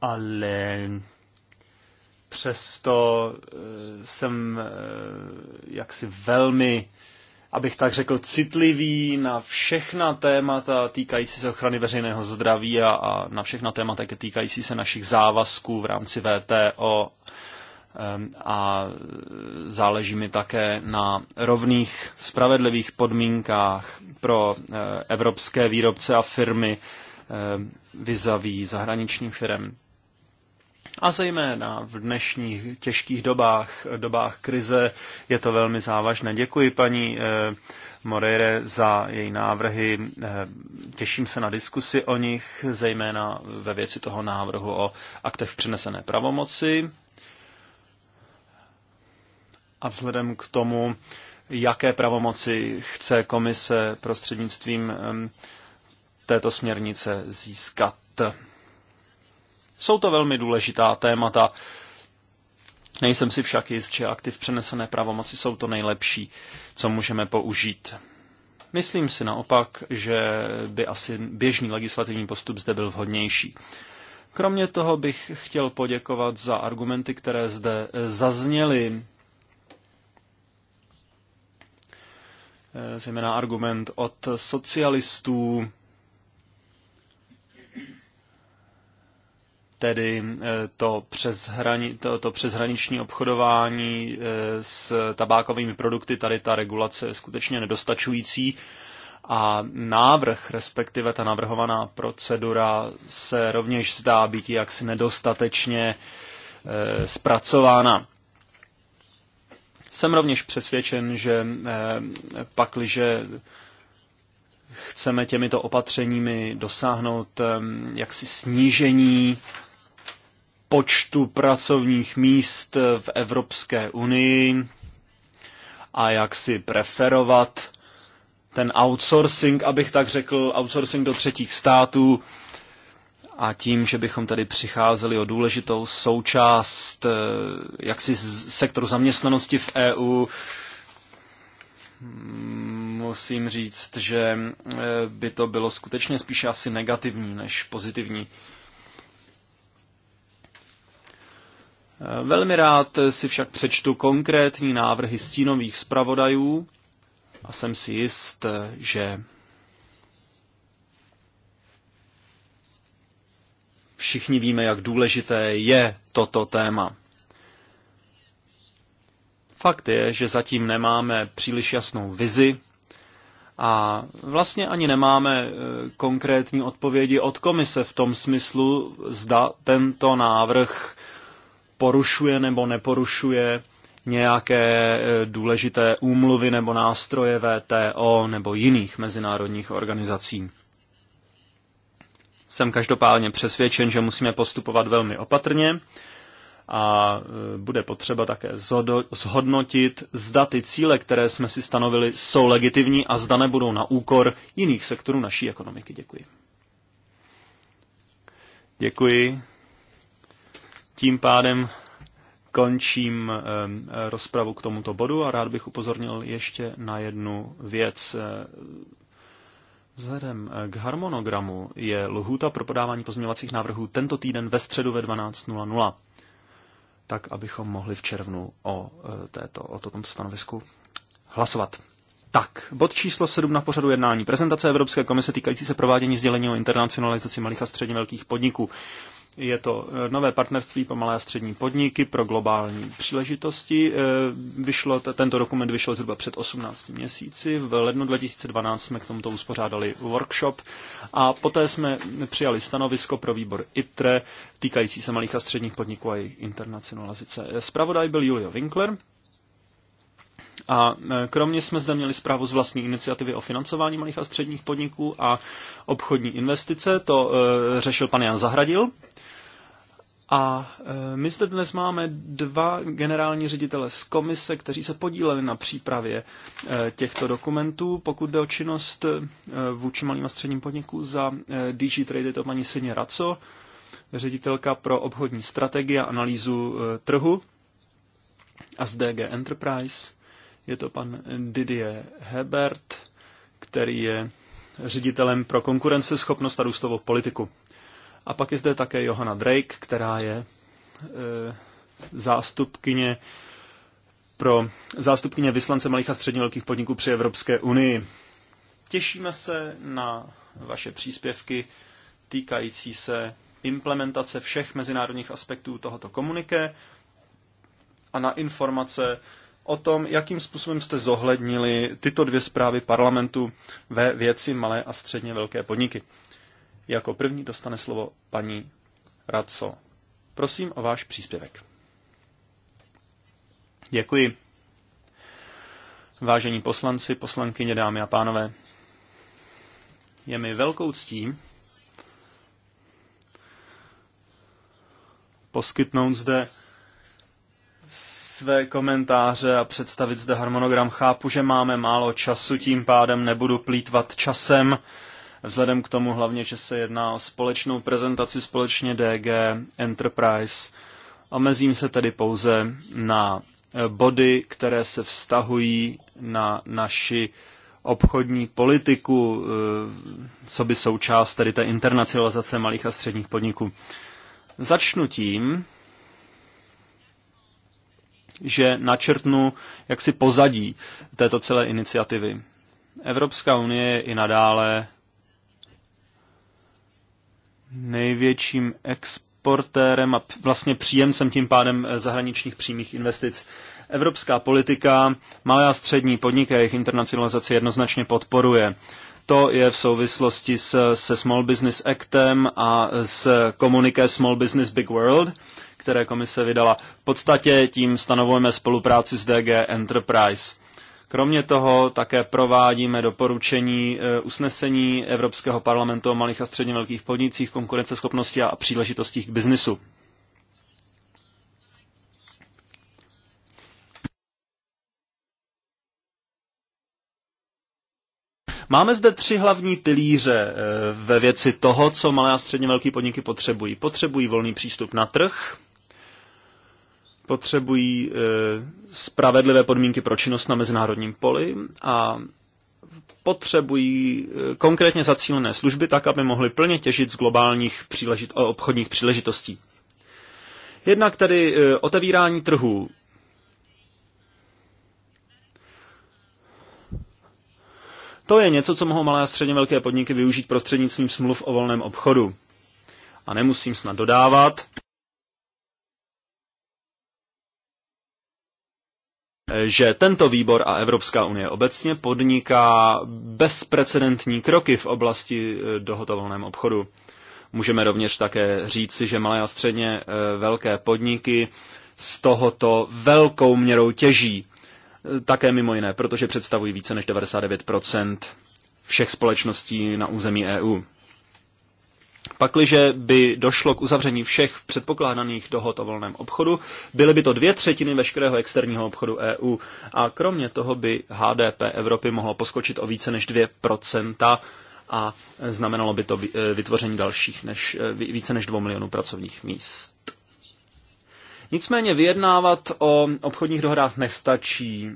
[SPEAKER 2] ale přesto eh, jsem jaksi velmi abych tak řekl, citlivý na všechna témata týkající se ochrany veřejného zdraví a, a na všechna témata týkající se našich závazků v rámci VTO a záleží mi také na rovných spravedlivých podmínkách pro eh, evropské výrobce a firmy eh, vizaví zahraničních firm. A zejména v dnešních těžkých dobách, dobách krize, je to velmi závažné. Děkuji paní eh, Moreire za její návrhy. Eh, těším se na diskusi o nich, zejména ve věci toho návrhu o aktech přenesené pravomoci. A vzhledem k tomu, jaké pravomoci chce komise prostřednictvím eh, této směrnice získat. Jsou to velmi důležitá témata. Nejsem si však jist, že aktiv přenesené pravomoci jsou to nejlepší, co můžeme použít. Myslím si naopak, že by asi běžný legislativní postup zde byl vhodnější. Kromě toho bych chtěl poděkovat za argumenty, které zde zazněly. Eh, zejména argument od socialistů, tedy eh, to, přeshrani, to, to přeshraniční obchodování eh, s tabákovými produkty, tady ta regulace je skutečně nedostačující a návrh, respektive ta navrhovaná procedura se rovněž zdá být jaksi nedostatečně eh, zpracována. Jsem rovněž přesvědčen, že pakliže chceme těmito opatřeními dosáhnout jaksi snížení počtu pracovních míst v Evropské unii a jak si preferovat ten outsourcing, abych tak řekl, outsourcing do třetích států a tím, že bychom tady přicházeli o důležitou součást eh, jaksi sektoru zaměstnanosti v EU, musím říct, že eh, by to bylo skutečně spíše asi negativní než pozitivní. Velmi rád si však přečtu konkrétní návrhy stínových zpravodajů a jsem si jist, že všichni víme, jak důležité je toto téma. Fakt je, že zatím nemáme příliš jasnou vizi a vlastně ani nemáme eh, konkrétní odpovědi od komise v tom smyslu, zda tento návrh porušuje nebo neporušuje nějaké e, důležité úmluvy nebo nástroje VTO nebo jiných mezinárodních organizací. Jsem každopádně přesvědčen, že musíme postupovat velmi opatrně a e, bude potřeba také zhodnotit, zda ty cíle, které jsme si stanovili, jsou legitimní a zda nebudou na úkor jiných sektorů naší ekonomiky. Děkuji. Děkuji. Tím pádem končím eh, rozpravu k tomuto bodu a rád bych upozornil ještě na jednu věc. Eh, vzhledem eh, k harmonogramu je lhůta pro podávání pozměňovacích návrhů tento týden ve středu ve 12.00, tak abychom mohli v červnu o, této, o tomto stanovisku hlasovat. Tak, bod číslo 7 na pořadu jednání. Prezentace Evropské komise týkající se provádění sdělení o internacionalizaci malých a středně velkých podniků. Je to eh, nové partnerství pro malé a střední podniky, pro globální příležitosti. Eh, vyšlo, tento dokument vyšel zhruba před 18 měsíci. V lednu 2012 jsme k tomuto uspořádali workshop a poté jsme přijali stanovisko pro výbor ITRE týkající se malých a středních podniků a jejich internacionalizace. Spravodaj byl Julio Winkler, a e, kromě jsme zde měli zprávu z vlastní iniciativy o financování malých a středních podniků a obchodní investice, to e, řešil pan Jan Zahradil. A e, my zde dnes máme dva generální ředitele z komise, kteří se podíleli na přípravě e, těchto dokumentů. Pokud jde o činnost e, vůči malým a středním podnikům za e, DG Trade, je to paní Sině Raco, ředitelka pro obchodní strategii a analýzu e, trhu a z DG Enterprise je to pan Didier Hebert, který je ředitelem pro konkurenceschopnost a růstovou politiku. A pak je zde také Johanna Drake, která je e, zástupkyně pro zástupkyně vyslance malých a středně velkých podniků při Evropské unii. Těšíme se na vaše příspěvky týkající se implementace všech mezinárodních aspektů tohoto komuniké a na informace o tom, jakým způsobem jste zohlednili tyto dvě zprávy parlamentu ve věci malé a středně velké podniky. Jako první dostane slovo paní Radco. Prosím o váš příspěvek. Děkuji. Vážení poslanci, poslankyně, dámy a pánové, je mi velkou ctí poskytnout zde své komentáře a představit zde harmonogram. Chápu, že máme málo času, tím pádem nebudu plítvat časem. Vzhledem k tomu hlavně, že se jedná o společnou prezentaci společně DG Enterprise. Omezím se tedy pouze na eh, body, které se vztahují na naši obchodní politiku, eh, co by součást tedy té internacionalizace malých a středních podniků. Začnu tím, že načrtnu jaksi pozadí této celé iniciativy. Evropská unie je i nadále největším exportérem a vlastně příjemcem tím pádem eh, zahraničních přímých investic. Evropská politika malé a střední podniky a jejich internacionalizaci jednoznačně podporuje. To je v souvislosti s, se Small Business Actem a s komuniké Small Business Big World, které komise vydala. V podstatě tím stanovujeme spolupráci s DG Enterprise. Kromě toho také provádíme doporučení e, usnesení Evropského parlamentu o malých a středně velkých podnicích, konkurenceschopnosti a příležitostích k biznisu. Máme zde tři hlavní pilíře e, ve věci toho, co malé a středně velké podniky potřebují. Potřebují volný přístup na trh, potřebují eh, spravedlivé podmínky pro činnost na mezinárodním poli a potřebují eh, konkrétně zacílené služby tak, aby mohly plně těžit z globálních příležit- obchodních příležitostí. Jednak tedy eh, otevírání trhů. To je něco, co mohou malé a středně velké podniky využít prostřednictvím smluv o volném obchodu. A nemusím snad dodávat, že tento výbor a Evropská unie obecně podniká bezprecedentní kroky v oblasti eh, dohotovolném obchodu. Můžeme rovněž také říci, že malé a středně eh, velké podniky z tohoto velkou měrou těží. Eh, také mimo jiné, protože představují více než 99 všech společností na území EU. Pakliže by došlo k uzavření všech předpokládaných dohod o volném obchodu, byly by to dvě třetiny veškerého externího obchodu EU a kromě toho by HDP Evropy mohlo poskočit o více než 2% a znamenalo by to eh, vytvoření dalších než, eh, více než 2 milionů pracovních míst. Nicméně vyjednávat o obchodních dohodách nestačí.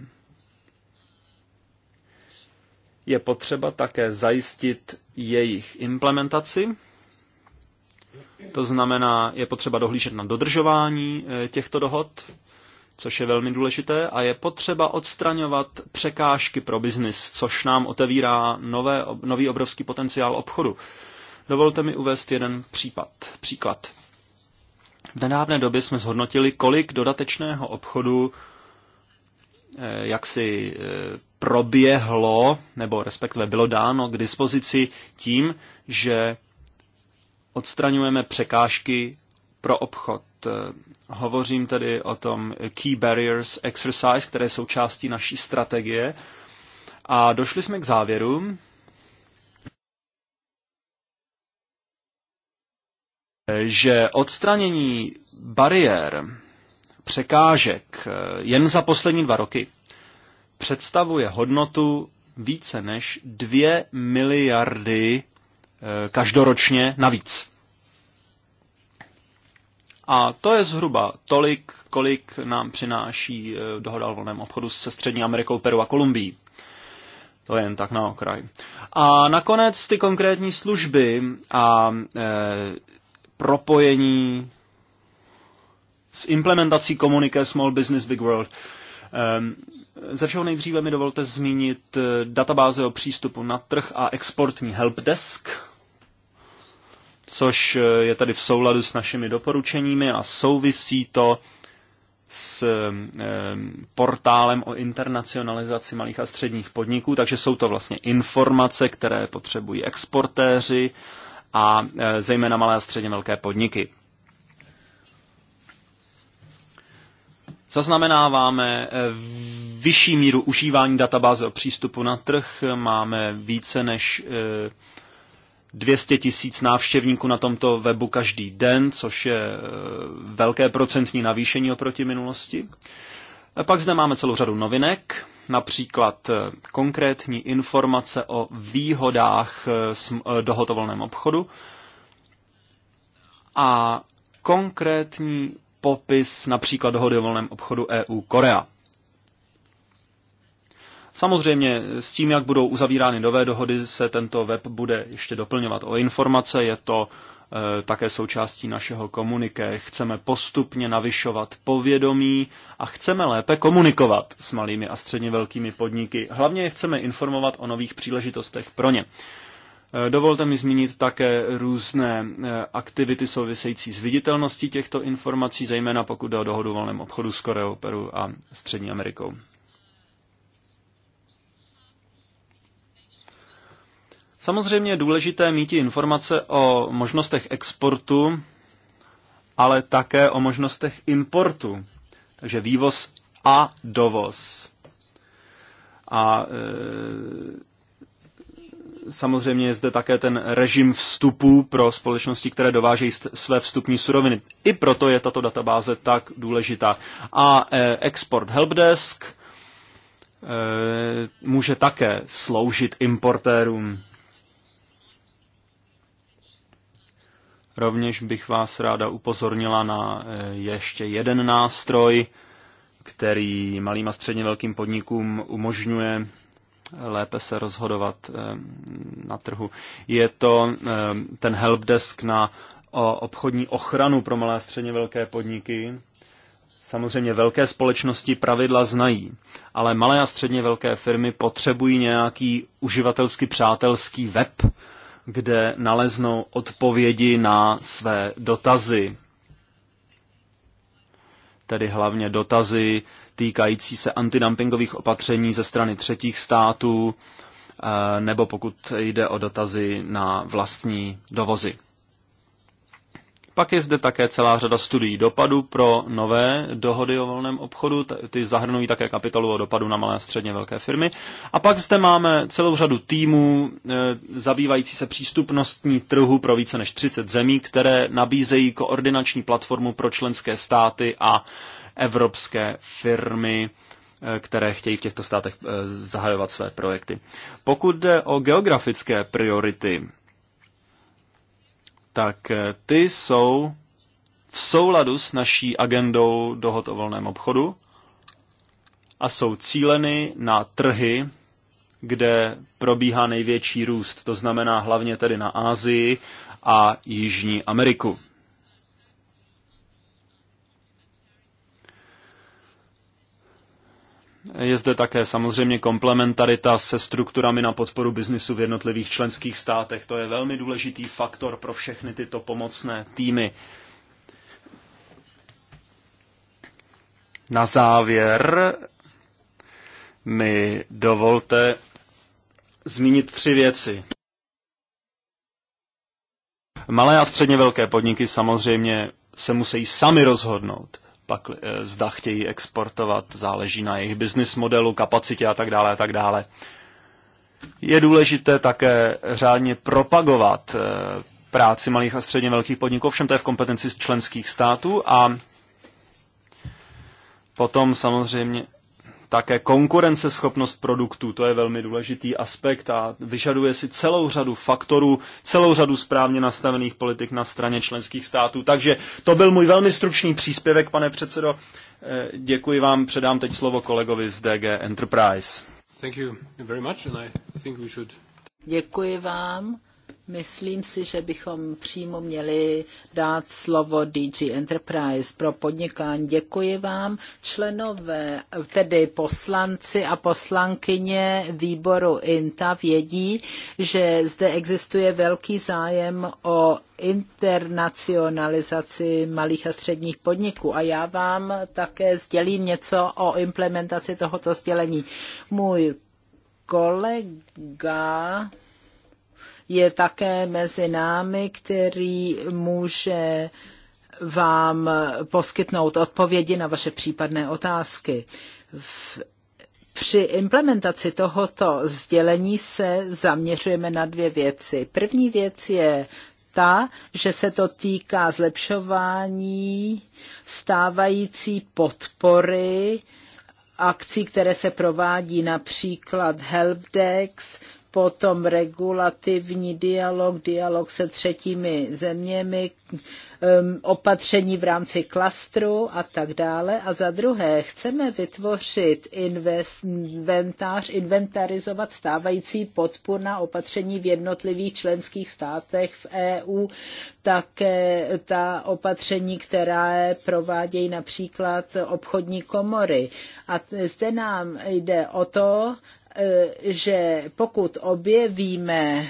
[SPEAKER 2] Je potřeba také zajistit jejich implementaci to znamená, je potřeba dohlížet na dodržování eh, těchto dohod, což je velmi důležité, a je potřeba odstraňovat překážky pro biznis, což nám otevírá nové, nový obrovský potenciál obchodu. Dovolte mi uvést jeden případ, příklad. V nedávné době jsme zhodnotili, kolik dodatečného obchodu eh, jak si eh, proběhlo, nebo respektive bylo dáno k dispozici tím, že odstraňujeme překážky pro obchod. Hovořím tedy o tom Key Barriers Exercise, které jsou částí naší strategie. A došli jsme k závěru, že odstranění bariér, překážek jen za poslední dva roky představuje hodnotu více než 2 miliardy Eh, každoročně navíc. A to je zhruba tolik, kolik nám přináší eh, dohoda o volném obchodu se Střední Amerikou, Peru a Kolumbií. To je jen tak na okraj. A nakonec ty konkrétní služby a e, propojení s implementací komuniké Small Business Big World. E, ze všeho nejdříve mi dovolte zmínit eh, databáze o přístupu na trh a exportní helpdesk, což eh, je tady v souladu s našimi doporučeními a souvisí to s eh, portálem o internacionalizaci malých a středních podniků, takže jsou to vlastně informace, které potřebují exportéři a zejména malé a středně velké podniky. Zaznamenáváme vyšší míru užívání databáze o přístupu na trh. Máme více než 200 eh, tisíc návštěvníků na tomto webu každý den, což je eh, velké procentní navýšení oproti minulosti. Pak zde máme celou řadu novinek, například eh, konkrétní informace o výhodách dohotovolném obchodu a konkrétní popis například dohody o volném obchodu EU Korea. Samozřejmě s tím, jak budou uzavírány nové dohody, se tento web bude ještě doplňovat o informace. Je to eh, také součástí našeho komuniké. Chceme postupně navyšovat povědomí a chceme lépe komunikovat s malými a středně velkými podniky. Hlavně je chceme informovat o nových příležitostech pro ně. Eh, dovolte mi zmínit také různé eh, aktivity související s viditelností těchto informací, zejména pokud jde o dohodu o volném obchodu s Koreou, Peru a Střední Amerikou. Samozřejmě je důležité mít informace o možnostech exportu, ale také o možnostech importu. Takže vývoz a dovoz. A e, samozřejmě je zde také ten režim vstupu pro společnosti, které dovážejí své vstupní suroviny. I proto je tato databáze tak důležitá. A e, export helpdesk e, může také sloužit importérům. Rovněž bych vás ráda upozornila na eh, ještě jeden nástroj, který malým a středně velkým podnikům umožňuje eh, lépe se rozhodovat eh, na trhu. Je to ten helpdesk na obchodní ochranu pro malé a středně velké podniky. Samozřejmě velké společnosti pravidla znají, ale malé a středně velké firmy potřebují nějaký uživatelsky přátelský web, kde naleznou odpovědi na své dotazy. Tedy hlavně dotazy týkající se antidumpingových opatření ze strany třetích států, eh, nebo pokud jde o dotazy na vlastní dovozy. Pak je zde také celá řada studií dopadu pro nové dohody o volném obchodu, ty zahrnují také kapitolu o dopadu na malé a středně velké firmy. A pak zde máme celou řadu týmů e, zabývající se přístupnostní trhu pro více než 30 zemí, které nabízejí koordinační platformu pro členské státy a evropské firmy eh, které chtějí v těchto státech eh, zahajovat své projekty. Pokud jde o geografické priority, tak eh, ty jsou v souladu s naší agendou dohod o volném obchodu a jsou cíleny na trhy, kde probíhá největší růst, to znamená hlavně tedy na Asii a Jižní Ameriku. Je zde také samozřejmě komplementarita se strukturami na podporu biznisu v jednotlivých členských státech. To je velmi důležitý faktor pro všechny tyto pomocné týmy. Na závěr mi dovolte zmínit tři věci. Malé a středně velké podniky samozřejmě se musí sami rozhodnout, pak eh, zda chtějí exportovat, záleží na jejich business modelu, kapacitě a tak dále a tak dále. Je důležité také řádně propagovat eh, práci malých a středně velkých podniků, všem to je v kompetenci členských států a potom samozřejmě také konkurenceschopnost produktů, to je velmi důležitý aspekt a vyžaduje si celou řadu faktorů, celou řadu správně nastavených politik na straně členských států. Takže to byl můj velmi stručný příspěvek, pane předsedo. Eh, děkuji vám, předám teď slovo kolegovi z DG Enterprise.
[SPEAKER 1] Děkuji vám Myslím si, že bychom přímo měli dát slovo DG Enterprise pro podnikání. Děkuji vám, členové, tedy poslanci a poslankyně výboru INTA vědí, že zde existuje velký zájem o internacionalizaci malých a středních podniků. A já vám také sdělím něco o implementaci tohoto sdělení. Můj kolega je také mezi námi, který může vám poskytnout odpovědi na vaše případné otázky. V při implementaci tohoto sdělení se zaměřujeme na dvě věci. První věc je ta, že se to týká zlepšování stávající podpory akcí, které se provádí například Helpdex, potom regulativní dialog, dialog se třetími zeměmi, um, opatření v rámci klastru a tak dále. A za druhé, chceme vytvořit inventář, inventarizovat stávající podpůrná opatření v jednotlivých členských státech v EU, také ta opatření, která provádějí například obchodní komory. A zde nám jde o to, Eh, že pokud objevíme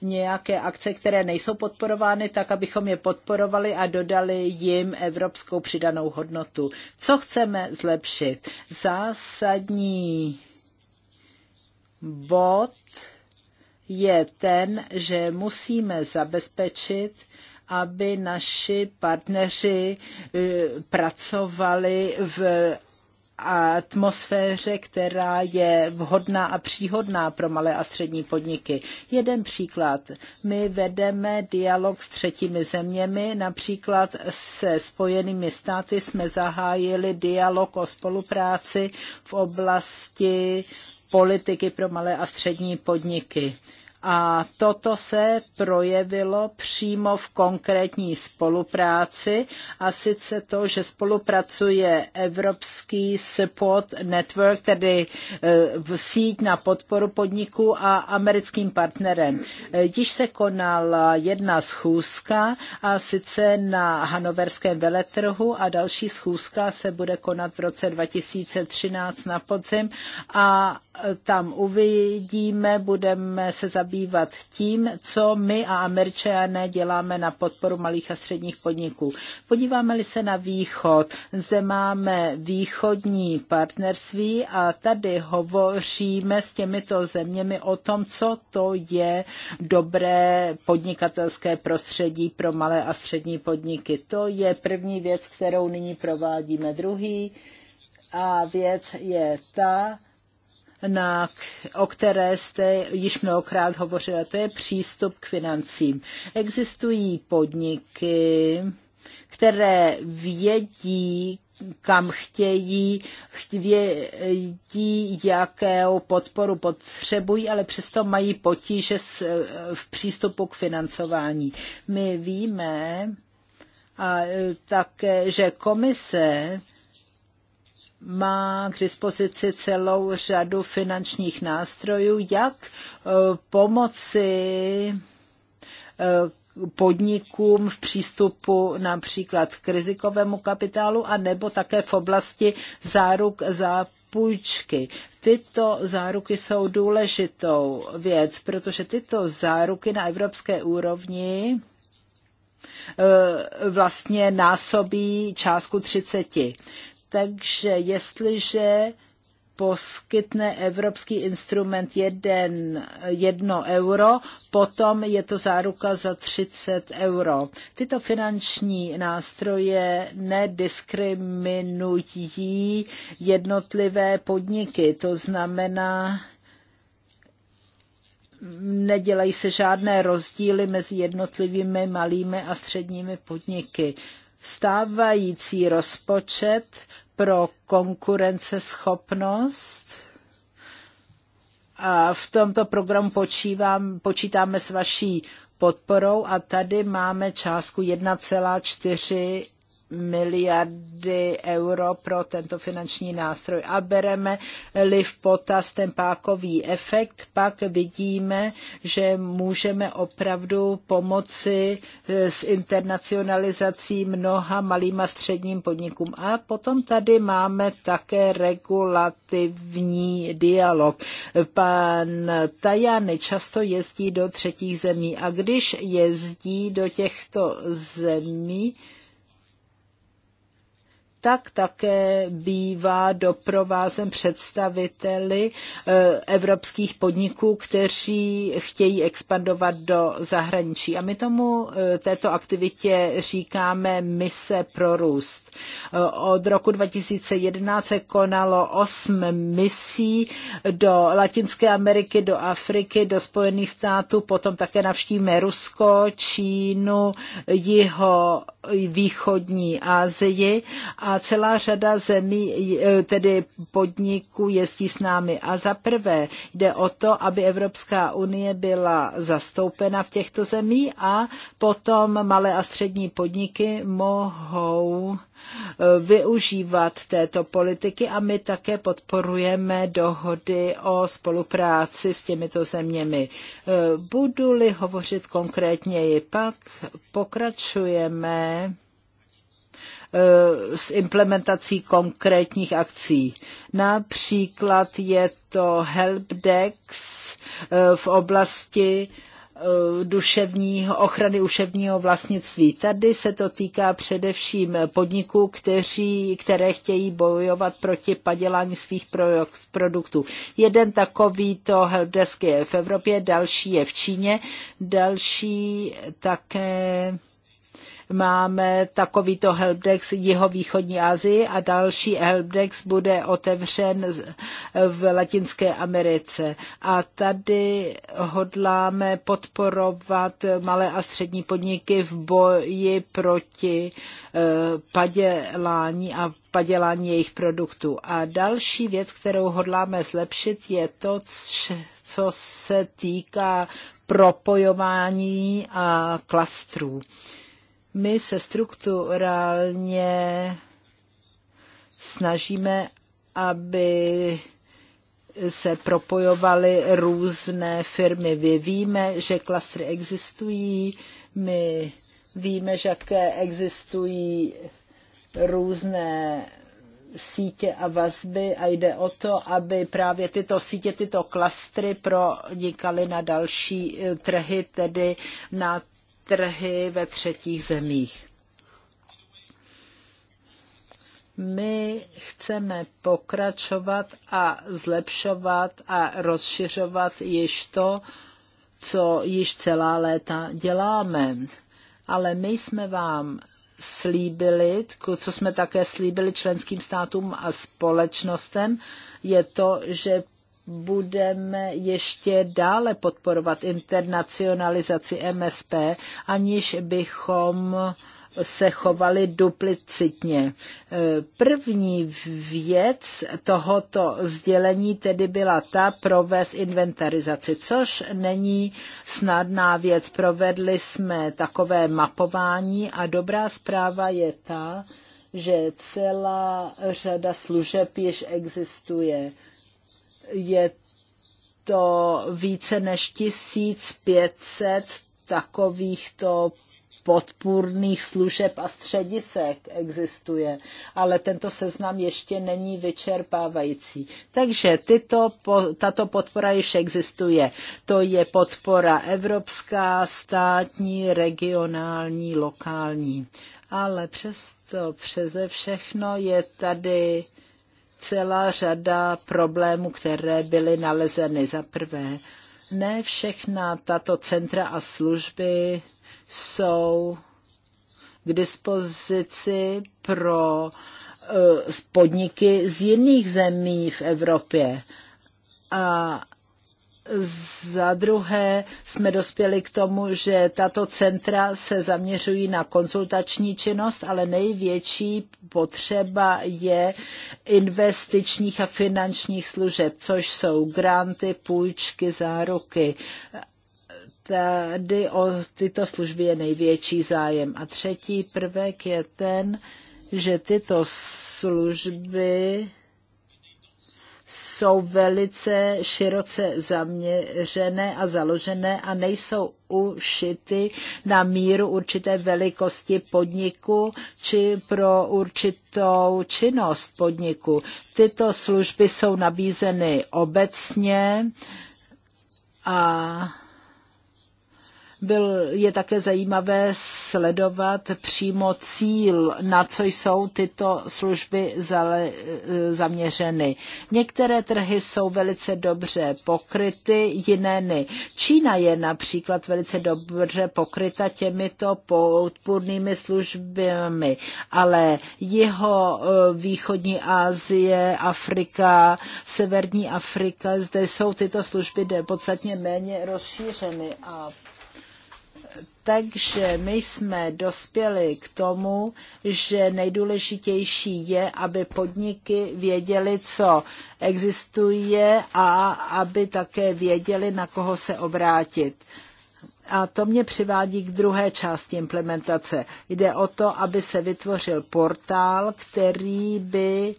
[SPEAKER 1] nějaké akce, které nejsou podporovány, tak abychom je podporovali a dodali jim evropskou přidanou hodnotu. Co chceme zlepšit? Zásadní bod je ten, že musíme zabezpečit, aby naši partneři eh, pracovali v atmosféře, která je vhodná a příhodná pro malé a střední podniky. Jeden příklad. My vedeme dialog s třetími zeměmi, například se Spojenými státy jsme zahájili dialog o spolupráci v oblasti politiky pro malé a střední podniky. A toto se projevilo přímo v konkrétní spolupráci a sice to, že spolupracuje Evropský support network, tedy e, síť na podporu podniků a americkým partnerem. E, již se konala jedna schůzka a sice na Hanoverském veletrhu a další schůzka se bude konat v roce 2013 na podzim a e, tam uvidíme, budeme se zabývat zabývat tím, co my a američané děláme na podporu malých a středních podniků. Podíváme-li se na východ, zde máme východní partnerství a tady hovoříme s těmito zeměmi o tom, co to je dobré podnikatelské prostředí pro malé a střední podniky. To je první věc, kterou nyní provádíme. Druhý a věc je ta, na, o které jste již mnohokrát hovořila, to je přístup k financím. Existují podniky, které vědí, kam chtějí, vědí, jakého podporu potřebují, ale přesto mají potíže v přístupu k financování. My víme, a také, že komise má k dispozici celou řadu finančních nástrojů, jak e, pomoci e, podnikům v přístupu například k rizikovému kapitálu a nebo také v oblasti záruk za půjčky. Tyto záruky jsou důležitou věc, protože tyto záruky na evropské úrovni e, vlastně násobí částku 30. Takže jestliže poskytne evropský instrument jeden, jedno euro, potom je to záruka za 30 euro. Tyto finanční nástroje nediskriminují jednotlivé podniky, to znamená, nedělají se žádné rozdíly mezi jednotlivými malými a středními podniky stávající rozpočet pro konkurenceschopnost a v tomto programu počívám, počítáme s vaší podporou a tady máme částku 1,4 miliardy euro pro tento finanční nástroj. A bereme-li v potaz ten pákový efekt, pak vidíme, že můžeme opravdu pomoci eh, s internacionalizací mnoha malým a středním podnikům. A potom tady máme také regulativní dialog. Pan Tajany často jezdí do třetích zemí a když jezdí do těchto zemí, tak také bývá doprovázen představiteli eh, evropských podniků, kteří chtějí expandovat do zahraničí. A my tomu eh, této aktivitě říkáme mise pro růst. Eh, od roku 2011 se konalo osm misí do Latinské Ameriky, do Afriky, do Spojených států, potom také navštívíme Rusko, Čínu, jiho východní Asii a a celá řada zemí, eh, tedy podniků jezdí s námi. A za prvé jde o to, aby Evropská unie byla zastoupena v těchto zemí a potom malé a střední podniky mohou eh, využívat této politiky a my také podporujeme dohody o spolupráci s těmito zeměmi. Eh, budu-li hovořit konkrétněji, pak pokračujeme Eh, s implementací konkrétních akcí. Například je to helpdex eh, v oblasti eh, duševního, ochrany duševního vlastnictví. Tady se to týká především podniků, kteří, které chtějí bojovat proti padělání svých produktů. Jeden takovýto helpdesk je v Evropě, další je v Číně, další také máme takovýto helpdex jihovýchodní Asii a další helpdex bude otevřen v Latinské Americe. A tady hodláme podporovat malé a střední podniky v boji proti eh, padělání a padělání jejich produktů. A další věc, kterou hodláme zlepšit, je to, co se týká propojování a klastrů. Uh, my se strukturálně snažíme, aby se propojovaly různé firmy. My víme, že klastry existují, my víme, že jaké existují různé sítě a vazby a jde o to, aby právě tyto sítě, tyto klastry pronikaly na další eh, trhy, tedy na trhy ve třetích zemích. My chceme pokračovat a zlepšovat a rozšiřovat již to, co již celá léta děláme. Ale my jsme vám slíbili, co jsme také slíbili členským státům a společnostem, je to, že budeme ještě dále podporovat internacionalizaci MSP, aniž bychom se chovali duplicitně. První věc tohoto sdělení tedy byla ta provést inventarizaci, což není snadná věc. Provedli jsme takové mapování a dobrá zpráva je ta, že celá řada služeb již existuje je to více než 1500 takovýchto podpůrných služeb a středisek existuje, ale tento seznam ještě není vyčerpávající. Takže tyto, tato podpora již existuje. To je podpora evropská, státní, regionální, lokální. Ale přesto, přeze všechno je tady uh, celá řada problémů, které byly nalezeny. Za prvé, ne všechna tato centra a služby jsou k dispozici pro eh, podniky z jiných zemí v Evropě. A za druhé jsme dospěli k tomu, že tato centra se zaměřují na konzultační činnost, ale největší potřeba je investičních a finančních služeb, což jsou granty, půjčky, záruky. Tady o tyto služby je největší zájem. A třetí prvek je ten, že tyto služby jsou velice široce zaměřené a založené a nejsou ušity na míru určité velikosti podniku či pro určitou činnost podniku. Tyto služby jsou nabízeny obecně a byl, je také zajímavé sledovat přímo cíl, na co jsou tyto služby zale, eh, zaměřeny. Některé trhy jsou velice dobře pokryty, jiné ne. Čína je například velice dobře pokryta těmito podpůrnými službami, ale jeho eh, východní Asie, Afrika, severní Afrika, zde jsou tyto služby podstatně méně rozšířeny a takže my jsme dospěli k tomu, že nejdůležitější je, aby podniky věděly, co existuje a aby také věděly, na koho se obrátit. A to mě přivádí k druhé části implementace. Jde o to, aby se vytvořil portál, který by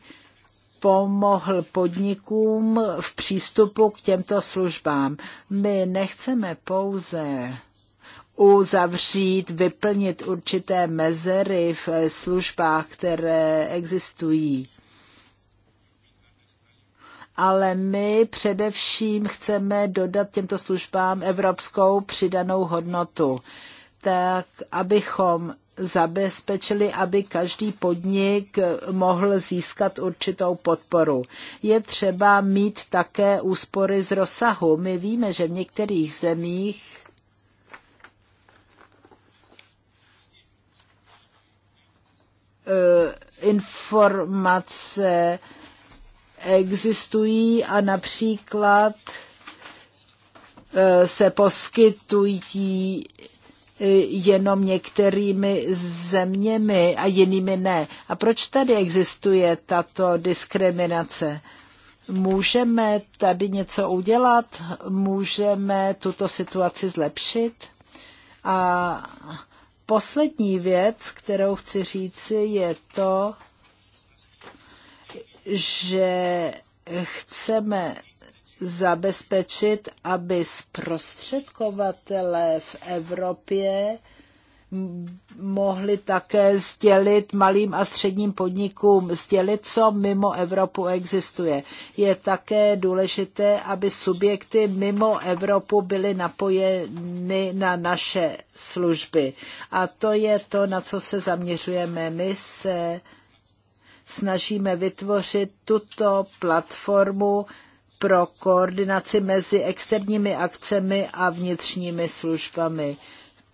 [SPEAKER 1] pomohl podnikům v přístupu k těmto službám. My nechceme pouze uzavřít, vyplnit určité mezery v eh, službách, které existují. Ale my především chceme dodat těmto službám evropskou přidanou hodnotu, tak abychom zabezpečili, aby každý podnik mohl získat určitou podporu. Je třeba mít také úspory z rozsahu. My víme, že v některých zemích Eh, informace existují a například eh, se poskytují eh, jenom některými zeměmi a jinými ne. A proč tady existuje tato diskriminace? Můžeme tady něco udělat? Můžeme tuto situaci zlepšit? A poslední věc, kterou chci říci, je to, že chceme zabezpečit, aby zprostředkovatelé v Evropě mohli také sdělit malým a středním podnikům, sdělit, co mimo Evropu existuje. Je také důležité, aby subjekty mimo Evropu byly napojeny na naše služby. A to je to, na co se zaměřujeme. My se snažíme vytvořit tuto platformu pro koordinaci mezi externími akcemi a vnitřními službami.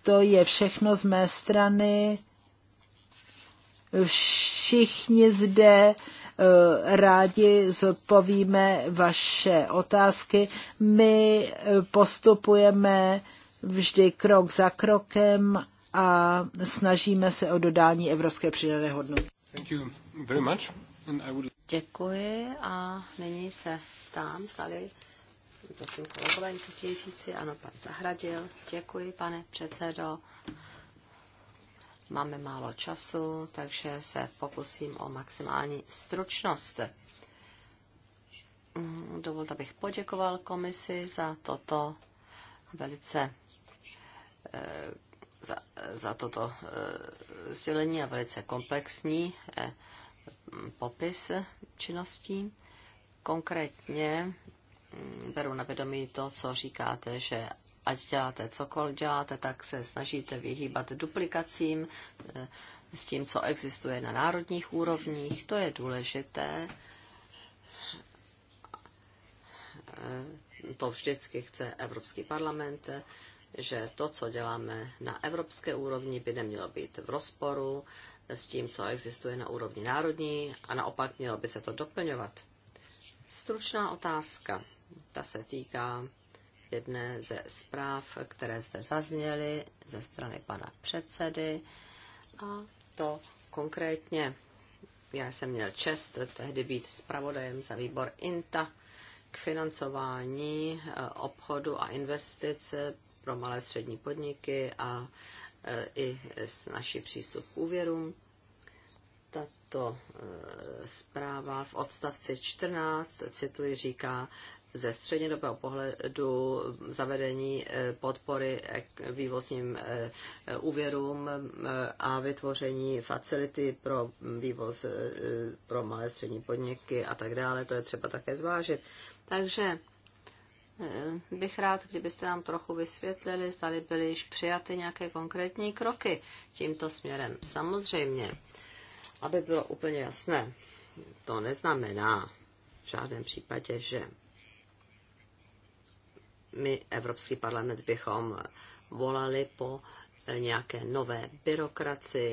[SPEAKER 1] To je všechno z mé strany. Všichni zde eh, rádi zodpovíme vaše otázky. My eh, postupujeme vždy krok za krokem a snažíme se o dodání evropské přidané hodnoty.
[SPEAKER 3] Děkuji a nyní se ptám, zdali Prosím, kolegové, něco chtějí říci? Ano, pan Zahradil. Děkuji, pane předsedo. Máme málo času, takže se pokusím o maximální stručnost. Mm, dovolte, abych poděkoval komisi za toto velice eh, za, za toto eh, sdělení a velice komplexní eh, popis činností. Konkrétně beru na vědomí to, co říkáte, že ať děláte cokoliv děláte, tak se snažíte vyhýbat duplikacím eh, s tím, co existuje na národních úrovních. To je důležité. Eh, to vždycky chce Evropský parlament, že to, co děláme na evropské úrovni, by nemělo být v rozporu s tím, co existuje na úrovni národní a naopak mělo by se to doplňovat. Stručná otázka ta se týká jedné ze zpráv, které zde zazněly ze strany pana předsedy. A to konkrétně, já jsem měl čest tehdy být zpravodajem za výbor INTA k financování eh, obchodu a investice pro malé střední podniky a eh, i s naší přístup k úvěrům. Tato eh, zpráva v odstavci 14, cituji, říká, ze střednědobého pohledu zavedení eh, podpory eh, vývozním eh, úvěrům a vytvoření facility pro vývoz pro malé střední podniky a tak dále. To je třeba také zvážit. Takže bych rád, kdybyste nám trochu vysvětlili, zdali byly již přijaty nějaké konkrétní kroky tímto směrem. Samozřejmě, aby bylo úplně jasné, to neznamená v žádném případě, že my, Evropský parlament, bychom volali po nějaké nové byrokraci,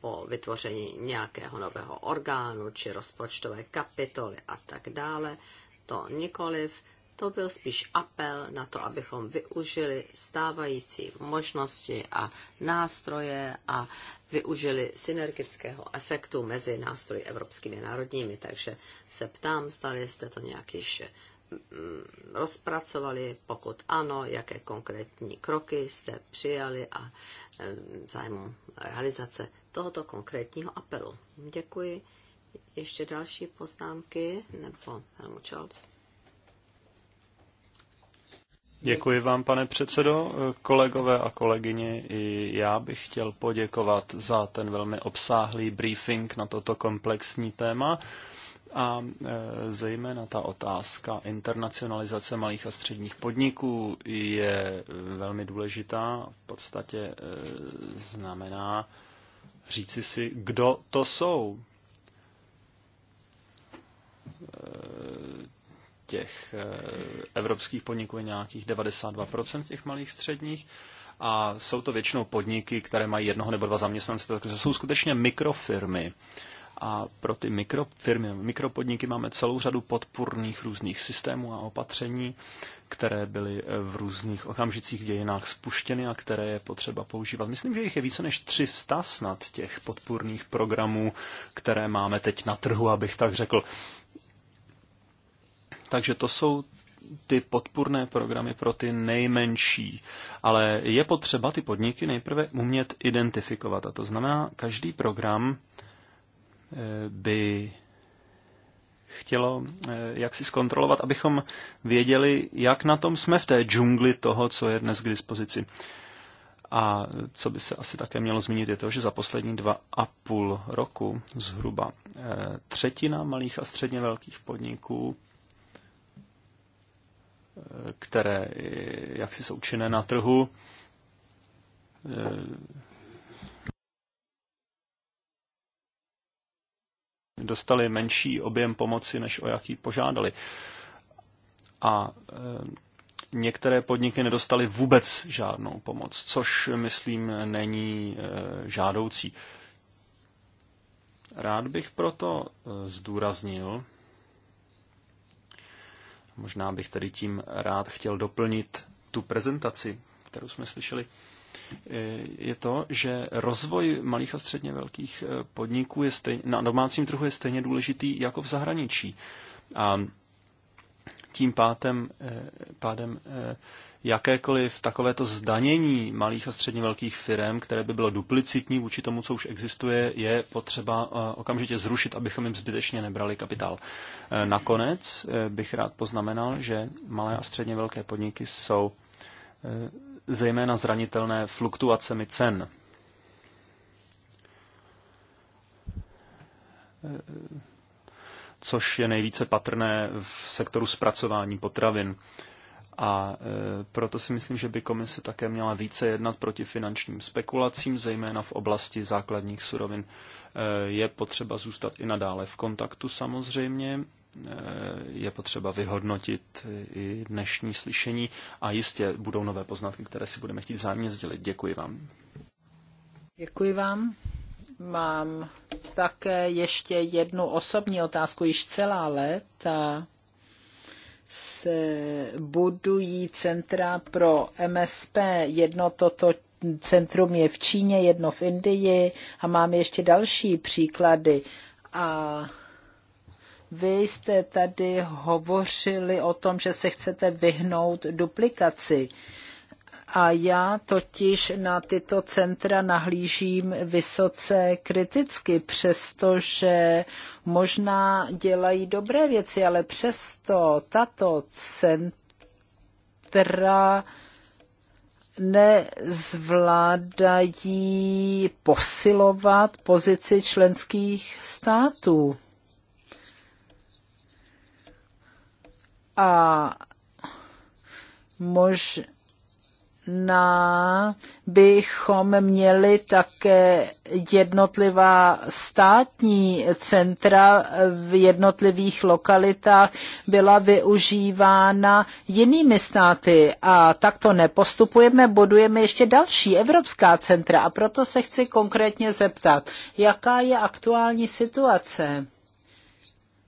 [SPEAKER 3] po vytvoření nějakého nového orgánu či rozpočtové kapitoly a tak dále. To nikoliv, to byl spíš apel na to, abychom využili stávající možnosti a nástroje a využili synergického efektu mezi nástroji evropskými národními. Takže se ptám, stali jste to nějak již Eh, rozpracovali? Pokud ano, jaké konkrétní kroky jste přijali a eh, zájmu realizace tohoto konkrétního apelu? Děkuji. Ještě další poznámky nebo Helmut Scholz?
[SPEAKER 2] Děkuji vám, pane předsedo. Kolegové a kolegyně, i já bych chtěl poděkovat za ten velmi obsáhlý briefing na toto komplexní téma a e, zejména ta otázka internacionalizace malých a středních podniků je velmi důležitá. V podstatě e, znamená říci si, kdo to jsou. E, těch evropských podniků je nějakých 92% těch malých středních a jsou to většinou podniky, které mají jednoho nebo dva zaměstnance, takže jsou skutečně mikrofirmy. Uh, a pro ty mikrofirmy, mikropodniky máme celou řadu podpůrných různých systémů a opatření, které byly v různých okamžicích dějinách spuštěny a které je potřeba používat. Myslím, že jich je více než 300 snad těch podpůrných programů, které máme teď na trhu, abych tak řekl. Takže to jsou ty podpůrné programy pro ty nejmenší. Ale je potřeba ty podniky nejprve umět identifikovat. A to znamená, každý program by chtělo eh, jak si zkontrolovat, abychom věděli, jak na tom jsme v té džungli toho, co je dnes k dispozici. A co by se asi také mělo zmínit, je to, že za poslední dva a půl roku zhruba eh, třetina malých a středně velkých podniků, eh, které jaksi jsou činné na trhu, dostali menší objem pomoci, než o jaký požádali. A e, některé podniky nedostali vůbec žádnou pomoc, což, myslím, není e, žádoucí. Rád bych proto e, zdůraznil, možná bych tedy tím rád chtěl doplnit tu prezentaci, kterou jsme slyšeli, je to, že rozvoj malých a středně velkých eh, podniků je stejně, na domácím trhu je stejně důležitý jako v zahraničí. A tím pátem, pádem eh, eh, jakékoliv takovéto zdanění malých a středně velkých firm, které by bylo duplicitní vůči tomu, co už existuje, je potřeba okamžitě zrušit, abychom jim zbytečně nebrali kapitál. Nakonec bych rád poznamenal, že malé a středně velké podniky jsou zejména zranitelné fluktuacemi cen. Což je nejvíce patrné v sektoru zpracování potravin. A e, proto si myslím, že by komise také měla více jednat proti finančním spekulacím, zejména v oblasti základních surovin. E, je potřeba zůstat i nadále v kontaktu samozřejmě Eh, je potřeba vyhodnotit i dnešní slyšení a jistě budou nové poznatky, které si budeme chtít vzájemně sdělit. Děkuji vám.
[SPEAKER 1] Děkuji vám. Mám také ještě jednu osobní otázku. Již celá léta se budují centra pro MSP. Jedno toto centrum je v Číně, jedno v Indii a mám ještě další příklady. A vy jste tady hovořili o tom, že se chcete vyhnout duplikaci. A já totiž na tyto centra nahlížím vysoce kriticky, přestože možná dělají dobré věci, ale přesto tato centra nezvládají posilovat pozici členských států. A možná bychom měli také jednotlivá státní centra v jednotlivých lokalitách byla využívána jinými státy a takto nepostupujeme, budujeme ještě další evropská centra a proto se chci konkrétně zeptat, jaká je aktuální situace?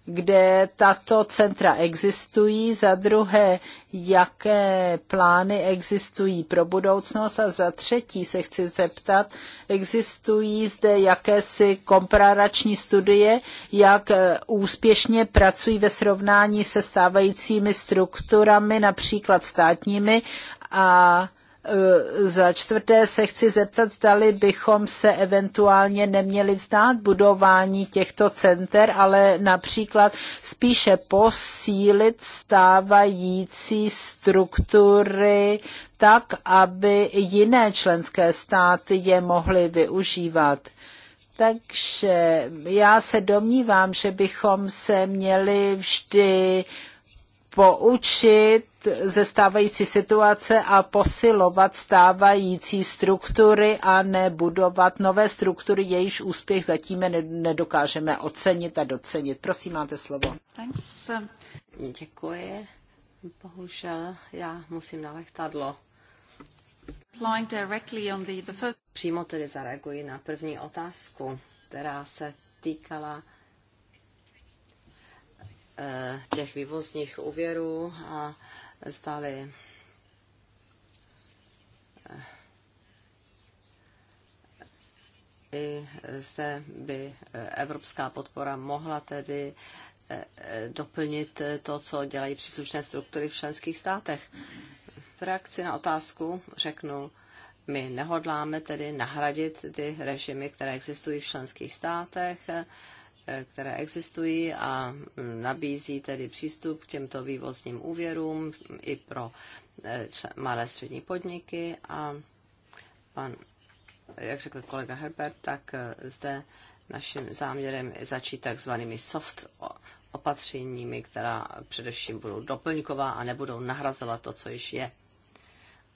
[SPEAKER 1] kde tato centra existují, za druhé, jaké plány existují pro budoucnost a za třetí se chci zeptat, existují zde jakési komparační studie, jak eh, úspěšně pracují ve srovnání se stávajícími strukturami, například státními a Eh, za čtvrté se chci zeptat, zdali bychom se eventuálně neměli vzdát budování těchto center, ale například spíše posílit stávající struktury tak, aby jiné členské státy je mohly využívat. Takže já se domnívám, že bychom se měli vždy poučit ze stávající situace a posilovat stávající struktury a nebudovat nové struktury, jejíž úspěch zatím nedokážeme ocenit a docenit. Prosím, máte slovo. Thanks. Děkuji.
[SPEAKER 3] Bohužel já musím na lektadlo. Přímo tedy zareaguji na první otázku, která se týkala Eh, těch vývozních úvěrů a stály. Eh, i zde by evropská podpora mohla tedy eh, doplnit to, co dělají příslušné struktury v členských státech. V reakci na otázku řeknu, my nehodláme tedy nahradit ty režimy, které existují v členských státech. Eh, které existují a mm, nabízí tedy přístup k těmto vývozním úvěrům i pro eh, malé střední podniky a pan, jak řekl kolega Herbert, tak eh, zde naším záměrem je začít takzvanými soft opatřeními, která především budou doplňková a nebudou nahrazovat to, co již je.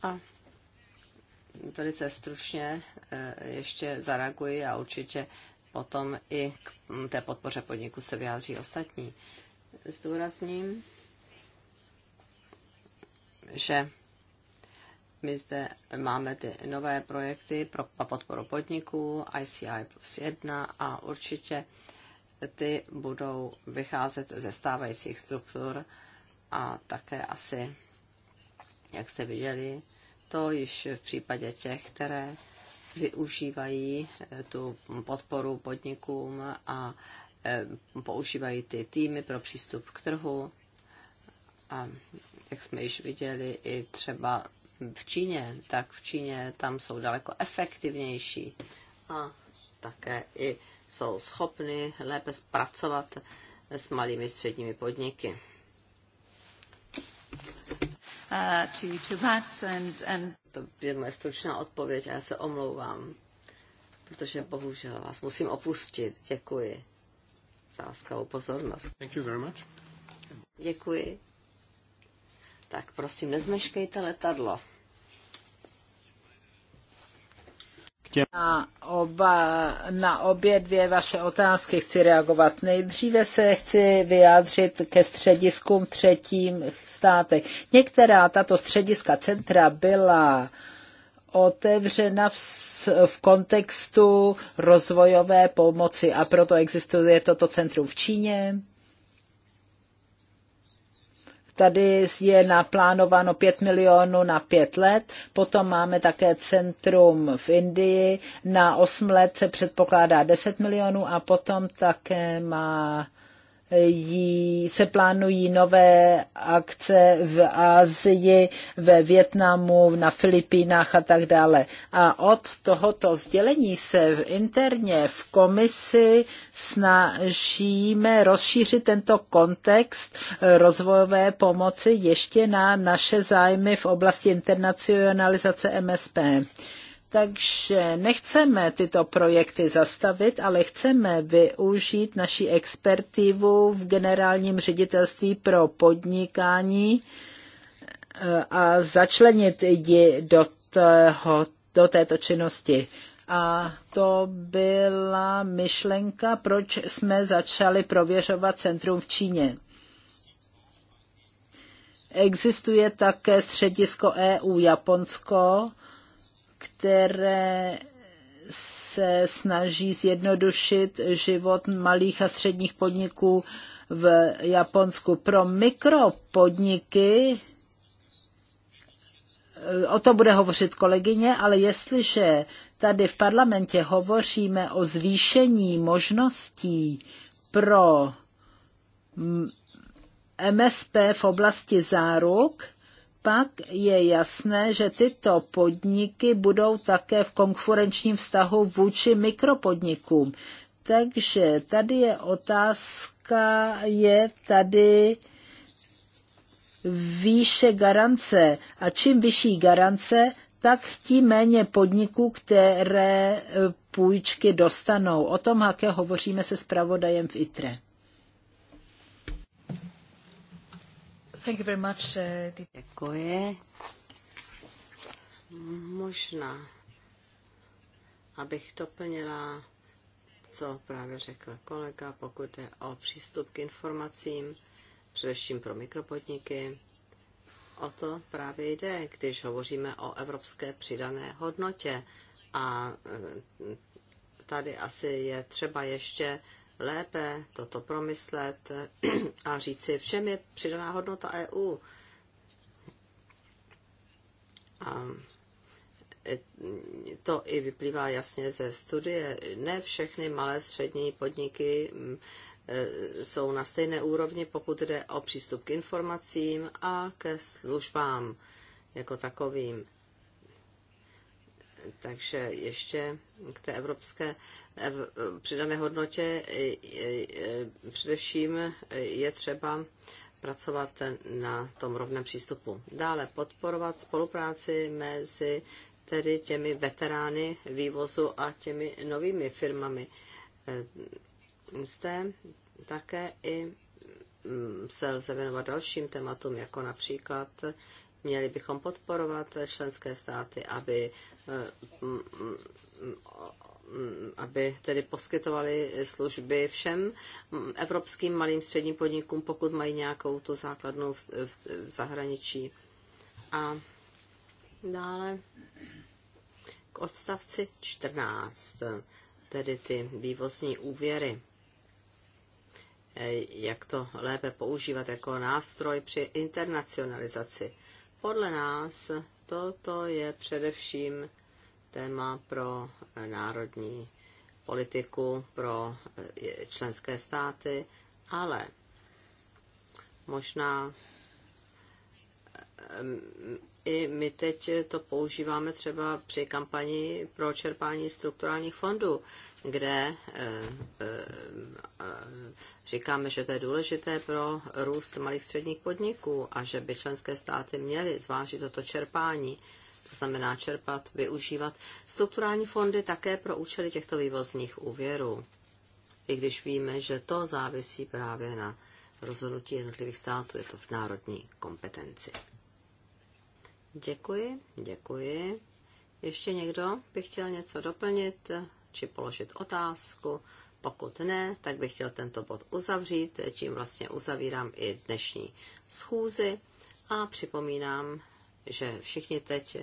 [SPEAKER 3] A velice stručně ještě zareaguji a určitě potom i k té podpoře podniku se vyjádří ostatní. Zdůrazním, že my zde máme ty nové projekty pro podporu podniků ICI plus 1 a určitě ty budou vycházet ze stávajících struktur a také asi, jak jste viděli, to již v případě těch, které využívají eh, tu podporu podnikům a eh, používají ty týmy pro přístup k trhu. A jak jsme již viděli, i třeba v Číně, tak v Číně tam jsou daleko efektivnější a také i jsou schopny lépe zpracovat s malými středními podniky. Uh, to, to that and, and... To je moje stručná odpověď a já se omlouvám, protože bohužel vás musím opustit. Děkuji za láskavou pozornost. Thank you very much. Děkuji. Tak prosím,
[SPEAKER 1] nezmeškejte letadlo. těm... Na, oba, na obě dvě vaše otázky chci reagovat. Nejdříve se chci vyjádřit ke střediskům v třetím státech. Některá tato střediska centra byla otevřena v, v kontextu rozvojové pomoci a proto existuje toto centrum v Číně, Tady je naplánováno 5 milionů na 5 let. Potom máme také centrum v Indii. Na 8 let se předpokládá 10 milionů a potom také má jí, se plánují nové akce v Asii, ve Větnamu, na Filipínách a tak dále. A od tohoto sdělení se v interně v komisi snažíme rozšířit tento kontext rozvojové pomoci ještě na naše zájmy v oblasti internacionalizace MSP. Takže nechceme tyto projekty zastavit, ale chceme využít naši expertivu v generálním ředitelství pro podnikání eh, a začlenit ji do, toho, do této činnosti. A to byla myšlenka, proč jsme začali prověřovat centrum v Číně. Existuje také středisko EU Japonsko, které se snaží zjednodušit život malých a středních podniků v Japonsku. Pro mikropodniky, o to bude hovořit kolegyně, ale jestliže tady v parlamentě hovoříme o zvýšení možností pro MSP v oblasti záruk, pak je jasné, že tyto podniky budou také v konkurenčním vztahu vůči mikropodnikům. Takže tady je otázka, je tady výše garance. A čím vyšší garance, tak tím méně podniků, které půjčky dostanou. O tom, jaké hovoříme se spravodajem v ITRE.
[SPEAKER 3] Thank you very much. Eh, Děkuji. Možná, abych doplnila, co právě řekl kolega, pokud je o přístup k informacím, především pro mikropodniky. O to právě jde, když hovoříme o evropské přidané hodnotě. A eh, tady asi je třeba ještě lépe toto promyslet a říci, v čem je přidaná hodnota EU. A to i vyplývá jasně ze studie. Ne všechny malé střední podniky mm, e, jsou na stejné úrovni, pokud jde o přístup k informacím a ke službám jako takovým. Takže ještě k té evropské ev, přidané hodnotě e, e, především je třeba pracovat na tom rovném přístupu. Dále podporovat spolupráci mezi tedy těmi veterány vývozu a těmi novými firmami. E, zde také i mm, se lze věnovat dalším tématům, jako například měli bychom podporovat členské státy, aby aby tedy poskytovali služby všem evropským malým středním podnikům, pokud mají nějakou tu základnu v, v, v zahraničí. A dále k odstavci 14, tedy ty vývozní úvěry jak to lépe používat jako nástroj při internacionalizaci. Podle nás toto je především téma pro národní politiku, pro eh, členské státy, ale možná i my teď to používáme třeba při kampani pro čerpání strukturálních fondů, kde říkáme, že to je důležité pro růst malých středních podniků a že by členské státy měly zvážit toto čerpání. To znamená čerpat, využívat strukturální fondy také pro účely těchto vývozních úvěrů. I když víme, že to závisí právě na rozhodnutí jednotlivých států, je to v národní kompetenci. Děkuji, děkuji. Ještě někdo by chtěl něco doplnit či položit otázku? Pokud ne, tak bych chtěl tento bod uzavřít, čím vlastně uzavírám i dnešní schůzi a připomínám, že všichni teď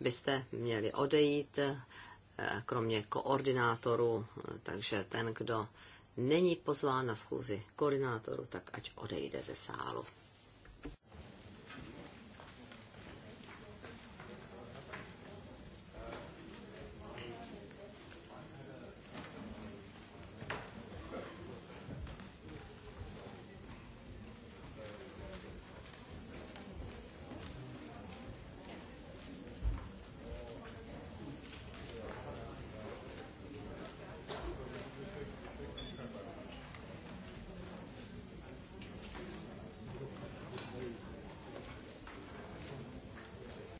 [SPEAKER 3] byste měli odejít, eh, kromě koordinátorů, takže ten, kdo není pozván na schůzi koordinátoru, tak ať odejde ze sálu.